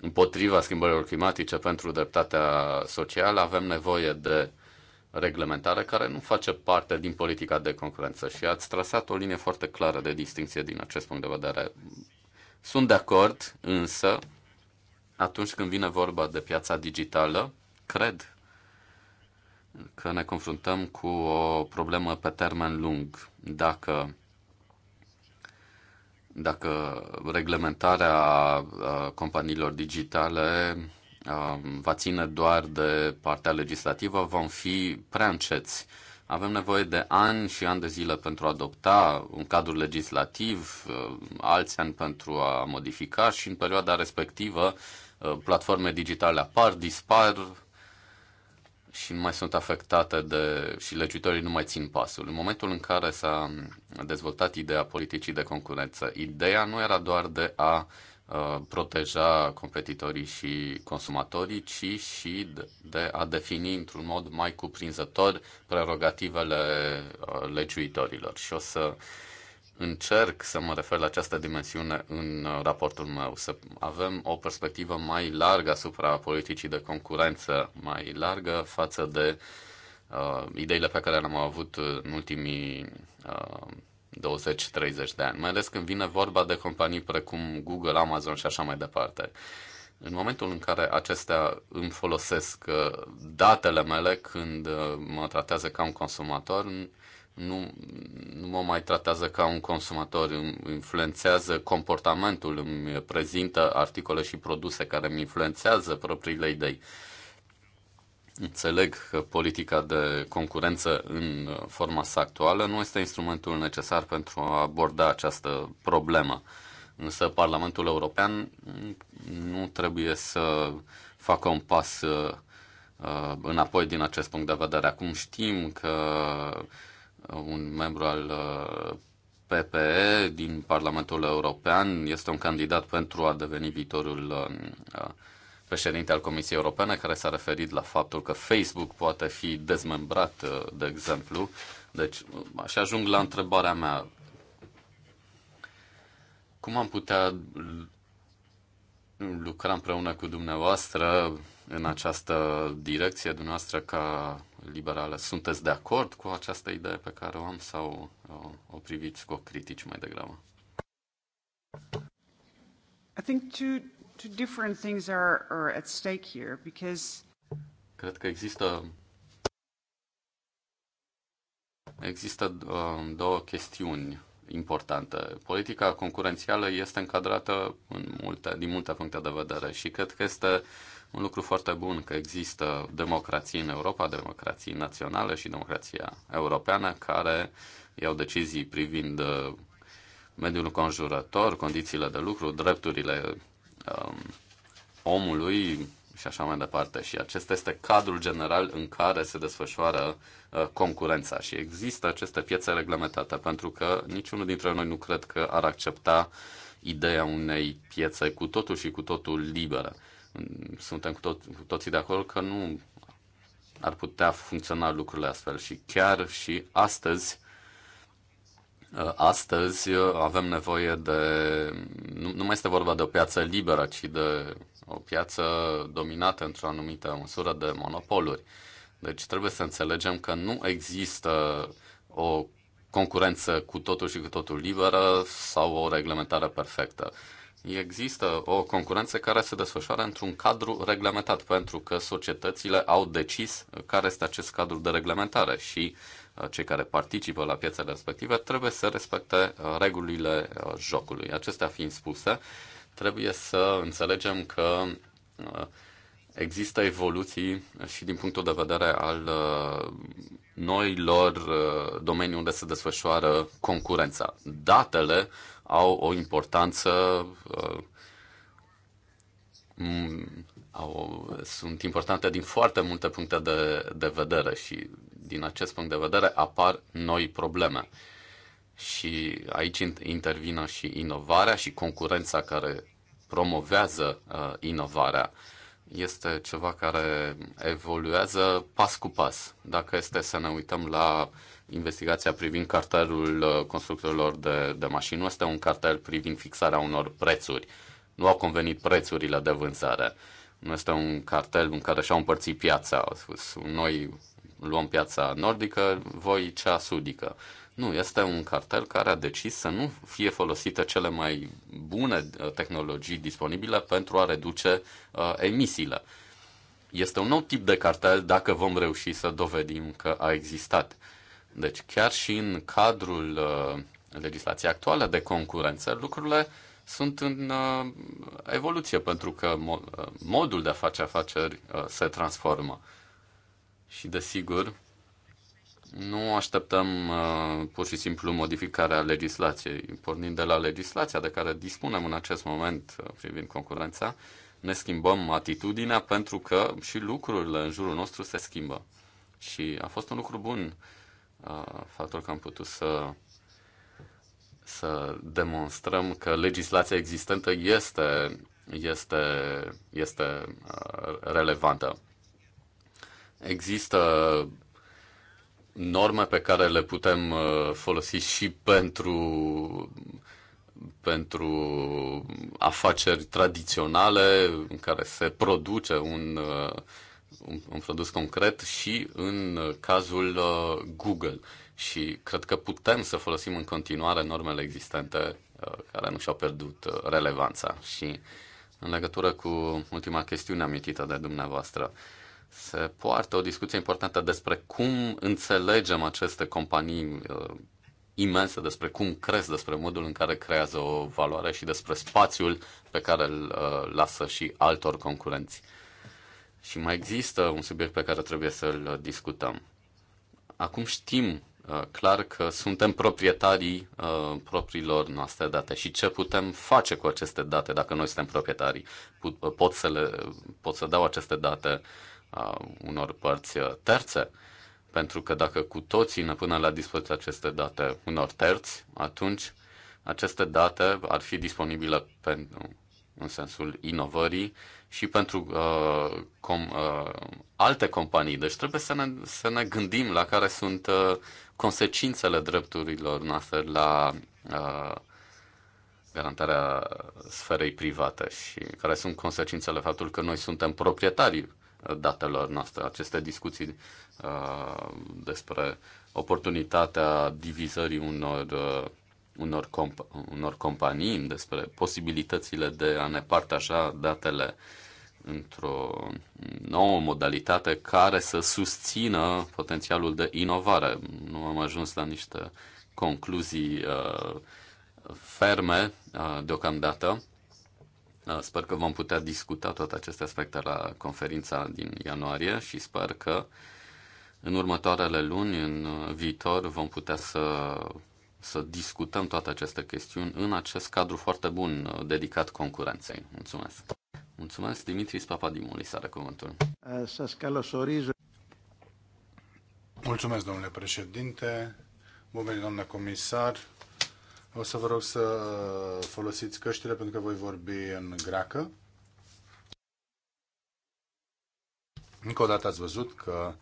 [SPEAKER 3] împotriva schimbărilor climatice pentru dreptatea socială, avem nevoie de reglementare care nu face parte din politica de concurență și ați trasat o linie foarte clară de distinție din acest punct de vedere. Sunt de acord, însă, atunci când vine vorba de piața digitală, cred că ne confruntăm cu o problemă pe termen lung. Dacă dacă reglementarea uh, companiilor digitale Um, va ține doar de partea legislativă, vom fi prea înceți. Avem nevoie de ani și ani de zile pentru a adopta un cadru legislativ, uh, alți ani pentru a modifica și în perioada respectivă uh, platforme digitale apar, dispar și nu mai sunt afectate de... și legiuitorii nu mai țin pasul. În momentul în care s-a dezvoltat ideea politicii de concurență, ideea nu era doar de a uh, Uh, proteja competitorii și consumatorii, ci și de a defini într-un mod mai cuprinzător prerogativele uh, legiuitorilor. Și o să încerc să mă refer la această dimensiune în uh, raportul meu, să avem o perspectivă mai largă asupra politicii de concurență, mai largă față de uh, ideile pe care le-am avut în ultimii uh, 20-30 de ani, mai ales când vine vorba de companii precum Google, Amazon și așa mai departe. În momentul în care acestea îmi folosesc uh, datele mele când uh, mă tratează ca un consumator, nu, nu mă mai tratează ca un consumator, îmi influențează comportamentul, îmi prezintă articole și produse care îmi influențează propriile idei. Înțeleg că politica de concurență în forma sa actuală nu este instrumentul necesar pentru a aborda această problemă. Însă Parlamentul European nu trebuie să facă un pas uh, uh, înapoi din acest punct de vedere. Acum știm că un membru al uh, PPE din Parlamentul European este un candidat pentru a deveni viitorul președinte al Comisiei Europene, care s-a referit la faptul că Facebook poate fi dezmembrat, uh, de exemplu. Deci, uh, așa ajung la întrebarea mea. Cum am putea lucra împreună cu dumneavoastră în această direcție, dumneavoastră ca liberală? Sunteți de acord cu această idee pe care o am sau o, uh, o priviți cu o critici mai degrabă?
[SPEAKER 1] I think to different things are, are at stake here because
[SPEAKER 3] Cred că există există um, două chestiuni importante. Politica concurențială este încadrată în multe, din multe puncte de vedere și cred că este un lucru foarte bun că există democrații în Europa, democrații naționale și democrația europeană care iau decizii privind uh, mediul conjurător, condițiile de lucru, drepturile uh, omului și așa mai departe. Și acesta este cadrul general în care se desfășoară uh, concurența și există aceste piețe reglementate, pentru că niciunul dintre noi nu cred că ar accepta ideea unei piețe cu totul și cu totul liberă. Suntem cu, tot, cu toții de acord că nu ar putea funcționa lucrurile astfel și chiar și astăzi Uh, astăzi uh, avem nevoie de. Nu, nu mai este vorba de o piață liberă, ci de o piață dominată într-o anumită măsură de monopoluri. Deci trebuie să înțelegem că nu există o concurență cu totul și cu totul liberă sau o reglementare perfectă. Există o concurență care se desfășoară într-un cadru reglementat, pentru că societățile au decis care este acest cadru de reglementare și uh, Uh, cei care participă la piețele respective trebuie să respecte uh, regulile uh, jocului. Acestea fiind spuse, trebuie să înțelegem că există evoluții și din punctul de vedere al noilor domenii unde se desfășoară concurența. Datele au o importanță au, sunt importante din foarte multe puncte de, de vedere și din acest punct de vedere apar noi probleme. Și aici intervină și inovarea și concurența care promovează uh, inovarea. Este ceva care evoluează pas cu pas. Dacă este să ne uităm la investigația privind cartelul uh, constructorilor de, de mașini, nu este un cartel privind fixarea unor prețuri. Uh, nu au convenit prețurile de vânzare. Nu este un cartel în care și-au împărțit piața. Au spus, noi luăm piața nordică, voi cea sudică. Nu, este un cartel care a decis să nu fie folosite cele mai bune uh, tehnologii disponibile pentru a reduce uh, emisiile. Este un nou tip de cartel dacă vom reuși să dovedim că a existat. Deci chiar și în cadrul uh, legislației actuale de concurență, lucrurile uh, sunt în uh, evoluție pentru că uh, modul de a face afaceri uh, se transformă. Și desigur, nu așteptăm uh, pur și simplu modificarea legislației. Pornind de la legislația de care dispunem în acest moment uh, privind concurența, ne schimbăm atitudinea pentru că și lucrurile în jurul nostru se schimbă. Și a fost un lucru bun uh, faptul că am putut să să demonstrăm că legislația existentă este, este, este uh, relevantă. Există norme pe care le putem uh, folosi și pentru, pentru afaceri tradiționale în care se produce un, uh, un, un produs concret și în cazul Google și cred că putem să folosim în continuare normele existente uh, care nu și-au pierdut uh, relevanța. Și în legătură cu ultima chestiune amintită de dumneavoastră, se poartă o discuție importantă despre cum înțelegem aceste companii uh, imense, despre cum cresc, despre modul în care creează o valoare și despre spațiul pe care îl lasă și altor concurenți. Și mai există un subiect pe care trebuie să-l discutăm. Acum știm Uh, clar că suntem proprietarii uh, propriilor noastre date și ce putem face cu aceste date dacă noi suntem proprietarii. Uh, pot, să le, pot să dau aceste date unor părți terțe? Pentru că dacă cu toții ne punem la dispoziție aceste date unor terți, atunci aceste date ar fi disponibile pentru, în sensul inovării și pentru uh, com, uh, alte companii. Deci trebuie să ne, să ne gândim la care sunt uh, consecințele drepturilor noastre la uh, garantarea sferei private și care sunt consecințele faptului că noi suntem proprietari datelor noastre. Aceste discuții uh, despre oportunitatea divizării unor, uh, unor, comp- unor companii, despre posibilitățile de a ne partaja datele uh, într-o nouă modalitate care să susțină potențialul de inovare. Nu am ajuns la niște concluzii uh, ferme uh, deocamdată. Uh, sper că vom putea discuta toate aceste aspecte la conferința din ianuarie și sper că în următoarele luni, în uh, viitor, vom putea să, să discutăm toate aceste chestiuni în acest cadru foarte bun uh, dedicat concurenței. Mulțumesc! Mulțumesc, Dimitris Papadimulis are cuvântul.
[SPEAKER 1] Să scalosoriză. Mulțumesc, domnule președinte. Bun venit, doamna comisar. O să vă rog să folosiți căștile pentru că voi vorbi în greacă. Încă o dată ați văzut că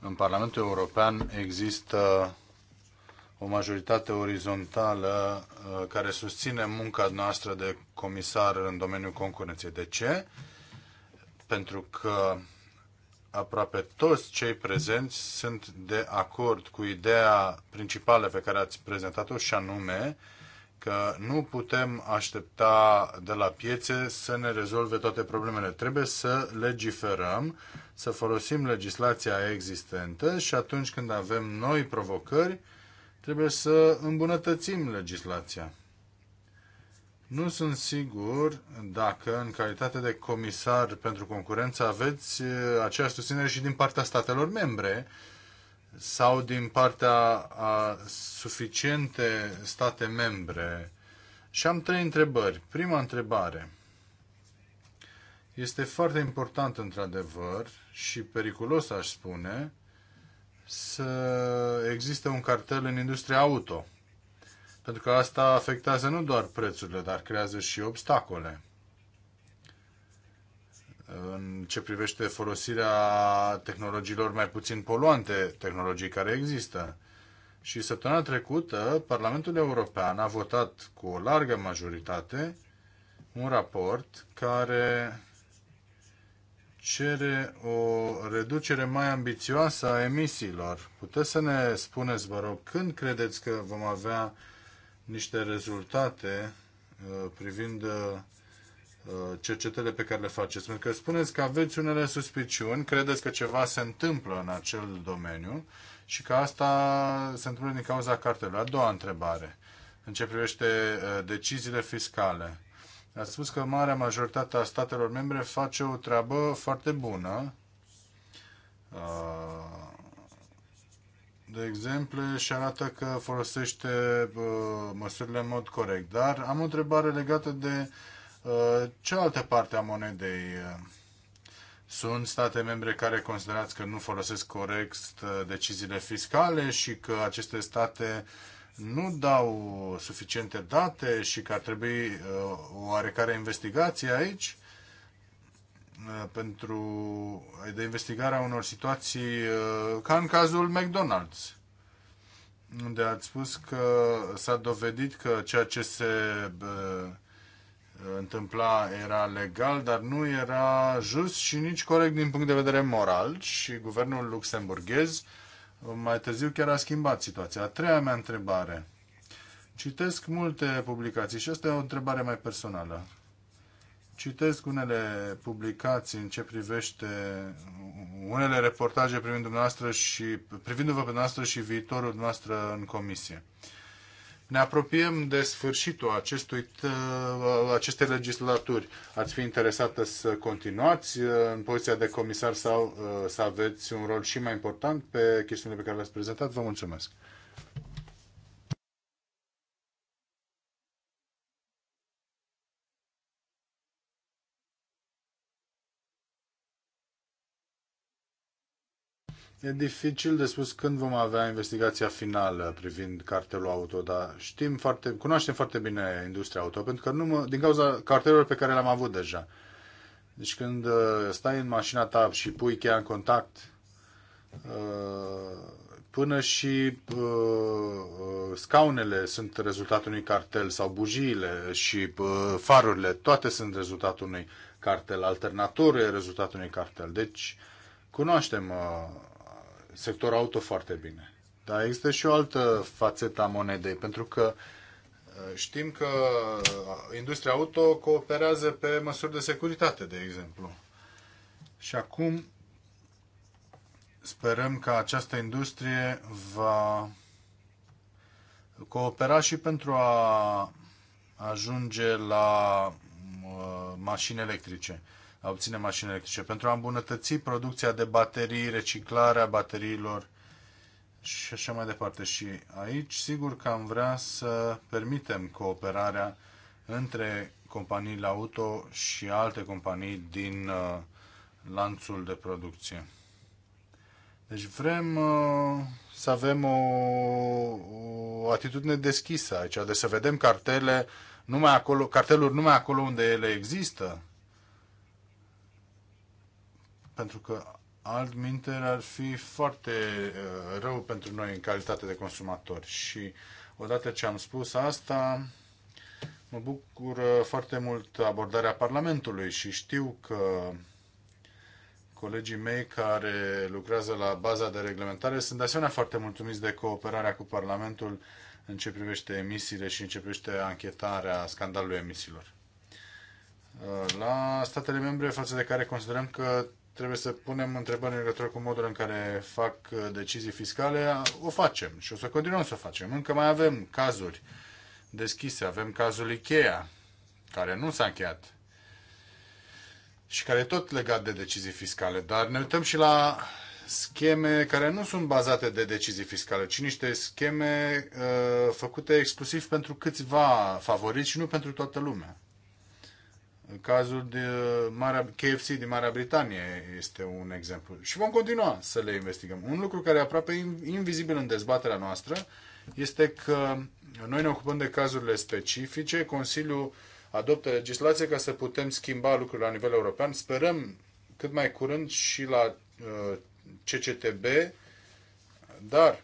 [SPEAKER 1] în Parlamentul European există o majoritate orizontală uh, care susține munca noastră de comisar în domeniul concurenței. De ce? Pentru că aproape toți cei prezenți sunt de acord cu ideea principală pe care ați prezentat-o și anume că nu putem aștepta de la piețe să ne rezolve toate problemele. Trebuie să legiferăm, să folosim legislația existentă și atunci când avem noi provocări, Trebuie să îmbunătățim legislația. Nu sunt sigur dacă, în calitate de comisar pentru concurență, aveți eh, aceeași susținere și din partea statelor membre sau din partea a suficiente state membre. Și am trei întrebări. Prima întrebare. Este foarte important, într-adevăr, și periculos, aș spune, să existe un cartel în industria auto. Pentru că asta afectează nu doar prețurile, dar creează și obstacole în ce privește folosirea tehnologiilor mai puțin poluante, tehnologii care există. Și săptămâna trecută, Parlamentul European a votat cu o largă majoritate un raport care cere o reducere mai ambițioasă a emisiilor. Puteți să ne spuneți, vă rog, când credeți că vom avea niște rezultate uh, privind uh, cercetările pe care le faceți? Pentru că spuneți că aveți unele suspiciuni, credeți că ceva se întâmplă în acel domeniu și că asta se întâmplă din cauza cartelor. A doua întrebare, în ce privește uh, deciziile fiscale a spus că marea majoritate a statelor membre face o treabă foarte bună. De exemplu, și arată că folosește măsurile în mod corect. Dar am o întrebare legată de cealaltă parte a monedei. Sunt state membre care considerați că nu folosesc corect uh, deciziile fiscale și că aceste state uh, nu dau suficiente date și că ar trebui uh, oarecare investigație aici uh, pentru uh, de investigarea unor situații ca în cazul McDonald's unde ați spus că s-a dovedit că ceea ce se întâmpla era legal, dar nu era just și nici corect din punct de vedere moral și guvernul luxemburghez mai târziu chiar a schimbat situația. A treia mea întrebare. Citesc multe publicații și asta e o întrebare mai personală. Citesc unele publicații în ce privește unele reportaje privind dumneavoastră și privindu-vă pe dumneavoastră și viitorul dumneavoastră în comisie. Uh, ne apropiem de sfârșitul acestui, uh, acestei legislaturi. Ați fi interesată să continuați uh, în poziția de comisar sau uh, să aveți un rol și mai important pe chestiunile pe care le-ați prezentat? Vă mulțumesc! E dificil de spus când vom avea investigația finală privind cartelul auto, dar știm foarte, cunoaștem foarte bine industria auto, pentru că nu mă, din cauza cartelor pe care le-am avut deja. Deci când uh, stai în mașina ta și pui cheia în contact, uh, până și uh, scaunele sunt rezultatul unui cartel sau bujiile și farurile, toate sunt rezultatul unui cartel. Alternatorul e rezultatul unui cartel. Deci cunoaștem sector auto foarte bine. Dar există și o altă fațetă a monedei, pentru că uh, știm că uh, industria auto cooperează pe măsuri de securitate, de exemplu. Și acum sperăm că această industrie va coopera și pentru a ajunge la uh, mașini electrice a obține mașini electrice, pentru a îmbunătăți producția de baterii, reciclarea bateriilor și așa mai departe. Și aici, sigur că am vrea să permitem cooperarea între companiile auto și alte companii din uh, lanțul de producție. Deci vrem uh, să avem o, o atitudine deschisă aici, de deci să vedem cartele numai acolo, carteluri numai acolo unde ele există, pentru că altminteri ar fi foarte uh, rău pentru noi în calitate de consumatori. Și odată ce am spus asta, mă bucur uh, foarte mult abordarea Parlamentului și știu că colegii mei care lucrează la baza de reglementare sunt de asemenea foarte mulțumiți de cooperarea cu Parlamentul în ce privește emisiile și în ce privește anchetarea scandalului emisiilor. Uh, la statele membre față de care considerăm că trebuie să punem întrebări în legătură cu modul în care fac uh, decizii fiscale, o facem și o să continuăm să o facem. Încă mai avem cazuri deschise, avem cazul Ikea, care nu s-a încheiat și care e tot legat de decizii fiscale, dar ne uităm și la scheme care nu sunt bazate de decizii fiscale, ci niște scheme uh, făcute exclusiv pentru câțiva favoriți și nu pentru toată lumea. Cazul de uh, Marea, KFC din Marea Britanie este un exemplu. Și vom continua să le investigăm. Un lucru care e aproape invizibil în dezbaterea noastră este că noi ne ocupăm de cazurile specifice, Consiliul adoptă legislație ca să putem schimba lucrurile la nivel european. Sperăm cât mai curând și la uh, CCTB, dar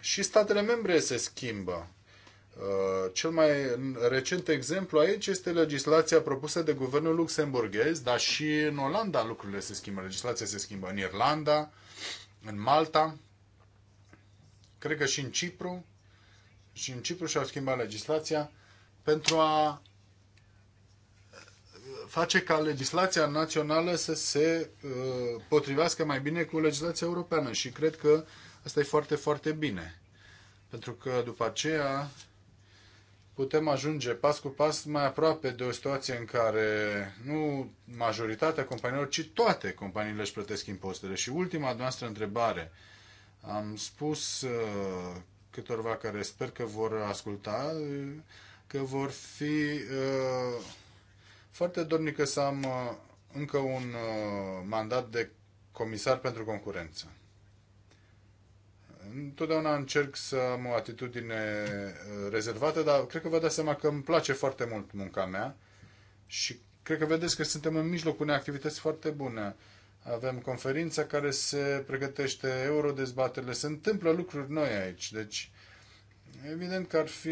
[SPEAKER 1] și statele membre se schimbă. Uh, cel mai recent exemplu aici este legislația propusă de guvernul luxemburghez, dar și în Olanda lucrurile se schimbă, legislația se schimbă în Irlanda, în Malta, cred că și în Cipru, și în Cipru și-au schimbat legislația pentru a uh, face ca legislația națională să se uh, potrivească mai bine cu legislația europeană și cred că asta e foarte, foarte bine. Pentru că după aceea putem ajunge pas cu pas mai aproape de o situație în care nu majoritatea companiilor, ci toate companiile își plătesc impozitele. Și ultima noastră întrebare. Am spus uh, câtorva care sper că vor asculta, că vor fi uh, foarte dornică să am uh, încă un mandat de comisar pentru concurență. Întotdeauna încerc să am o atitudine uh, rezervată, dar cred că vă dați seama că îmi place foarte mult munca mea și cred că vedeți că suntem în mijlocul unei activități foarte bune. Avem conferința care se pregătește, eurodezbaterile, se întâmplă lucruri noi aici. Deci, evident că ar fi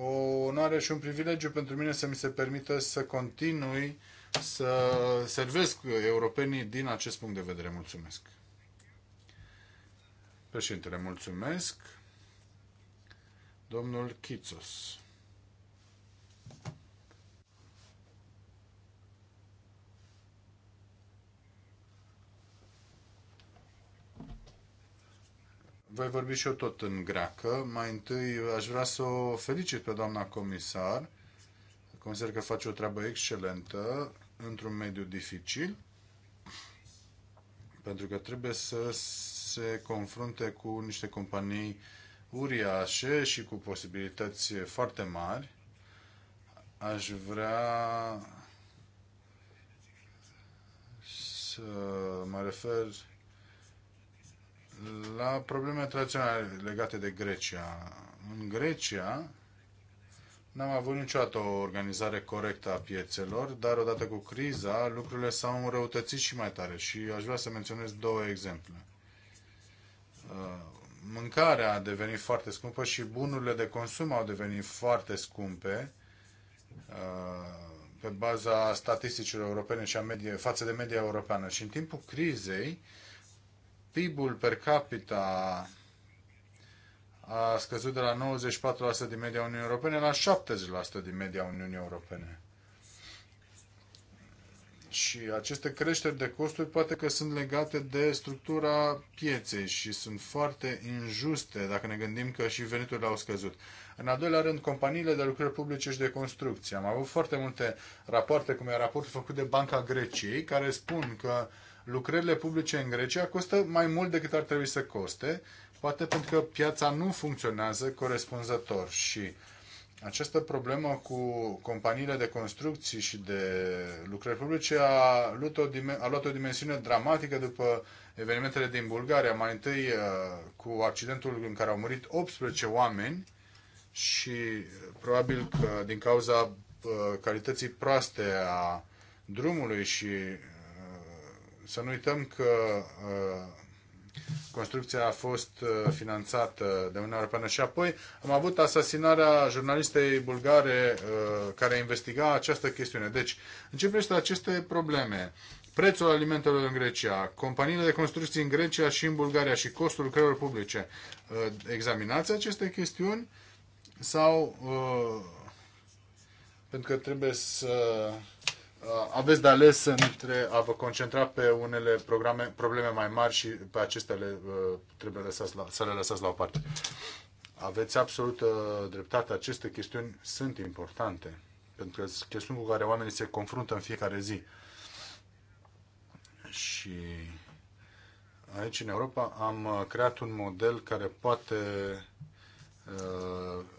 [SPEAKER 1] o onoare și un privilegiu pentru mine să mi se permită să continui să servesc europenii din acest punct de vedere. Mulțumesc! Președintele, mulțumesc. Domnul Chițos. Voi vorbi și eu tot în greacă. Mai întâi aș vrea să o felicit pe doamna comisar. Consider că face o treabă excelentă într-un mediu dificil, pentru că trebuie să se confrunte cu niște companii uriașe și cu posibilități foarte mari. Aș vrea să mă refer la probleme tradiționale legate de Grecia. În Grecia n-am avut niciodată o organizare corectă a piețelor, dar odată cu criza lucrurile s-au înrăutățit și mai tare și aș vrea să menționez două exemple. Uh, mâncarea a devenit foarte scumpă și bunurile de consum au devenit foarte scumpe uh, pe baza statisticilor europene și a medie, față de media europeană. Și în timpul crizei, PIB-ul per capita a scăzut de la 94% din media Uniunii Europene la 70% din media Uniunii Europene. Și aceste creșteri de costuri poate că sunt legate de structura pieței și sunt foarte injuste dacă ne gândim că și veniturile au scăzut. În al doilea rând, companiile de lucrări publice și de construcție. Am avut foarte multe rapoarte, cum e raportul făcut de Banca Greciei, care spun că lucrările publice în Grecia costă mai mult decât ar trebui să coste, poate pentru că piața nu funcționează corespunzător și această problemă cu companiile de construcții și de lucrări publice a luat o, a luat o dimensiune dramatică după evenimentele din Bulgaria. Mai întâi uh, cu accidentul în care au murit 18 oameni și uh, probabil că din cauza uh, calității proaste a drumului și să nu uităm că Construcția a fost uh, finanțată de Uniunea Europeană și apoi am avut asasinarea jurnalistei bulgare uh, care investiga această chestiune. Deci, în ce privește aceste probleme, prețul alimentelor în Grecia, companiile de construcții în Grecia și în Bulgaria și costul lucrărilor publice, uh, examinați aceste chestiuni sau pentru că trebuie să Uh, aveți de ales între a vă concentra pe unele programe, probleme mai mari și pe acestea le, uh, trebuie lăsați la, să le lăsați la o parte. Aveți absolut uh, dreptate, aceste chestiuni sunt importante, pentru că sunt chestiuni cu care oamenii se confruntă în fiecare zi. Și aici, în Europa, am creat un model care poate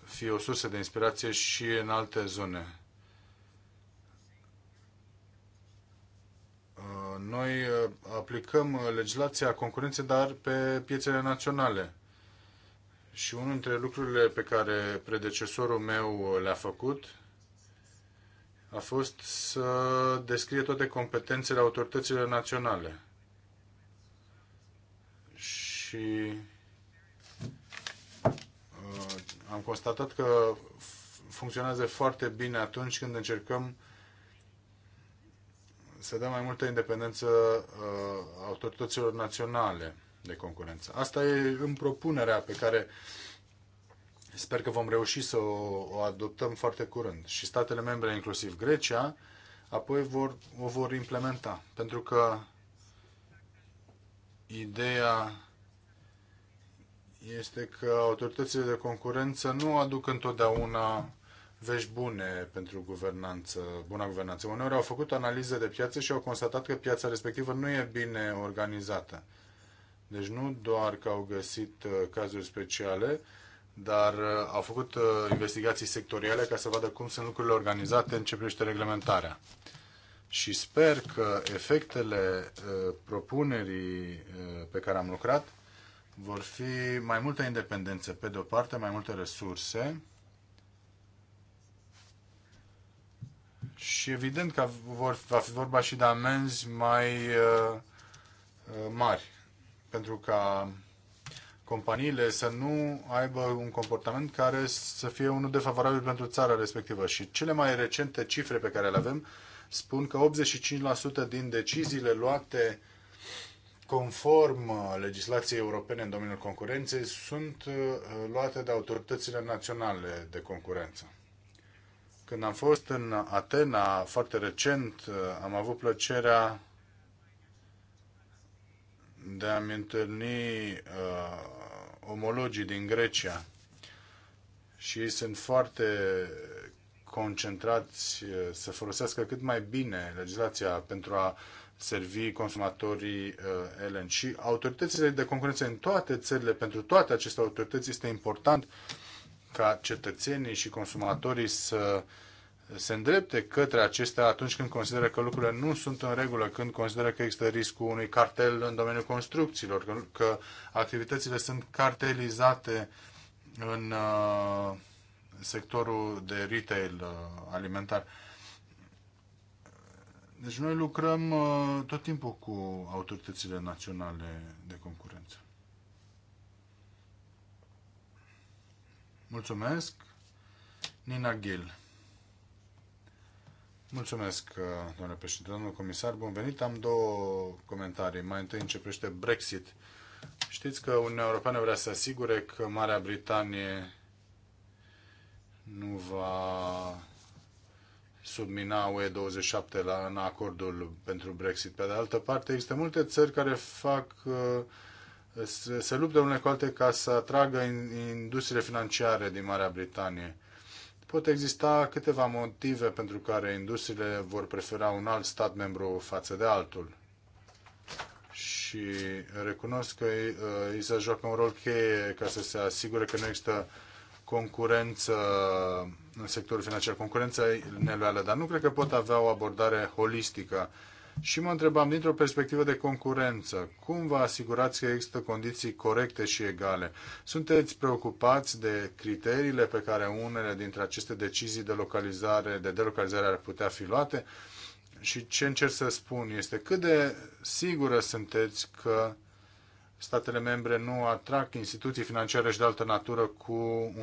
[SPEAKER 1] fi o sursă de inspirație și în alte zone Uh, noi uh, aplicăm uh, legislația concurenței, dar pe piețele naționale. Și unul dintre lucrurile pe care predecesorul meu le-a făcut a fost să descrie toate competențele autorităților naționale. Și am constatat că funcționează foarte bine atunci când încercăm să dăm mai multă independență uh, autorităților naționale de concurență. Asta e în propunerea pe care sper că vom reuși să o, o adoptăm foarte curând. Și statele membre, inclusiv Grecia, apoi vor, o vor implementa. Pentru că ideea este că autoritățile de concurență nu aduc întotdeauna vești bune pentru guvernanță, buna guvernanță. Uneori au făcut analize de piață și au constatat că piața respectivă nu e bine organizată. Deci nu doar că au găsit uh, cazuri speciale, dar uh, au făcut uh, investigații sectoriale ca să vadă cum sunt lucrurile organizate în ce privește reglementarea. Și sper că efectele propunerii pe care am lucrat vor fi mai multă independență, pe de o parte, mai multe resurse, Și evident că vor, va fi vorba și de amenzi mai uh, uh, mari, pentru ca companiile să nu aibă un comportament care să fie unul defavorabil pentru țara respectivă. Și cele mai recente cifre pe care le avem spun că 85% din deciziile luate conform uh, legislației europene în domeniul concurenței sunt uh, luate de autoritățile naționale de concurență. Când am fost în Atena foarte recent, am avut plăcerea de a-mi întâlni uh, omologii din Grecia și ei sunt foarte concentrați uh, să folosească cât mai bine legislația pentru a servi consumatorii uh, eleni. Și autoritățile de concurență în toate țările, pentru toate aceste autorități, este important uh, ca cetățenii și consumatorii să se îndrepte către acestea atunci când consideră că lucrurile nu sunt în regulă, când consideră că există riscul unui cartel în domeniul construcțiilor, că, că activitățile sunt cartelizate în uh, sectorul de retail uh, alimentar. Deci noi lucrăm uh, tot timpul cu autoritățile naționale de concurență. Mulțumesc. Nina Gil. Mulțumesc, uh, domnule președinte, domnul comisar. Bun venit. Am două comentarii. Mai întâi începește Brexit. Știți că Uniunea Europeană vrea să asigure că Marea Britanie nu va submina UE27 la, în acordul pentru Brexit. Pe de altă parte, există multe țări care fac uh, se luptă unele cu alte ca să atragă industriile financiare din Marea Britanie. Pot exista câteva motive pentru care industriile vor prefera un alt stat membru față de altul. Și recunosc că uh, ISA joacă un rol cheie ca să se asigure că nu există concurență în sectorul financiar, concurență neloială, dar nu cred că pot avea o abordare holistică și mă întrebam, dintr-o perspectivă de concurență, cum vă asigurați că există condiții corecte și egale? Sunteți preocupați de criteriile pe care unele dintre aceste decizii de localizare, de delocalizare ar putea fi luate? Și ce încerc să spun este cât de sigură sunteți că statele membre nu atrag instituții financiare și de altă natură cu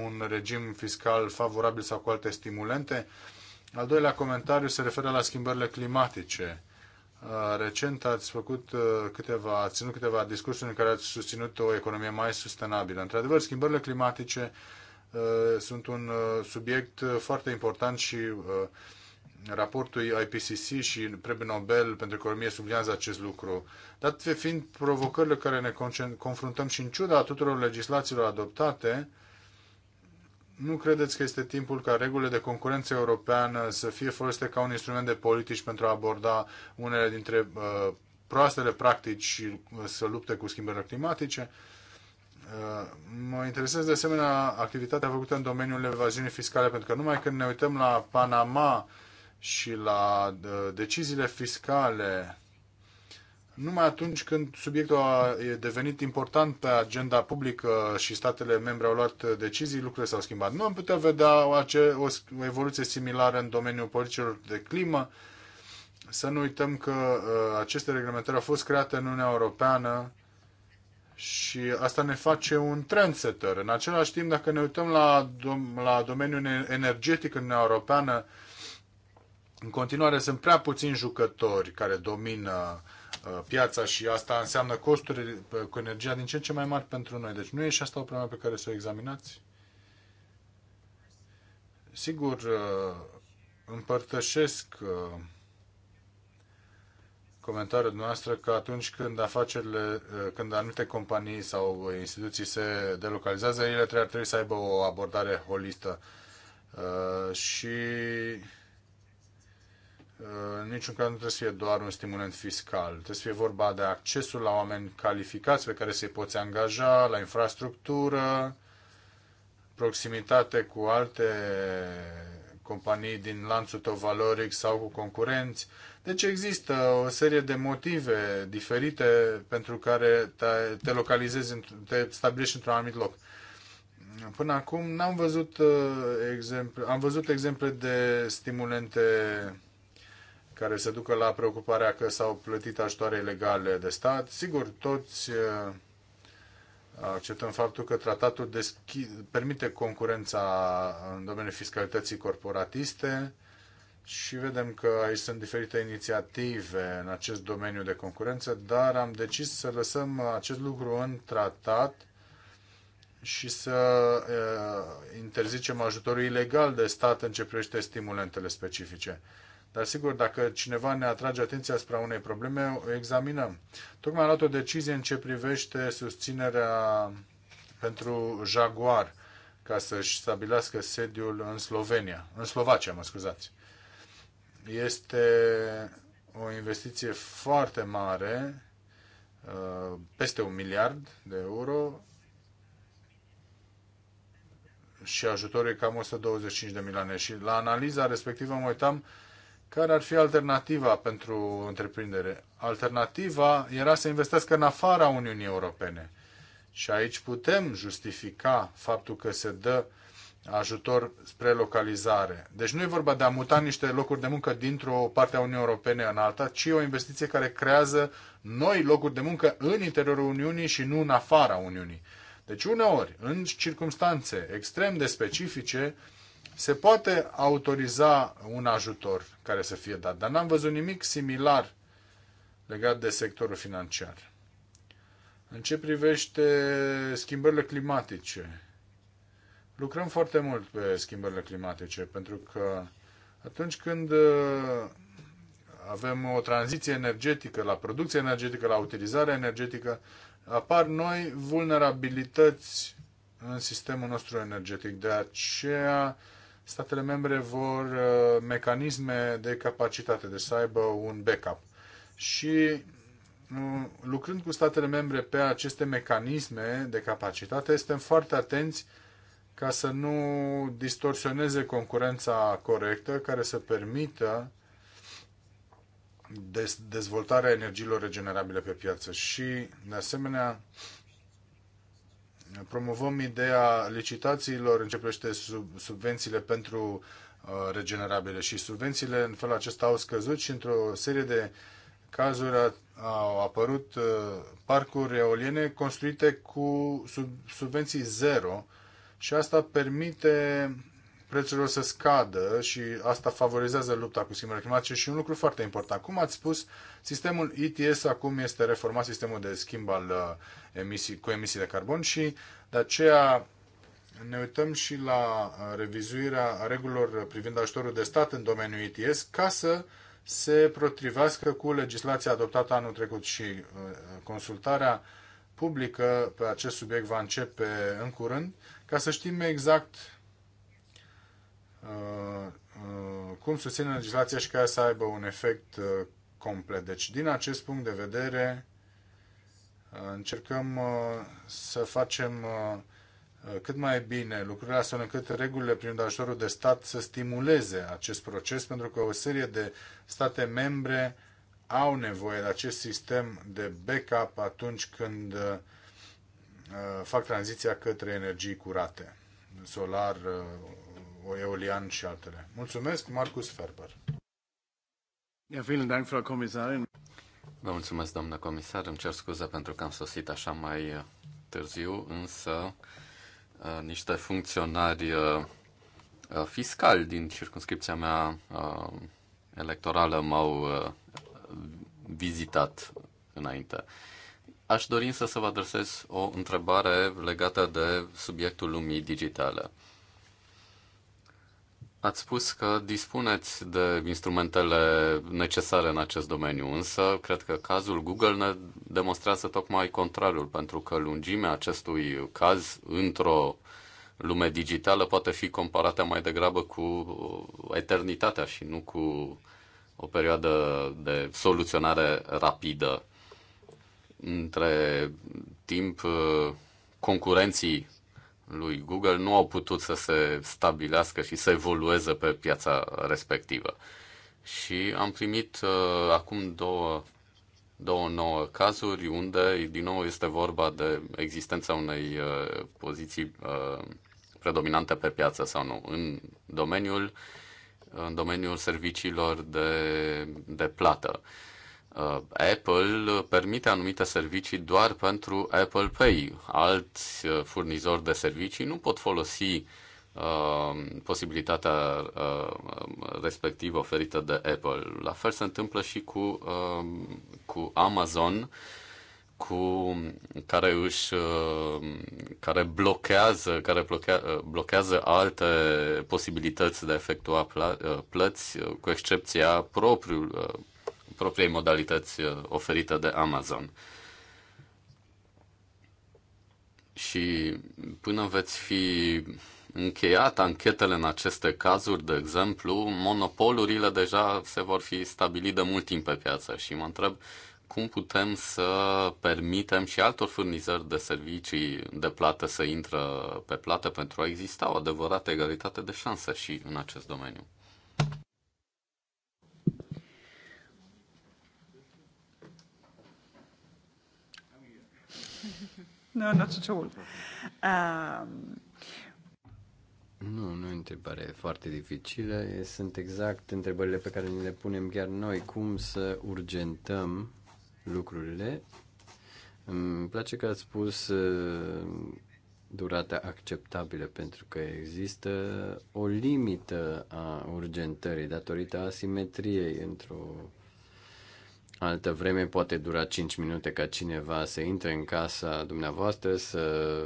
[SPEAKER 1] un regim fiscal favorabil sau cu alte stimulente? Al doilea comentariu se referă la schimbările climatice Uh, recent ați făcut uh, câteva, ați ținut câteva discursuri în care ați susținut o economie mai sustenabilă. Într-adevăr, schimbările climatice uh, sunt un subiect foarte important și raportul IPCC și Premiul Nobel pentru Economie sublinează acest lucru. Dat fiind provocările care ne confruntăm și în ciuda tuturor legislațiilor adoptate, nu credeți că este timpul ca regulile de concurență europeană să fie folosite ca un instrument de politici pentru a aborda unele dintre uh, proastele practici și uh, să lupte cu schimbările climatice? Uh, mă interesează de asemenea activitatea făcută în domeniul evaziunii fiscale, pentru că numai când ne uităm la Panama și la uh, deciziile fiscale numai atunci când subiectul a devenit important pe agenda publică și statele membre au luat decizii, lucrurile s-au schimbat. Nu am putea vedea o, o evoluție similară în domeniul politicilor de climă. Să nu uităm că uh, aceste reglementări au fost create în Uniunea Europeană și asta ne face un trendsetter. În același timp, dacă ne uităm la, dom- la domeniul energetic în Uniunea Europeană, în continuare sunt prea puțini jucători care domină Uh, piața și asta înseamnă costuri uh, cu energia din ce în ce mai mari pentru noi. Deci nu e și asta o problemă pe care să o examinați? Sigur, uh, împărtășesc comentariul noastră că atunci când afacerile, când anumite companii sau instituții se delocalizează, ele trebuie să aibă o abordare holistă. Și în niciun caz nu trebuie să fie doar un stimulant fiscal. Trebuie să fie vorba de accesul la oameni calificați pe care să-i poți angaja, la infrastructură, proximitate cu alte companii din lanțul tău valoric sau cu concurenți. Deci există o serie de motive diferite pentru care te, localizezi, te stabilești într-un anumit loc. Până acum n-am văzut uh, exemple, am văzut exemple de stimulente care se ducă la preocuparea că s-au plătit ajutoare legale de stat. Sigur, toți uh, acceptăm faptul că tratatul permite concurența în domeniul fiscalității corporatiste și vedem că aici sunt diferite inițiative în acest domeniu de concurență, dar am decis să lăsăm acest lucru în tratat și să uh, interzicem ajutorul ilegal de stat în ce privește stimulentele specifice. Dar sigur, dacă cineva ne atrage atenția asupra unei probleme, o examinăm. Tocmai am luat o decizie în ce privește susținerea pentru Jaguar ca să-și stabilească sediul în Slovenia, în Slovacia, mă scuzați. Este o investiție foarte mare, uh, peste un miliard de euro și ajutorul e cam 125 de milioane. Și la analiza respectivă mă uitam care ar fi alternativa pentru întreprindere? Alternativa era să investească în afara Uniunii Europene. Și aici putem justifica faptul că se dă ajutor spre localizare. Deci nu e vorba de a muta niște locuri de muncă dintr-o parte a Uniunii Europene în alta, ci o investiție care creează noi locuri de muncă în interiorul Uniunii și nu în afara Uniunii. Deci uneori, în circunstanțe extrem de specifice, se poate autoriza un ajutor care să fie dat, dar n-am văzut nimic similar legat de sectorul financiar. În ce privește schimbările climatice, lucrăm foarte mult pe schimbările climatice, pentru că atunci când uh, avem o tranziție energetică la producție energetică, la utilizare energetică, apar noi vulnerabilități în sistemul nostru energetic. De aceea statele membre vor uh, mecanisme de capacitate, de să aibă un backup. Și uh, lucrând cu statele membre pe aceste mecanisme de capacitate, suntem foarte atenți ca să nu distorsioneze concurența corectă care să permită dezvoltarea energiilor regenerabile pe piață. Și, de asemenea, promovăm ideea licitațiilor, începește sub, subvențiile pentru uh, regenerabile și subvențiile în felul acesta au scăzut și într-o serie de cazuri a, au apărut uh, parcuri eoliene construite cu sub, subvenții zero și asta permite prețurilor să scadă și asta favorizează lupta cu schimbările climatice și un lucru foarte important. Cum ați spus, sistemul ETS acum este reformat, sistemul de schimb al uh, emisii, cu emisii de carbon și de aceea ne uităm și la uh, revizuirea regulilor privind ajutorul de stat în domeniul ETS ca să se protrivească cu legislația adoptată anul trecut și uh, consultarea publică pe acest subiect va începe în curând ca să știm exact Uh, cum susține legislația și care să aibă un efect uh, complet. Deci, din acest punct de vedere, uh, încercăm să facem cât mai bine lucrurile astfel încât regulile prin ajutorul de stat să stimuleze acest proces, pentru că o serie de state membre au nevoie de acest sistem de backup atunci când fac tranziția către energii curate, solar, eolian și altele. Mulțumesc, Marcus Ferber. Ja, vielen Dank, Frau Kommissarin.
[SPEAKER 3] Vă mulțumesc, doamnă comisar. Îmi cer scuze pentru că am sosit așa mai uh, târziu, însă uh, niște funcționari uh, fiscali din circunscripția mea electorală m-au vizitat înainte. Aș dori însă să vă adresez o întrebare legată de subiectul lumii digitale. Ați spus că dispuneți de instrumentele necesare în acest domeniu, însă cred că cazul Google ne demonstrează tocmai contrariul, pentru că lungimea acestui caz într-o lume digitală poate fi comparată mai degrabă cu eternitatea și nu cu o perioadă de soluționare rapidă. Între timp, concurenții lui Google nu au putut să se stabilească și să evolueze pe piața respectivă. Și am primit uh, acum două, două nouă cazuri unde, din nou, este vorba de existența unei uh, poziții uh, predominante pe piață sau nu, în domeniul, în domeniul serviciilor de, de plată. Uh, Uh, Apple permite anumite servicii doar pentru Apple Pay. Alți uh, furnizori de servicii nu pot folosi uh, posibilitatea respectivă oferită de Apple. La fel se întâmplă și cu, cu Amazon, cu, care își care blochează, care blochea, blochează alte posibilități de a efectua plăți, cu excepția propriul, propriei modalități uh, oferită de Amazon. Și până veți fi încheiat anchetele în aceste cazuri, de exemplu, monopolurile deja se vor fi stabilit de mult timp pe piață și mă întreb cum putem să permitem și altor furnizări de servicii de plată să intră pe plată pentru a exista o adevărată egalitate de șanse și în acest domeniu. No, not at all. Um...
[SPEAKER 2] Nu, nu e o întrebare foarte dificilă. Sunt exact întrebările pe care ni le punem chiar noi. Cum să urgentăm lucrurile? Îmi place că ați spus uh, durata acceptabilă, pentru că există o limită a urgentării datorită asimetriei într-o altă vreme poate dura 5 minute ca cineva să intre în casa dumneavoastră, să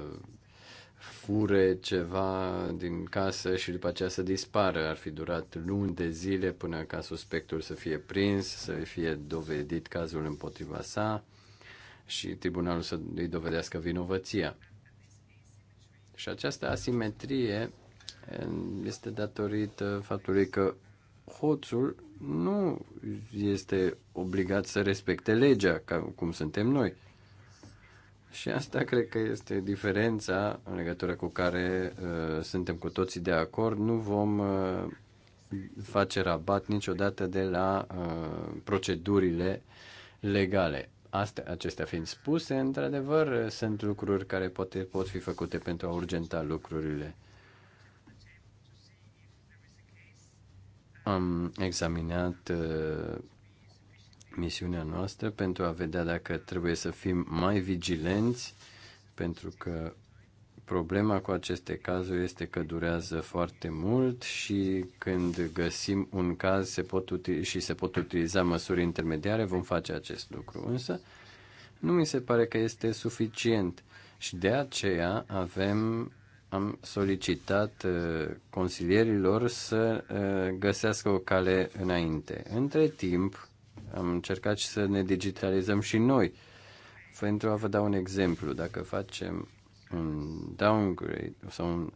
[SPEAKER 2] fure ceva din casă și după aceea să dispară. Ar fi durat luni de zile până ca suspectul să fie prins, să fie dovedit cazul împotriva sa și tribunalul să îi dovedească vinovăția. Și această asimetrie eh, este datorită faptului că hoțul nu este obligat să respecte legea, ca cum suntem noi. Și asta cred că este diferența în legătură cu care uh, suntem cu toții de acord. Nu vom uh, face rabat niciodată de la uh, procedurile legale. Astea, acestea fiind spuse, într-adevăr, sunt lucruri care poate, pot fi făcute pentru a urgenta lucrurile. Am examinat uh, misiunea noastră pentru a vedea dacă trebuie să fim mai vigilenți, pentru că problema cu aceste cazuri este că durează foarte mult și când găsim un caz se pot și se pot utiliza măsuri intermediare, vom face acest lucru. Însă, nu mi se pare că este suficient și de aceea avem am solicitat uh, consilierilor să uh, găsească o cale înainte. Între timp, am încercat să ne digitalizăm și noi. Pentru a vă da un exemplu, dacă facem un downgrade sau un,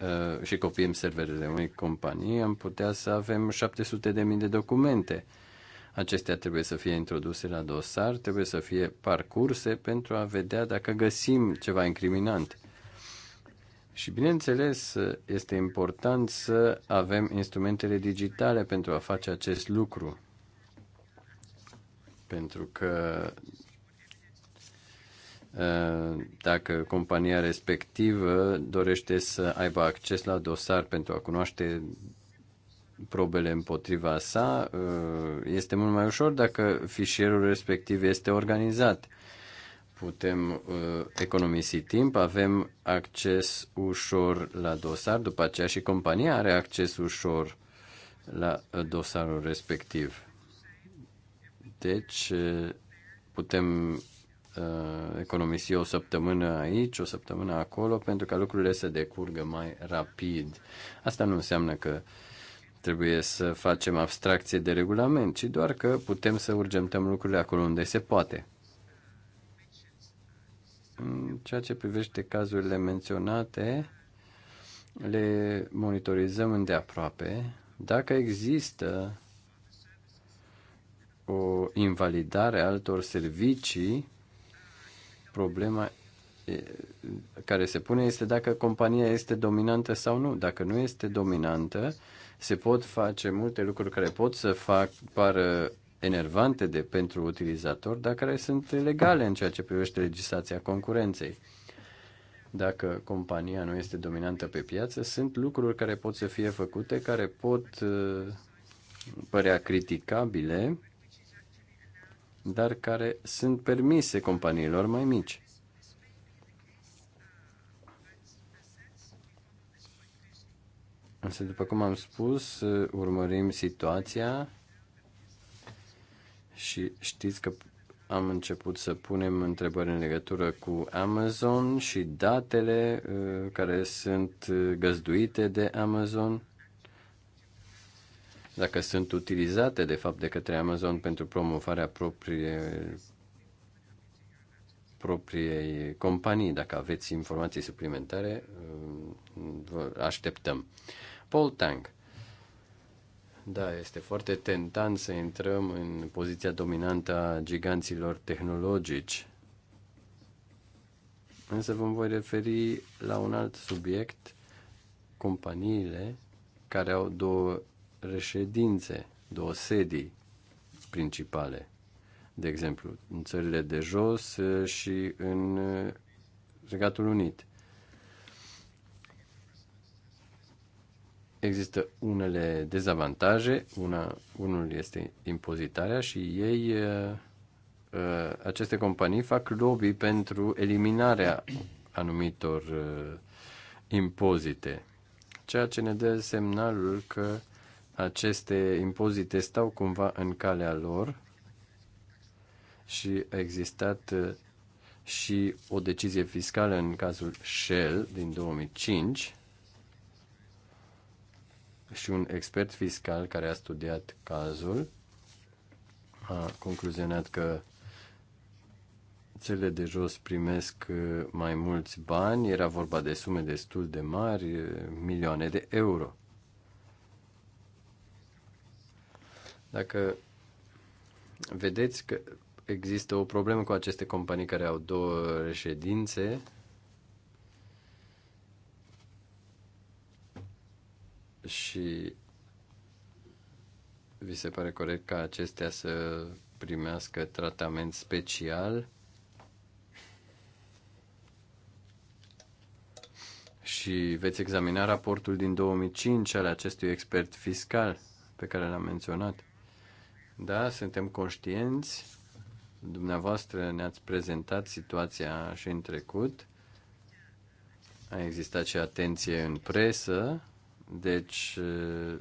[SPEAKER 2] uh, și copiem serverele unei companii, am putea să avem 700.000 de documente. Acestea trebuie să fie introduse la dosar, trebuie să fie parcurse pentru a vedea dacă găsim ceva incriminant. Și bineînțeles, este important să avem instrumentele digitale pentru a face acest lucru. Pentru că ă, dacă compania respectivă dorește să aibă acces la dosar pentru a cunoaște probele împotriva sa, ă, este mult mai ușor dacă fișierul respectiv este organizat putem uh, economisi timp, avem acces ușor la dosar, după aceea și compania are acces ușor la uh, dosarul respectiv. Deci uh, putem uh, economisi o săptămână aici, o săptămână acolo, pentru ca lucrurile să decurgă mai rapid. Asta nu înseamnă că trebuie să facem abstracție de regulament, ci doar că putem să urgentăm lucrurile acolo unde se poate. În ceea ce privește cazurile menționate, le monitorizăm îndeaproape. Dacă există o invalidare a altor servicii, problema care se pune este dacă compania este dominantă sau nu. Dacă nu este dominantă, se pot face multe lucruri care pot să fac pară enervante de pentru utilizator, dar care sunt legale în ceea ce privește legislația concurenței. Dacă compania nu este dominantă pe piață, sunt lucruri care pot să fie făcute, care pot uh, părea criticabile, dar care sunt permise companiilor mai mici. Însă, după cum am spus, uh, urmărim situația și știți că am început să punem întrebări în legătură cu Amazon și datele uh, care sunt uh, găzduite de Amazon, dacă sunt utilizate de fapt de către Amazon pentru promovarea proprie, propriei companii. Dacă aveți informații suplimentare, uh, vă așteptăm. Paul Tang. Da, este foarte tentant să intrăm în poziția dominantă a giganților tehnologici. Însă vă voi referi la un alt subiect, companiile care au două reședințe, două sedii principale. De exemplu, în țările de jos și în Regatul Unit. există unele dezavantaje, una, unul este impozitarea și ei, uh, uh, aceste companii fac lobby pentru eliminarea anumitor uh, impozite, ceea ce ne dă semnalul că aceste impozite stau cumva în calea lor și a existat și o decizie fiscală în cazul Shell din 2005 și un expert fiscal care a studiat cazul a concluzionat că cele de jos primesc uh, mai mulți bani, era vorba de sume destul de mari, uh, milioane de euro. Dacă vedeți că există o problemă cu aceste companii care au două reședințe, și vi se pare corect ca acestea să primească tratament special și veți examina raportul din 2005 al acestui expert fiscal pe care l-am menționat. Da, suntem conștienți, dumneavoastră ne-ați prezentat situația și în trecut, a existat și atenție în presă deci, eh,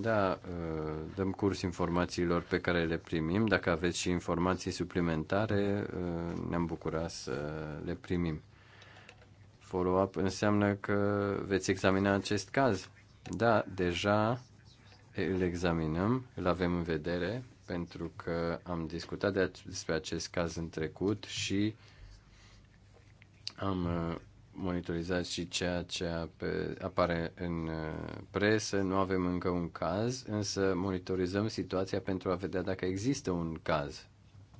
[SPEAKER 2] da, eh, dăm curs informațiilor pe care le primim. Dacă aveți și informații suplimentare, eh, ne-am bucurat să le primim. Follow-up înseamnă că veți examina acest caz. Da, deja îl examinăm, îl avem în vedere, pentru că am discutat despre acest caz în trecut și am monitorizați și ceea ce apare în uh, presă. Nu avem încă un caz, însă monitorizăm situația pentru a vedea dacă există un caz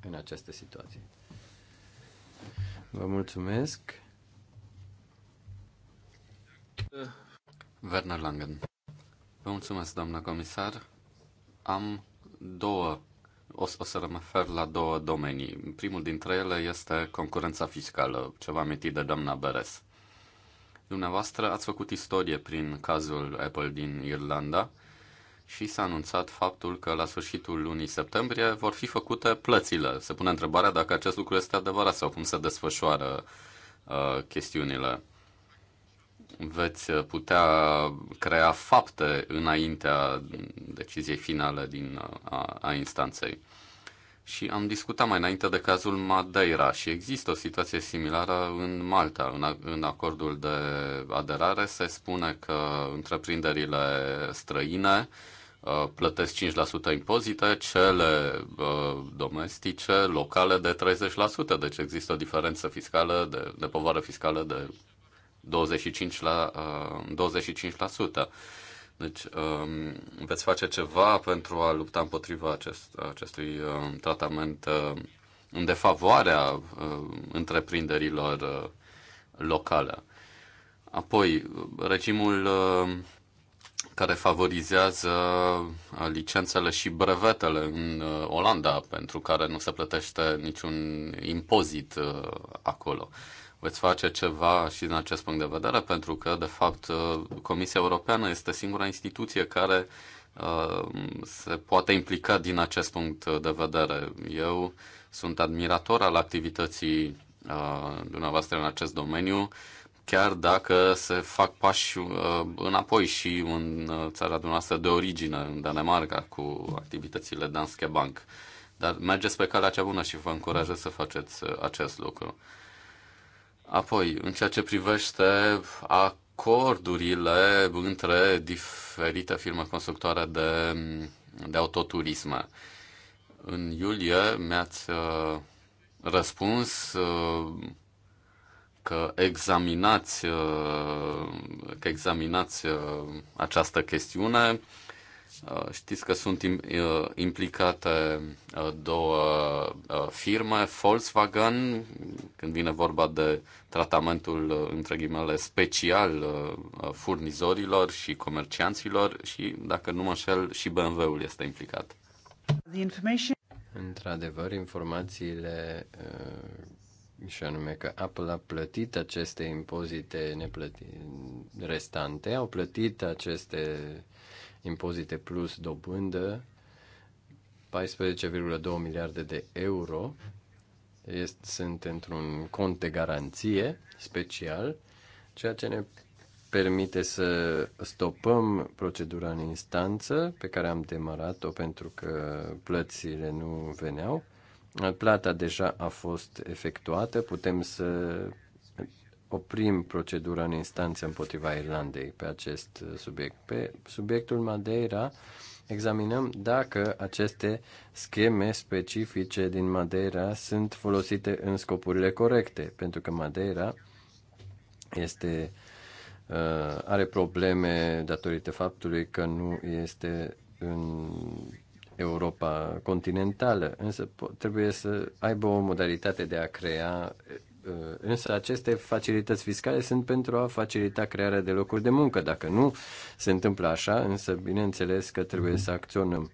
[SPEAKER 2] în această situație. Vă mulțumesc.
[SPEAKER 3] Werner Langen. Vă mulțumesc, doamnă comisar. Am două o, o să mă refer la două domenii. Primul dintre ele este concurența fiscală, ceva amintit de doamna Beres. Dumneavoastră ați făcut istorie prin cazul Apple din Irlanda și s-a anunțat faptul că la sfârșitul lunii septembrie vor fi făcute plățile. Se pune întrebarea dacă acest lucru este adevărat sau cum se desfășoară uh, chestiunile veți putea crea fapte înaintea deciziei finale din, a, a instanței. Și am discutat mai înainte de cazul Madeira și există o situație similară în Malta. În, în acordul de aderare se spune că întreprinderile străine uh, plătesc 5% impozite, cele uh, domestice, locale de 30%. Deci există o diferență fiscală, de, de povară fiscală de 25%. La, uh, 25%. Deci um, veți face ceva pentru a lupta împotriva acest, acestui uh, tratament uh, în defavoarea uh, întreprinderilor uh, locale. Apoi, regimul uh, care favorizează uh, licențele și brevetele în uh, Olanda, pentru care nu se plătește niciun impozit acolo. Uh, veți face ceva și din acest punct de vedere, pentru că, de fapt, uh, Comisia Europeană este singura instituție care uh, se poate implica din acest punct de vedere. Eu sunt admirator al activității uh, dumneavoastră în acest domeniu, chiar dacă se fac pași înapoi și în țara dumneavoastră de origine, în Danemarca, cu activitățile Danske Bank. Dar mergeți pe calea cea bună și vă încurajez să faceți acest lucru. Apoi, în ceea ce privește acordurile între diferite firme constructoare de, de autoturisme, în iulie mi-ați uh, răspuns uh, că examinați, uh, că examinați această chestiune. Știți că sunt implicate două firme, Volkswagen, când vine vorba de tratamentul, uh, între ghimele, special uh, uh, furnizorilor și comercianților și, dacă nu mă înșel, și BMW-ul este implicat.
[SPEAKER 2] Într-adevăr, informațiile și anume că Apple a plătit aceste impozite neplăti, restante, au plătit aceste impozite plus dobândă 14,2 miliarde de euro este, sunt într-un cont de garanție special, ceea ce ne permite să stopăm procedura în instanță pe care am demarat-o pentru că plățile nu veneau. Plata deja a fost efectuată, putem să oprim procedura în instanță împotriva Irlandei pe acest uh, subiect. Pe subiectul Madeira examinăm dacă aceste scheme specifice din Madeira sunt folosite în scopurile corecte, pentru că Madeira este uh, are probleme datorită faptului că nu este în Europa continentală, însă trebuie să aibă o modalitate de a crea Însă aceste facilități fiscale sunt pentru a facilita crearea de locuri de muncă. Dacă nu se întâmplă așa, însă bineînțeles că trebuie să acționăm.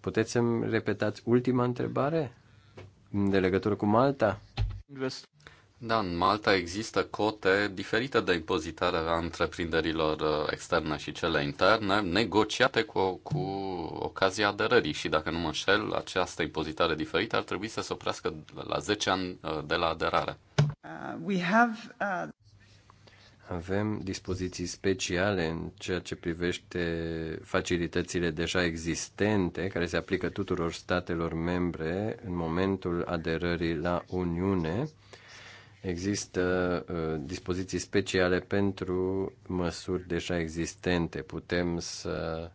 [SPEAKER 2] Puteți să-mi repetați ultima întrebare de legătură cu Malta?
[SPEAKER 3] Investor. Da, în Malta există cote diferite de impozitare a întreprinderilor uh, externe și cele interne, negociate cu, cu ocazia aderării și, dacă nu mă înșel, această impozitare diferită ar trebui să se oprească la 10 ani uh, de la aderare. Uh, we have, uh...
[SPEAKER 2] Avem dispoziții speciale în ceea ce privește facilitățile deja existente, care se aplică tuturor statelor membre în momentul aderării la Uniune Există uh, dispoziții speciale pentru măsuri deja existente. Putem să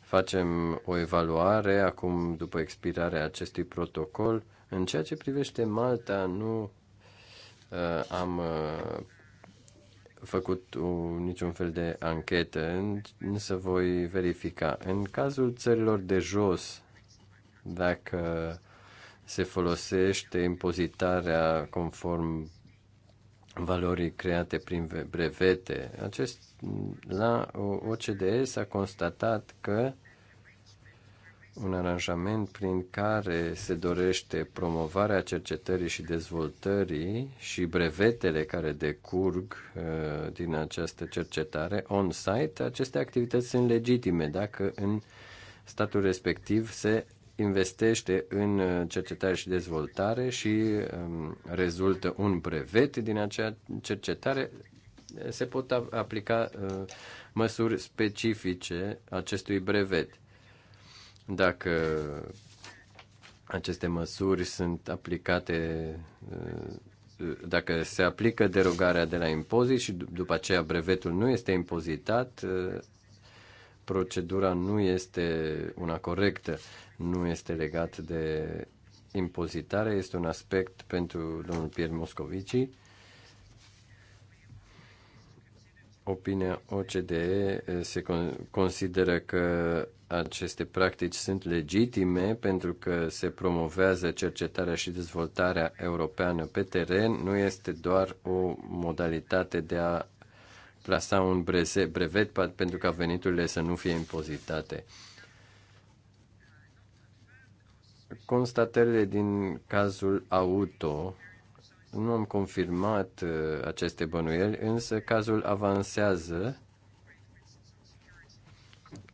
[SPEAKER 2] facem o evaluare acum după expirarea acestui protocol. În ceea ce privește Malta, nu uh, am uh, făcut uh, niciun fel de anchetă, însă voi verifica. În cazul țărilor de jos, dacă se folosește impozitarea conform valorii create prin brevete. Acest, la OCDE s-a constatat că un aranjament prin care se dorește promovarea cercetării și dezvoltării și brevetele care decurg uh, din această cercetare on-site, aceste activități sunt legitime dacă în statul respectiv se investește în uh, cercetare și dezvoltare și um, rezultă un brevet din acea cercetare, se pot aplica uh, măsuri specifice acestui brevet. Dacă aceste măsuri sunt aplicate, uh, dacă se aplică derogarea de la impozit și după aceea brevetul nu este impozitat, procedura nu este una corectă nu este legat de impozitare, este un aspect pentru domnul Pierre Moscovici. Opinia OCDE eh, se consideră că aceste practici sunt legitime pentru că se promovează cercetarea și dezvoltarea europeană pe teren, nu este doar o modalitate de a plasa un brevet pentru ca veniturile să nu fie impozitate constatările din cazul auto. Nu am confirmat uh, aceste bănuieli, însă cazul avansează.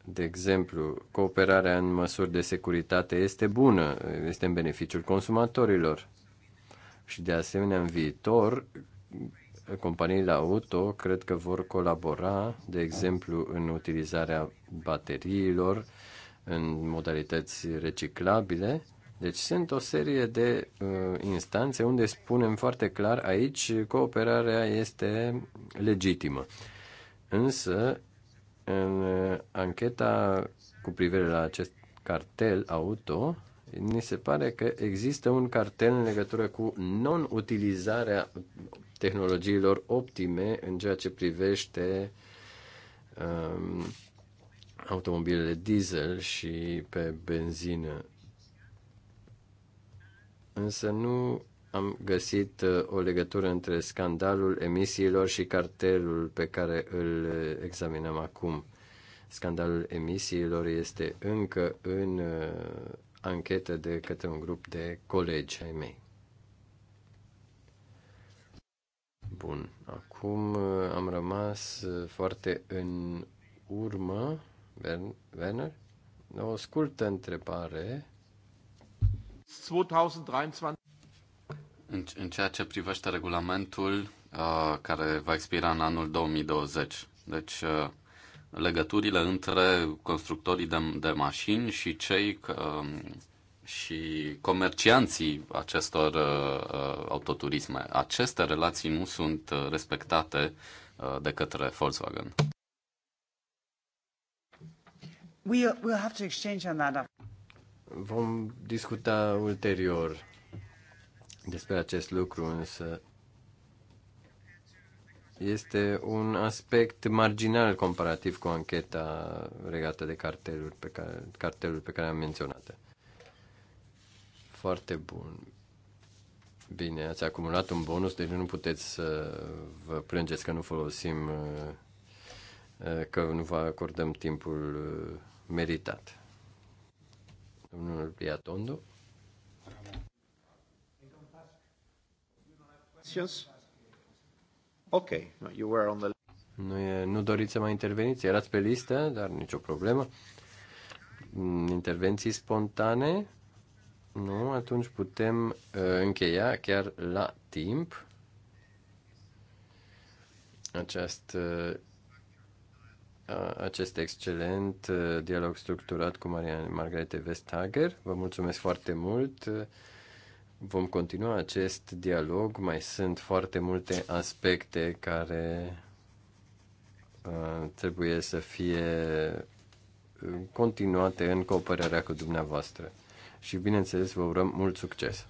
[SPEAKER 2] De exemplu, cooperarea în măsuri de securitate este bună, este în beneficiul consumatorilor. Și de asemenea, în viitor, companiile auto cred că vor colabora, de exemplu, în utilizarea bateriilor, în modalități reciclabile. Deci sunt o serie de uh, instanțe unde spunem foarte clar aici cooperarea este legitimă. Însă, în uh, ancheta cu privire la acest cartel auto, ni se pare că există un cartel în legătură cu non-utilizarea tehnologiilor optime în ceea ce privește um, automobilele diesel și pe benzină. Însă nu am găsit uh, o legătură între scandalul emisiilor și cartelul pe care îl uh, examinăm acum. Scandalul emisiilor este încă în uh, anchetă de către un grup de colegi ai mei. Bun, acum am rămas foarte în urmă Werner? O scurtă întrebare.
[SPEAKER 3] 2023. În, în ceea ce privește regulamentul uh, care va expira în anul 2020. Deci, uh, legăturile între constructorii de, de mașini și cei uh, și comercianții acestor uh, uh autoturisme. Aceste relații nu sunt uh, respectate uh, de către Volkswagen. We, we'll have to exchange on that.
[SPEAKER 2] Vom discuta ulterior despre acest lucru, însă este un aspect marginal comparativ cu ancheta regată de carteluri pe care, cartelul pe care am menționat. Foarte bun. Bine, ați acumulat un bonus, deci nu puteți să vă plângeți că nu folosim, uh, uh, că nu vă acordăm timpul uh, meritat. Domnul Piatondo. Ok, no, you were on the... Nu, e, nu doriți să mai interveniți? Erați pe listă, dar nicio problemă. Mm, intervenții spontane? Nu, atunci putem uh, încheia chiar la timp această acest excelent uh, dialog structurat cu Maria Margarete Vestager. Vă mulțumesc foarte mult. Vom continua acest dialog. Mai sunt foarte multe aspecte care uh, trebuie să fie uh, continuate în cooperarea cu dumneavoastră. Și bineînțeles, vă urăm mult succes!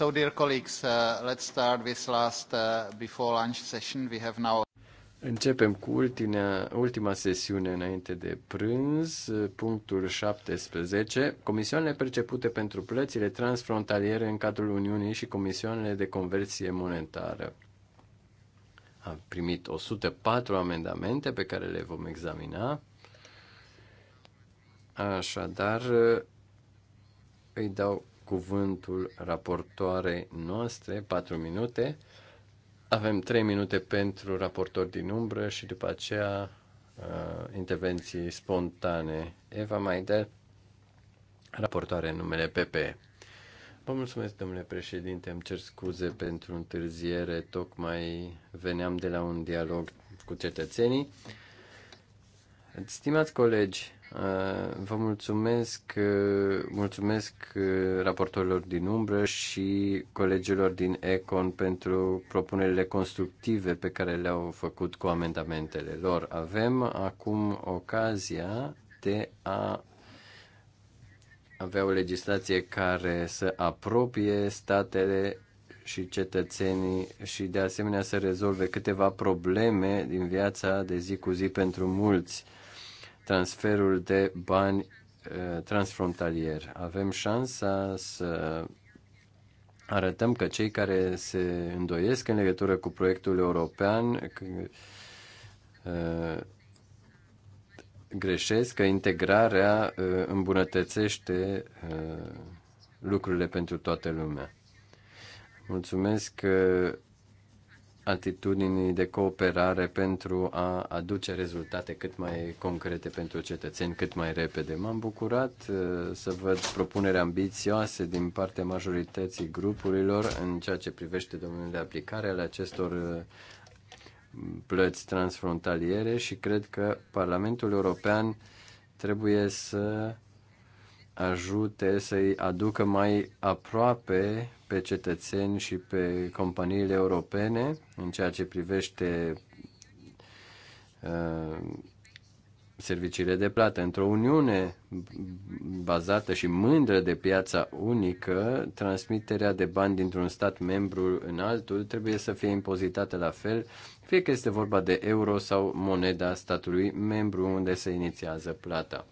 [SPEAKER 1] So, dear colleagues, uh, let's start last uh, before lunch session. We have now
[SPEAKER 2] Începem cu ultima, ultima sesiune înainte de prânz, uh, punctul 17. Comisioanele percepute pentru plățile transfrontaliere în cadrul Uniunii și comisioanele de conversie monetară. Am primit 104 amendamente pe care le vom examina. Așadar, uh, îi dau cuvântul raportoare noastre, 4 minute. Avem 3 minute pentru raportor din umbră și după aceea uh, intervenții spontane. Eva Maidel, raportoare în numele PP. Vă mulțumesc, domnule președinte, îmi cer scuze pentru întârziere, tocmai veneam de la un dialog cu cetățenii. Stimați colegi, Eh, vă mulțumesc, eh, mulțumesc eh, raportorilor din umbră și colegilor din Econ pentru propunerile constructive pe care le-au făcut cu amendamentele lor. Avem acum ocazia de a avea o legislație care să apropie statele și cetățenii și de asemenea să rezolve câteva probleme din viața de zi cu zi pentru mulți transferul de bani uh, transfrontalier. Avem șansa să arătăm că cei care se îndoiesc în legătură cu proiectul european uh, greșesc, că integrarea uh, îmbunătățește lucrurile pentru toată lumea. Mulțumesc atitudinii de cooperare pentru a aduce rezultate cât mai concrete pentru cetățeni cât mai repede. M-am bucurat uh, să văd propuneri ambițioase din partea majorității grupurilor în ceea ce privește domeniul de aplicare ale acestor uh, plăți transfrontaliere și cred că Parlamentul European trebuie să ajute să-i aducă mai aproape pe cetățeni și pe companiile europene în ceea ce privește uh, serviciile de plată. Într-o uniune bazată și mândră de piața unică, transmiterea de bani dintr-un stat membru în altul trebuie să fie impozitată la fel, fie că este vorba de euro sau moneda statului membru unde se inițiază plata.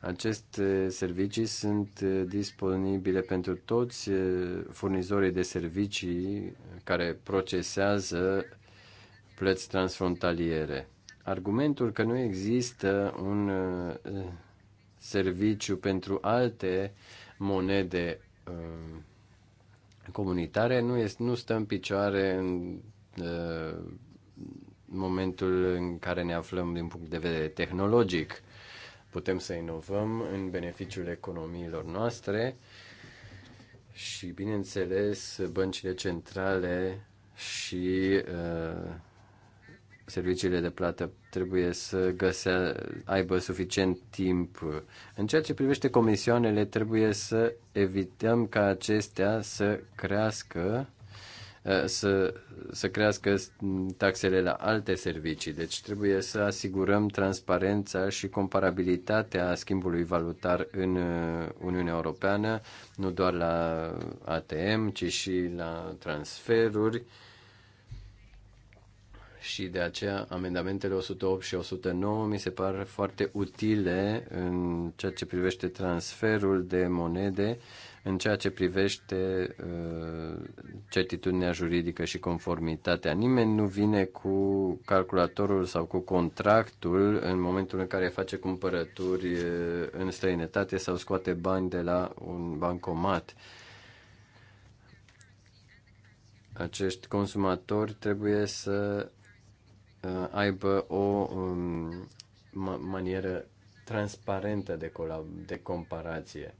[SPEAKER 2] Aceste servicii sunt eh, disponibile pentru toți eh, furnizorii de servicii care procesează plăți transfrontaliere. Argumentul că nu există un eh, serviciu pentru alte monede comunitare nu, este, nu stă în picioare în momentul în care ne aflăm din punct de vedere tehnologic Putem să inovăm în beneficiul economiilor noastre și, bineînțeles, băncile centrale și uh, serviciile de plată trebuie să găsea, aibă suficient timp. În ceea ce privește comisioanele, trebuie să evităm ca acestea să crească Eh, să, să crească taxele la alte servicii. Deci trebuie să asigurăm transparența și comparabilitatea schimbului valutar în eh, Uniunea Europeană, nu doar la ATM, ci și la transferuri. Și de aceea amendamentele 108 și 109 mi se par foarte utile în ceea ce privește transferul de monede în ceea ce privește uh, certitudinea juridică și conformitatea. Nimeni nu vine cu calculatorul sau cu contractul în momentul în care face cumpărături uh, în străinătate sau scoate bani de la un bancomat. Acești consumatori trebuie să uh, aibă o um, manieră transparentă de, colab- de comparație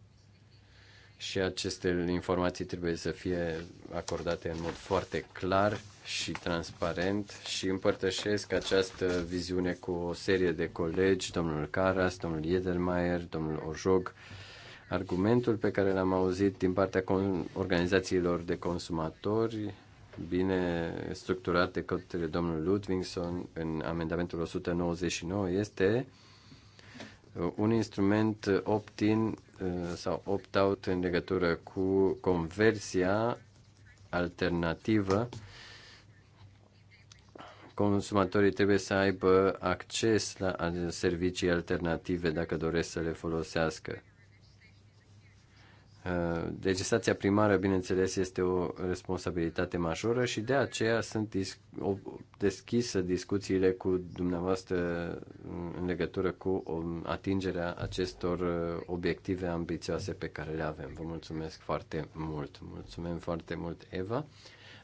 [SPEAKER 2] și aceste informații trebuie să fie acordate în mod foarte clar și transparent și împărtășesc această viziune cu o serie de colegi, domnul Caras, domnul Jedermeier, domnul Ojog. Argumentul pe care l-am auzit din partea organizațiilor de consumatori, bine structurat de către domnul Ludvingson în amendamentul 199, este uh, un instrument opt-in Uh, sau opt-out în legătură cu conversia alternativă, consumatorii trebuie să aibă acces la uh, servicii alternative dacă doresc să le folosească. Eh, legislația primară, bineînțeles, este o responsabilitate majoră și de aceea sunt dis- deschisă discuțiile cu dumneavoastră în legătură cu um, atingerea acestor uh, obiective ambițioase pe care le avem. Vă mulțumesc foarte mult. Mulțumim foarte mult, Eva.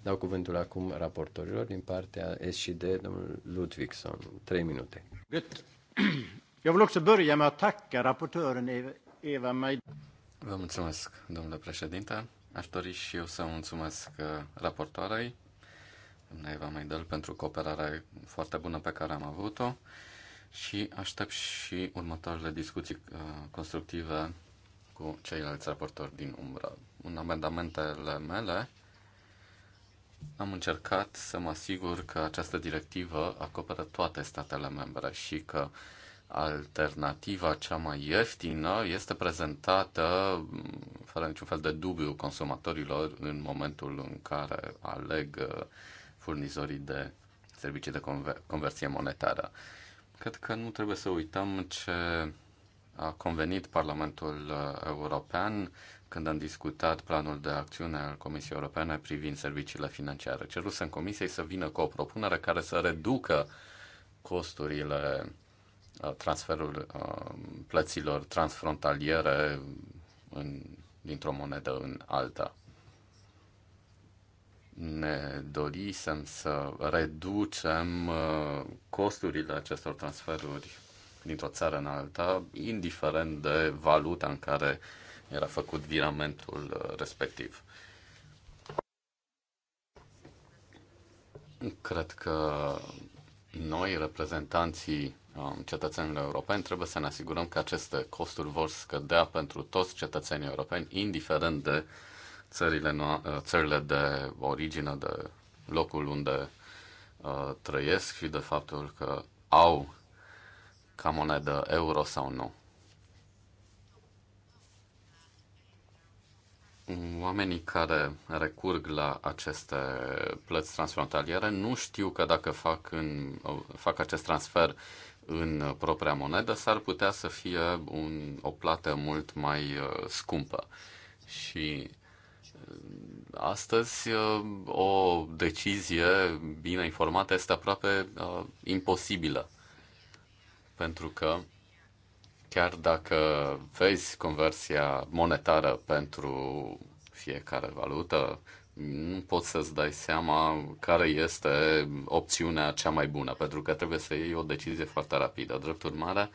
[SPEAKER 2] Dau cuvântul acum raportorilor din partea S și domnul Ludvigson. Trei
[SPEAKER 3] minute.
[SPEAKER 1] Gött. Jag vill också börja med att
[SPEAKER 2] tacka rapportören
[SPEAKER 1] Eva
[SPEAKER 3] Majdal. Vă mulțumesc, domnule președinte. Aș dori și eu să mulțumesc uh, raportoarei, doamna Eva Maidel, pentru cooperarea foarte bună pe care am avut-o și aștept și următoarele discuții uh, constructive cu ceilalți raportori din umbră. În amendamentele mele am încercat să mă asigur că această directivă acoperă toate statele membre și că uh, alternativa cea mai ieftină este prezentată fără niciun fel de dubiu consumatorilor în momentul în care aleg uh, furnizorii de servicii de conver- conversie monetară. Cred că nu trebuie să uităm ce a convenit Parlamentul uh, European când am discutat planul de acțiune al Comisiei Europene privind serviciile financiare. Cerusem Comisiei să vină cu o propunere care să reducă costurile Uh, transferul uh, plăților transfrontaliere în, dintr-o monedă în alta. Ne dorisem să reducem uh, costurile acestor transferuri dintr-o țară în alta, indiferent de valuta în care era făcut viramentul respectiv. Cred că noi, reprezentanții Um, cetățenilor europeni, trebuie să ne asigurăm că aceste costuri vor scădea pentru toți cetățenii europeni, indiferent de țările, no- uh, țările de origine, de locul unde uh, trăiesc și de faptul că au ca monedă euro sau nu. Oamenii care recurg la aceste plăți transfrontaliere nu știu că dacă fac, în, fac acest transfer în propria monedă, s-ar putea să fie un, o plată mult mai uh, scumpă. Și uh, astăzi uh, o decizie bine informată este aproape uh, imposibilă. Pentru că chiar dacă vezi conversia monetară pentru fiecare valută, nu poți să-ți dai seama care este opțiunea cea mai bună, pentru că trebuie să iei o decizie foarte rapidă. Drept urmare,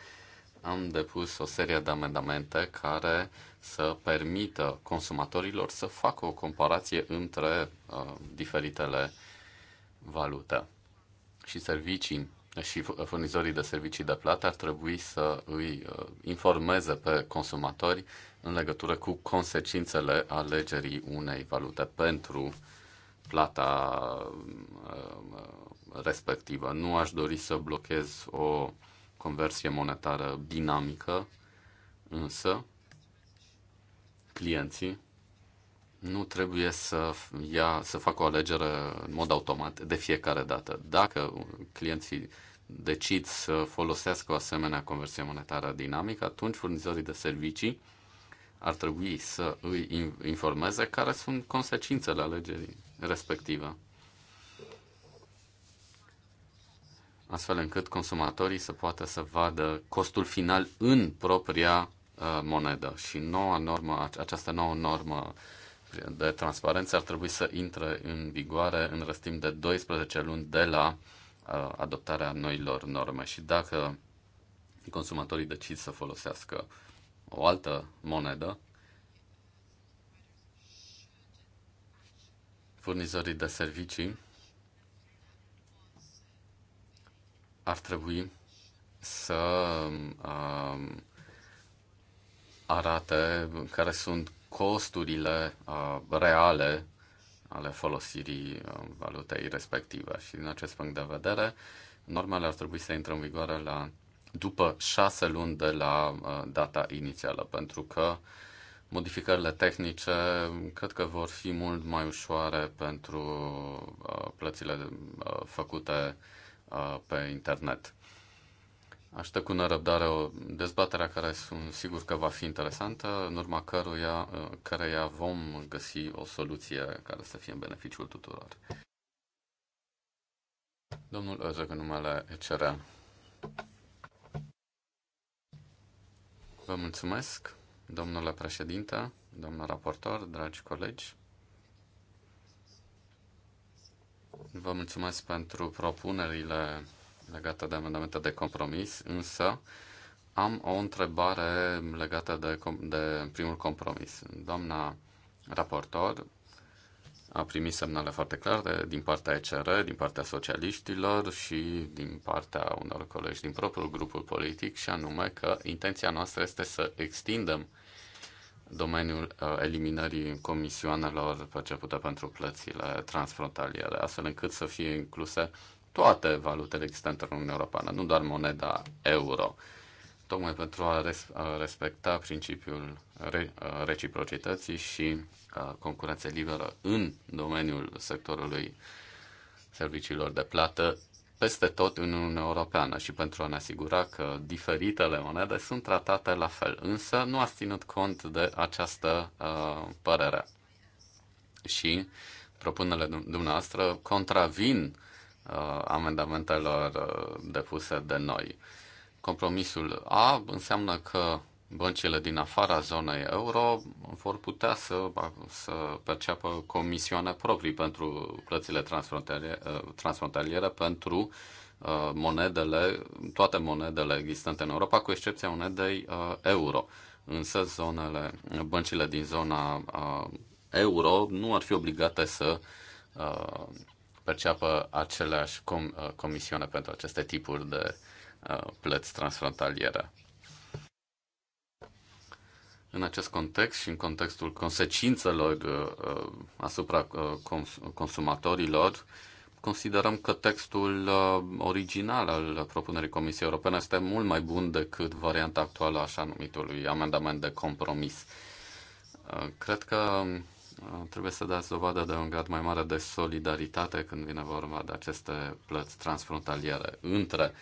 [SPEAKER 3] am depus o serie de amendamente care să permită consumatorilor să facă o comparație între uh, diferitele valute. Și servicii și furnizorii de servicii de plată ar trebui să îi uh, informeze pe consumatori în legătură cu consecințele alegerii unei valute pentru plata uh, respectivă. Nu aș dori să blochez o conversie monetară dinamică, însă clienții nu trebuie să, ia, să facă o alegere în mod automat de fiecare dată. Dacă clienții decid să folosească o asemenea conversie monetară dinamică, atunci furnizorii de servicii ar trebui să îi informeze care sunt consecințele alegerii respective. Astfel încât consumatorii să poată să vadă costul final în propria uh, monedă. Și noua normă, această nouă normă de transparență ar trebui să intre în vigoare în răstim de 12 luni de la uh, adoptarea noilor norme. Și dacă consumatorii decid să folosească uh, o altă monedă, furnizorii de servicii ar trebui să uh, arate care sunt costurile uh, reale ale folosirii uh, valutei respective. Și din acest punct de vedere, normele ar trebui să intre în vigoare la după șase luni de la uh, data inițială, pentru că modificările tehnice cred că vor fi mult mai ușoare pentru uh, plățile uh, făcute pe internet. Aștept cu nerăbdare o dezbatere care sunt sigur că va fi interesantă, în urma căruia, căreia vom găsi o soluție care să fie în beneficiul tuturor. Domnul Özec, numele ECR. Vă mulțumesc, domnule președinte, domnul raportor, dragi colegi. Vă mulțumesc pentru propunerile legate de amendamente de compromis, însă am o întrebare legată de, de primul compromis. Doamna raportor a primit semnale foarte clare din partea ECR, din partea socialiștilor și din partea unor colegi din propriul grupul politic și anume că intenția noastră este să extindem domeniul uh, eliminării comisioanelor percepute pentru plățile transfrontaliere, astfel încât să fie incluse toate valutele existente în Uniunea Europeană, nu doar moneda euro, tocmai pentru a respecta principiul uh, reciprocității și concurență liberă în domeniul sectorului serviciilor de plată peste tot în Uniunea Europeană și pentru a ne asigura că diferitele monede sunt tratate la fel. Însă nu a ținut cont de această uh, părere. Și propunerile dumneavoastră contravin uh, amendamentelor uh, depuse de noi. Compromisul A înseamnă că băncile din afara zonei euro vor putea să, să perceapă comisioane proprii pentru plățile transfrontaliere, transfrontaliere pentru uh, monedele, toate monedele existente în Europa, cu excepția monedei uh, euro. Însă zonele, băncile din zona uh, euro nu ar fi obligate să perceapă aceleași com, comisioane pentru aceste tipuri de plăți transfrontaliere. În acest context și în contextul consecințelor uh, uh, asupra uh, consumatorilor, considerăm că textul original al propunerii Comisiei Europene este mult mai bun decât varianta actuală așa numitului amendament de compromis. Cred că trebuie să dați dovadă de un grad mai mare de solidaritate când vine vorba de aceste plăți transfrontaliere între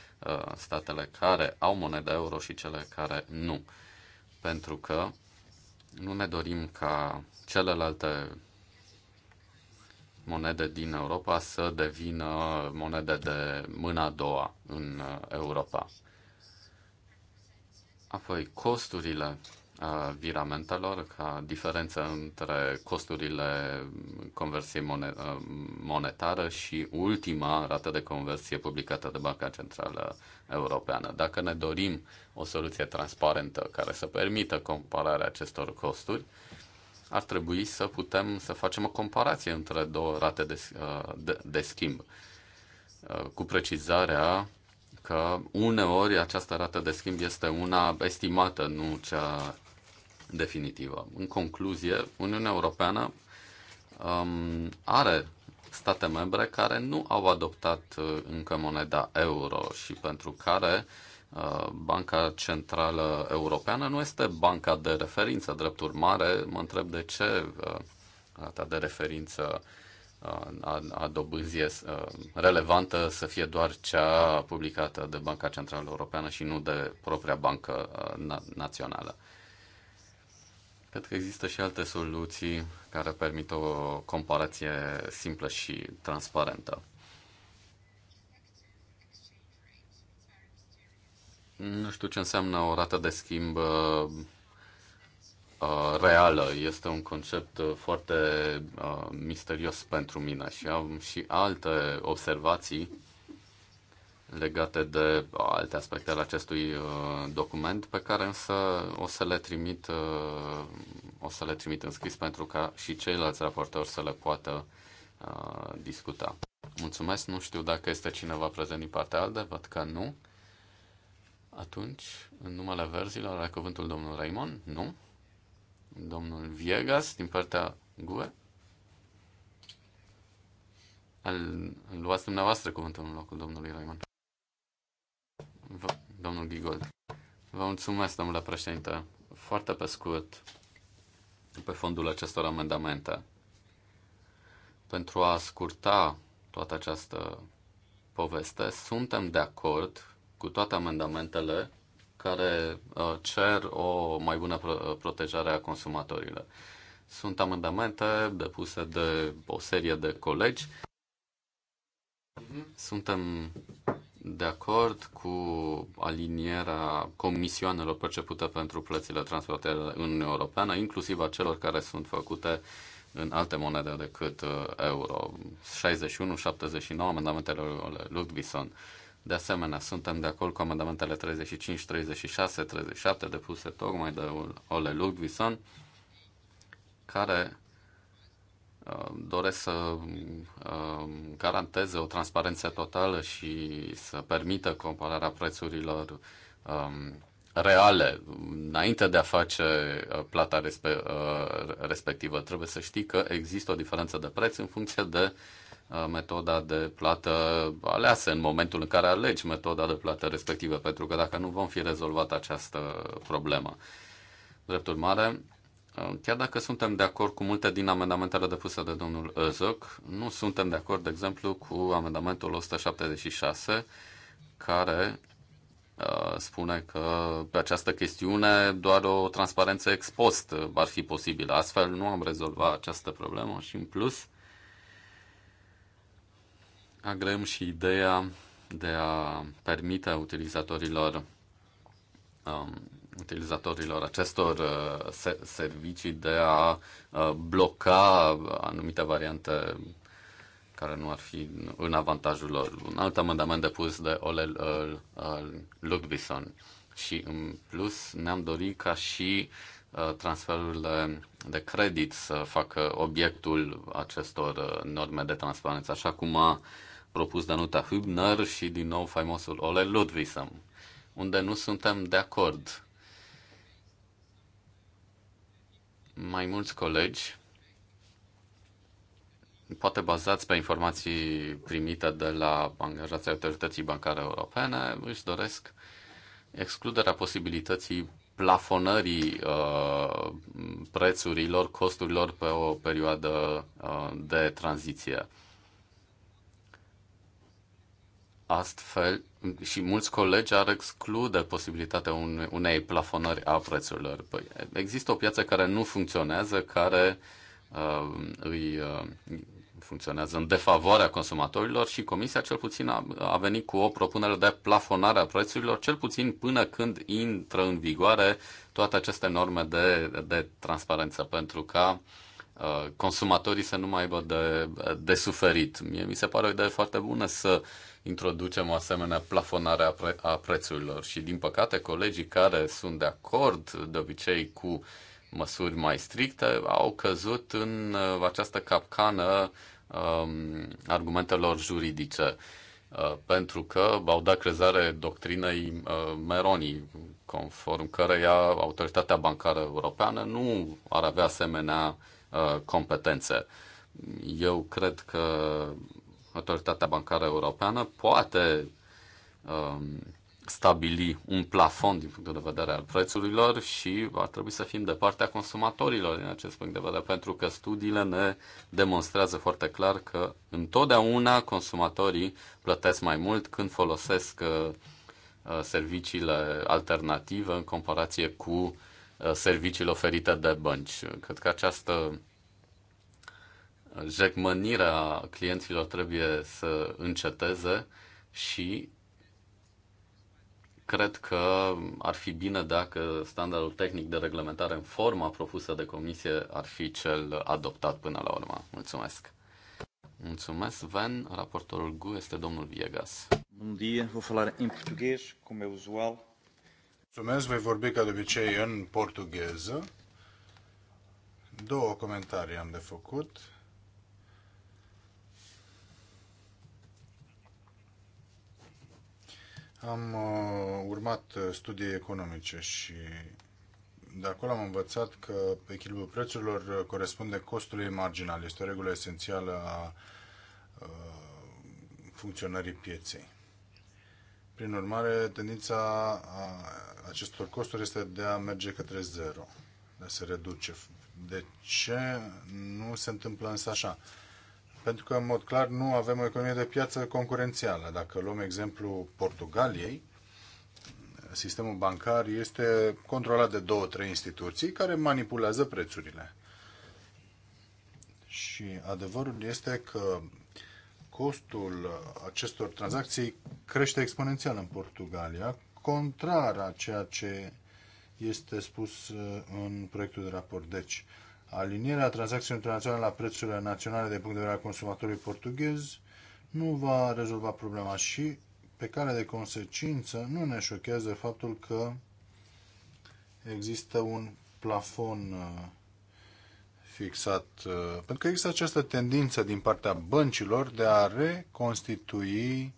[SPEAKER 3] statele care au monedă euro și cele care nu pentru că nu ne dorim ca celelalte monede din Europa să devină monede de mâna a doua în uh, Europa. Apoi, costurile uh, viramentelor, ca diferență între costurile conversiei uh, monetare și ultima rată de conversie publicată de Banca Centrală europeană. Dacă ne dorim o soluție transparentă care să permită compararea acestor costuri, ar trebui să putem să facem o comparație între două rate de, uh, de, de schimb, uh, cu precizarea că uneori această rată de schimb este una estimată, nu cea definitivă. În concluzie, Uniunea Europeană um, are state membre care nu au adoptat uh, încă moneda euro și pentru care uh, Banca Centrală Europeană nu este banca de referință. Drept urmare, mă întreb de ce data uh, de referință a dobânzii relevantă să fie doar cea publicată de Banca Centrală Europeană și nu de propria bancă națională. Cred că există și alte soluții care permit o comparație simplă și transparentă. Nu știu ce înseamnă o rată de schimb uh, uh reală. Este un concept uh, foarte uh, misterios pentru mine și am și alte observații legate de alte aspecte ale acestui uh, document, pe care însă o să le trimit, uh, o să le trimit în scris pentru ca și ceilalți raportori să le poată uh, discuta. Mulțumesc, nu știu dacă este cineva prezent din partea ALDE, văd că nu. Atunci, în numele verzilor, are cuvântul domnul Raimon? Nu? Domnul Viegas, din partea GUE? Al, luați dumneavoastră cuvântul în locul domnului Raimon domnul Gigol, Vă mulțumesc, domnule președinte. Foarte pe scurt, pe fondul acestor amendamente, pentru a scurta toată această poveste, suntem de acord cu toate amendamentele care uh, cer o mai bună uh, protejare a consumatorilor. Sunt amendamente depuse de o serie de colegi. Suntem de acord cu alinierea comisioanelor percepute pentru plățile transfrontaliere în Uniunea Europeană, inclusiv a celor care sunt făcute în alte monede decât uh, euro. 61-79 amendamentele Ludvison. De asemenea, suntem de acord cu amendamentele 35, 36, 37 depuse tocmai de Ole Ludvison, care Uh, doresc să uh, garanteze o transparență totală și să permită compararea prețurilor um, reale înainte de a face uh, plata respectivă. Trebuie să știi că există o diferență de preț în funcție de metoda de plată aleasă în momentul în care alegi metoda de plată respectivă, pentru că dacă nu vom fi rezolvat această problemă. Drept urmare, Chiar dacă suntem de acord cu multe din amendamentele depuse de domnul Özok, nu suntem de acord, de exemplu, cu amendamentul 176, care uh, spune că pe această chestiune doar o transparență ex post ar fi posibilă. Astfel nu am rezolvat această problemă și în plus agrem și ideea de a permite utilizatorilor um, utilizatorilor acestor uh, servicii de a uh, bloca anumite variante care nu ar fi în avantajul lor. Un alt amendament depus de Ole uh, Ludvison. Și în plus ne-am dorit ca și transferurile de credit să facă obiectul acestor norme de transparență, așa cum a propus Danuta Hübner și din nou faimosul Ole Ludvison, unde nu suntem de acord mai mulți colegi, poate bazați pe informații primite de la angajații autorității bancare europene, își doresc excluderea posibilității plafonării uh, prețurilor, costurilor pe o perioadă uh, de tranziție. Astfel, și mulți colegi ar exclude posibilitatea unei plafonări a prețurilor. Păi, există o piață care nu funcționează, care uh, îi uh, funcționează în defavoarea consumatorilor și Comisia cel puțin a, a venit cu o propunere de plafonare a prețurilor, cel puțin până când intră în vigoare toate aceste norme de, de transparență, pentru ca uh, consumatorii să nu mai aibă de, de suferit. Mie mi se pare o idee foarte bună să uh, introducem o asemenea plafonare a, pre- a prețurilor. Și, din păcate, colegii care sunt de acord de obicei cu măsuri mai stricte au căzut în uh, această capcană um, argumentelor juridice, uh, pentru că au dat crezare doctrinei uh, Meroni, conform căreia autoritatea bancară europeană nu ar avea asemenea competențe. Eu cred că Autoritatea Bancară Europeană poate um, stabili un plafon din punct de vedere al prețurilor și ar trebui să fim de partea consumatorilor din acest punct de vedere, pentru că studiile ne demonstrează foarte clar că întotdeauna consumatorii plătesc mai mult când folosesc uh, uh, serviciile alternative în comparație cu uh, serviciile oferite de bănci. Cred că această jecmănirea clienților trebuie să înceteze și cred că ar fi bine dacă standardul tehnic de reglementare în forma propusă de comisie ar fi cel adoptat până la urmă. Mulțumesc! Mulțumesc, Ven. Raportorul GU este domnul Viegas.
[SPEAKER 1] Bun dia, voi vorbi în portughez cum e usual. Mulțumesc, voi vorbi ca de obicei în portugheză. Două comentarii am de făcut. Am uh, urmat uh, studii economice și de acolo am învățat că echilibrul prețurilor uh, corespunde costului marginal. Este o regulă esențială a uh, funcționării pieței. Prin urmare, tendința acestor costuri este de a merge către zero, de a se reduce. De ce nu se întâmplă însă așa? pentru că, în mod clar, nu avem o economie de piață concurențială. Dacă luăm exemplu Portugaliei, sistemul bancar este controlat de două, trei instituții care manipulează prețurile. Și adevărul este că costul acestor tranzacții crește exponențial în Portugalia, contrar a ceea ce este spus uh, în proiectul de raport. Deci, Alinierea tranzacțiilor internaționale la prețurile naționale de punct de vedere al consumatorului portughez nu va rezolva problema și, pe care de consecință, nu ne șochează faptul că există un plafon uh, fixat, uh, pentru că există această tendință din partea băncilor de a reconstitui,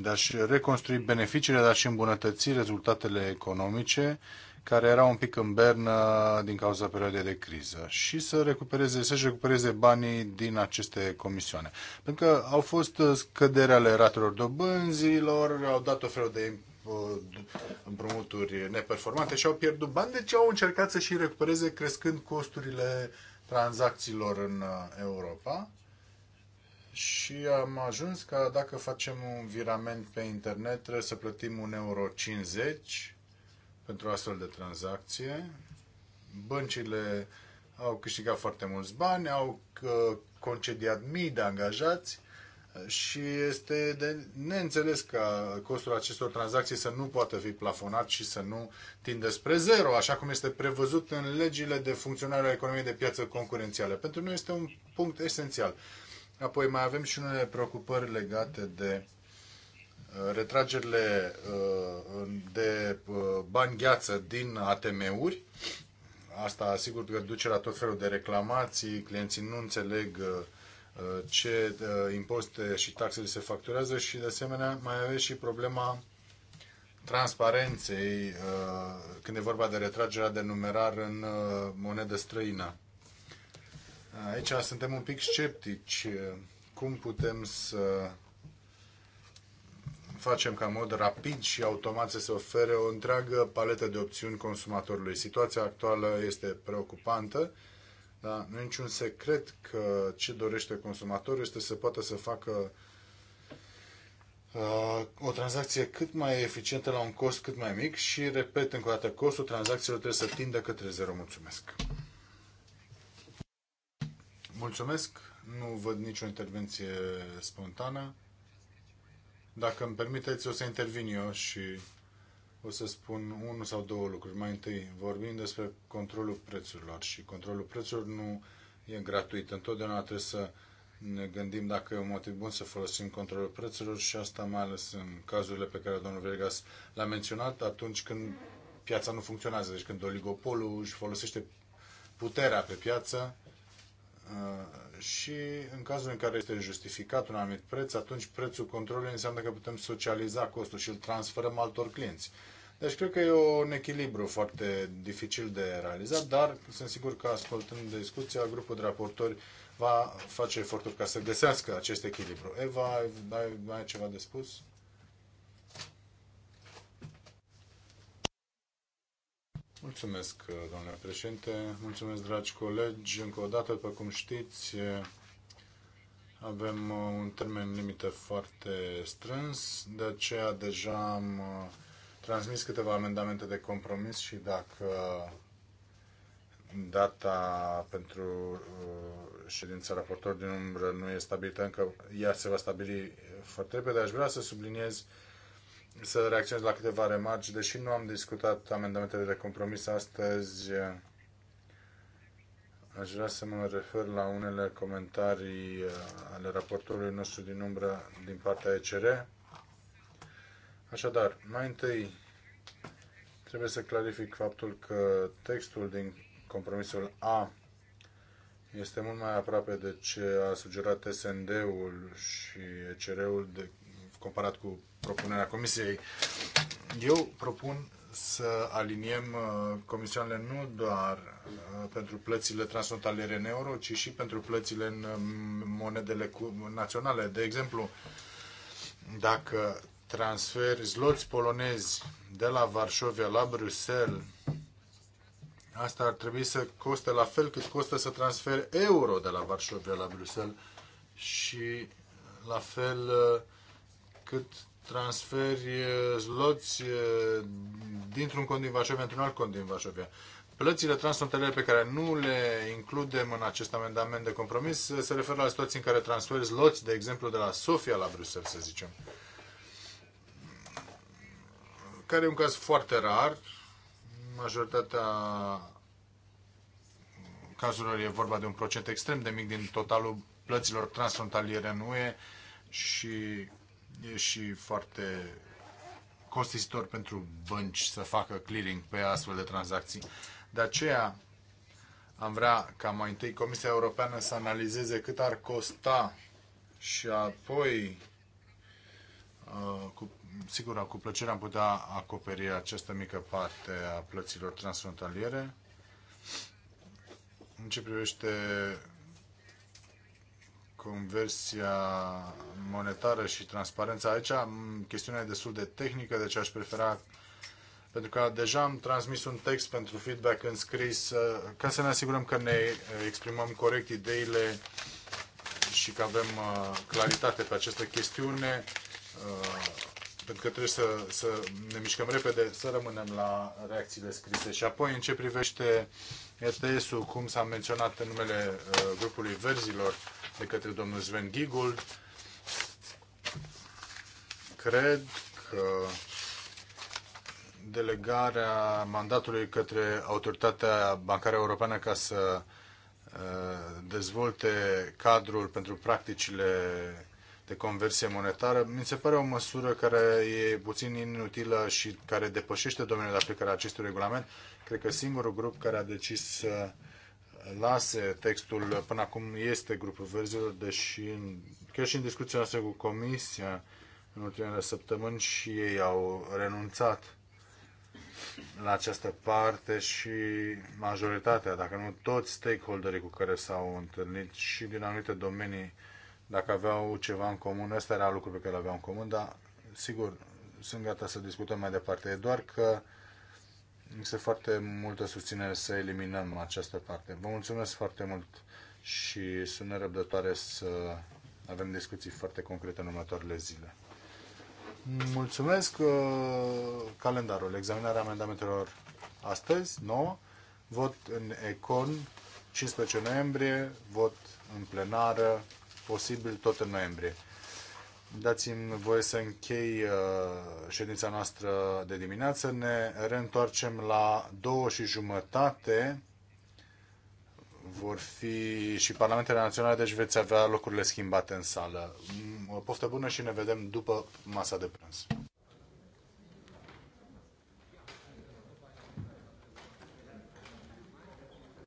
[SPEAKER 1] de a-și reconstrui beneficiile, dar și îmbunătăți rezultatele economice care erau un pic în bernă din cauza perioadei de criză și să recupereze, să-și recupereze banii din aceste comisioane. Pentru că au fost scăderi ale ratelor dobânzilor, au dat o fel de împrumuturi neperformante și au pierdut bani, deci au încercat să și recupereze crescând costurile tranzacțiilor în Europa și am ajuns că dacă facem un virament pe internet trebuie să plătim un euro 50 pentru astfel de tranzacție. Băncile au câștigat foarte mulți bani, au uh, concediat mii de angajați uh, și este de neînțeles ca costul acestor tranzacții să nu poată fi plafonat și să nu tindă spre zero, așa cum este prevăzut în legile de funcționare a economiei de piață concurențiale. Pentru noi este un punct esențial. Apoi mai avem și unele preocupări legate de retragerile uh, de uh, bani gheață din ATM-uri. Asta asigur că duce la tot felul de reclamații, clienții nu înțeleg uh, ce impozite și taxe se facturează și de asemenea mai aveți și problema transparenței când e vorba de retragerea de numerar în monedă străină. Aici suntem un pic sceptici. Cum putem să facem ca în mod rapid și automat să se ofere o întreagă paletă de opțiuni consumatorului. Situația actuală este preocupantă, dar nu e niciun secret că ce dorește consumatorul este să poată să facă uh, o tranzacție cât mai eficientă la un cost cât mai mic și, repet încă o dată, costul tranzacțiilor trebuie să tindă către zero. Mulțumesc! Mulțumesc! Nu văd nicio intervenție spontană. Dacă îmi permiteți, o să intervin eu și o să spun unul sau două lucruri. Mai întâi, vorbim despre controlul prețurilor și controlul prețurilor nu e gratuit. Întotdeauna trebuie să ne gândim dacă e un motiv bun să folosim controlul prețurilor și asta mai ales în cazurile pe care domnul Vergas l-a menționat atunci când piața nu funcționează, deci când oligopolul își folosește puterea pe piață Uh, și în cazul în care este justificat un anumit preț, atunci prețul controlului înseamnă că putem socializa costul și îl transferăm altor clienți. Deci cred că e un echilibru foarte dificil de realizat, dar sunt sigur că ascultând discuția, grupul de raportori va face efortul ca să găsească acest echilibru. Eva, ai, mai ceva de spus? Mulțumesc, uh, domnule președinte. Mulțumesc, dragi colegi. Încă o dată, după cum știți, avem uh, un termen limită foarte strâns, de aceea deja am uh, transmis câteva amendamente de compromis și dacă data pentru ședința raportor din umbră nu e stabilită încă, ea se va stabili foarte repede. Aș vrea să subliniez să reacționez la câteva remarci. Deși nu am discutat amendamentele de compromis astăzi, aș vrea să mă refer la unele comentarii uh, ale raportorului nostru din umbră din partea ECR. Așadar, mai întâi trebuie să clarific faptul că textul din compromisul A este mult mai aproape de ce a sugerat SND-ul și ECR-ul de comparat cu propunerea Comisiei. Eu propun să aliniem uh, comisioanele nu doar uh, pentru plățile transfrontaliere în euro, ci și pentru plățile în um, monedele naționale. De exemplu, dacă transferi zloți polonezi de la Varșovia la Bruxelles, asta ar trebui să coste la fel cât costă să transferi euro de la Varșovia la Bruxelles și la fel uh, cât transferi loți dintr-un cont din Vașovia într-un alt cont din Vașovia. Plățile transfrontaliere pe care nu le includem în acest amendament de compromis se referă la situații în care transferi loți, de exemplu, de la Sofia la Bruxelles, să zicem. Care e un caz foarte rar. Majoritatea cazurilor e vorba de un procent extrem de mic din totalul plăților transfrontaliere în UE și e și foarte costisitor pentru bănci să facă clearing pe astfel de tranzacții. De aceea am vrea ca mai întâi Comisia Europeană să analizeze cât ar costa și apoi uh, cu, sigur, cu plăcere am putea acoperi această mică parte a plăților transfrontaliere. În ce privește conversia monetară și transparența. Aici chestiunea e destul de tehnică, deci aș prefera pentru că deja am transmis un text pentru feedback în scris, uh, ca să ne asigurăm că ne uh, exprimăm corect ideile și că avem uh, claritate pe această chestiune, pentru că trebuie să, să ne mișcăm repede, să rămânem la reacțiile scrise. Și apoi, în ce privește rts ul cum s-a menționat în numele grupului verzilor, de către domnul Sven Ghigul. Cred că delegarea mandatului către Autoritatea Bancară Europeană ca să dezvolte cadrul pentru practicile de conversie monetară, mi se pare o măsură care e puțin inutilă și care depășește domeniul de aplicare a acestui regulament. Cred că singurul grup care a decis să uh, lase textul până acum este grupul verzilor, deși în, chiar și în discuția noastră cu Comisia în ultimele săptămâni și ei au renunțat la această parte și majoritatea, dacă nu toți stakeholderii cu care s-au întâlnit și din anumite domenii, dacă aveau ceva în comun, ăsta era lucru pe care l aveau în comun, dar sigur, sunt gata să discutăm mai departe. E doar că uh, este foarte multă susținere să eliminăm această parte. Vă mulțumesc foarte mult și sunt nerăbdătoare să avem discuții foarte concrete în următoarele zile. Mulțumesc. Uh, calendarul. Examinarea amendamentelor astăzi, 9. Vot în Econ, 15 noiembrie. Vot în plenară, posibil tot în noiembrie. Dați-mi voie să închei uh, ședința noastră de dimineață. Ne reîntoarcem la două și jumătate. Vor fi și Parlamentele Naționale, deci veți avea locurile schimbate în sală. Mm, o poftă bună și ne vedem după masa de prânz.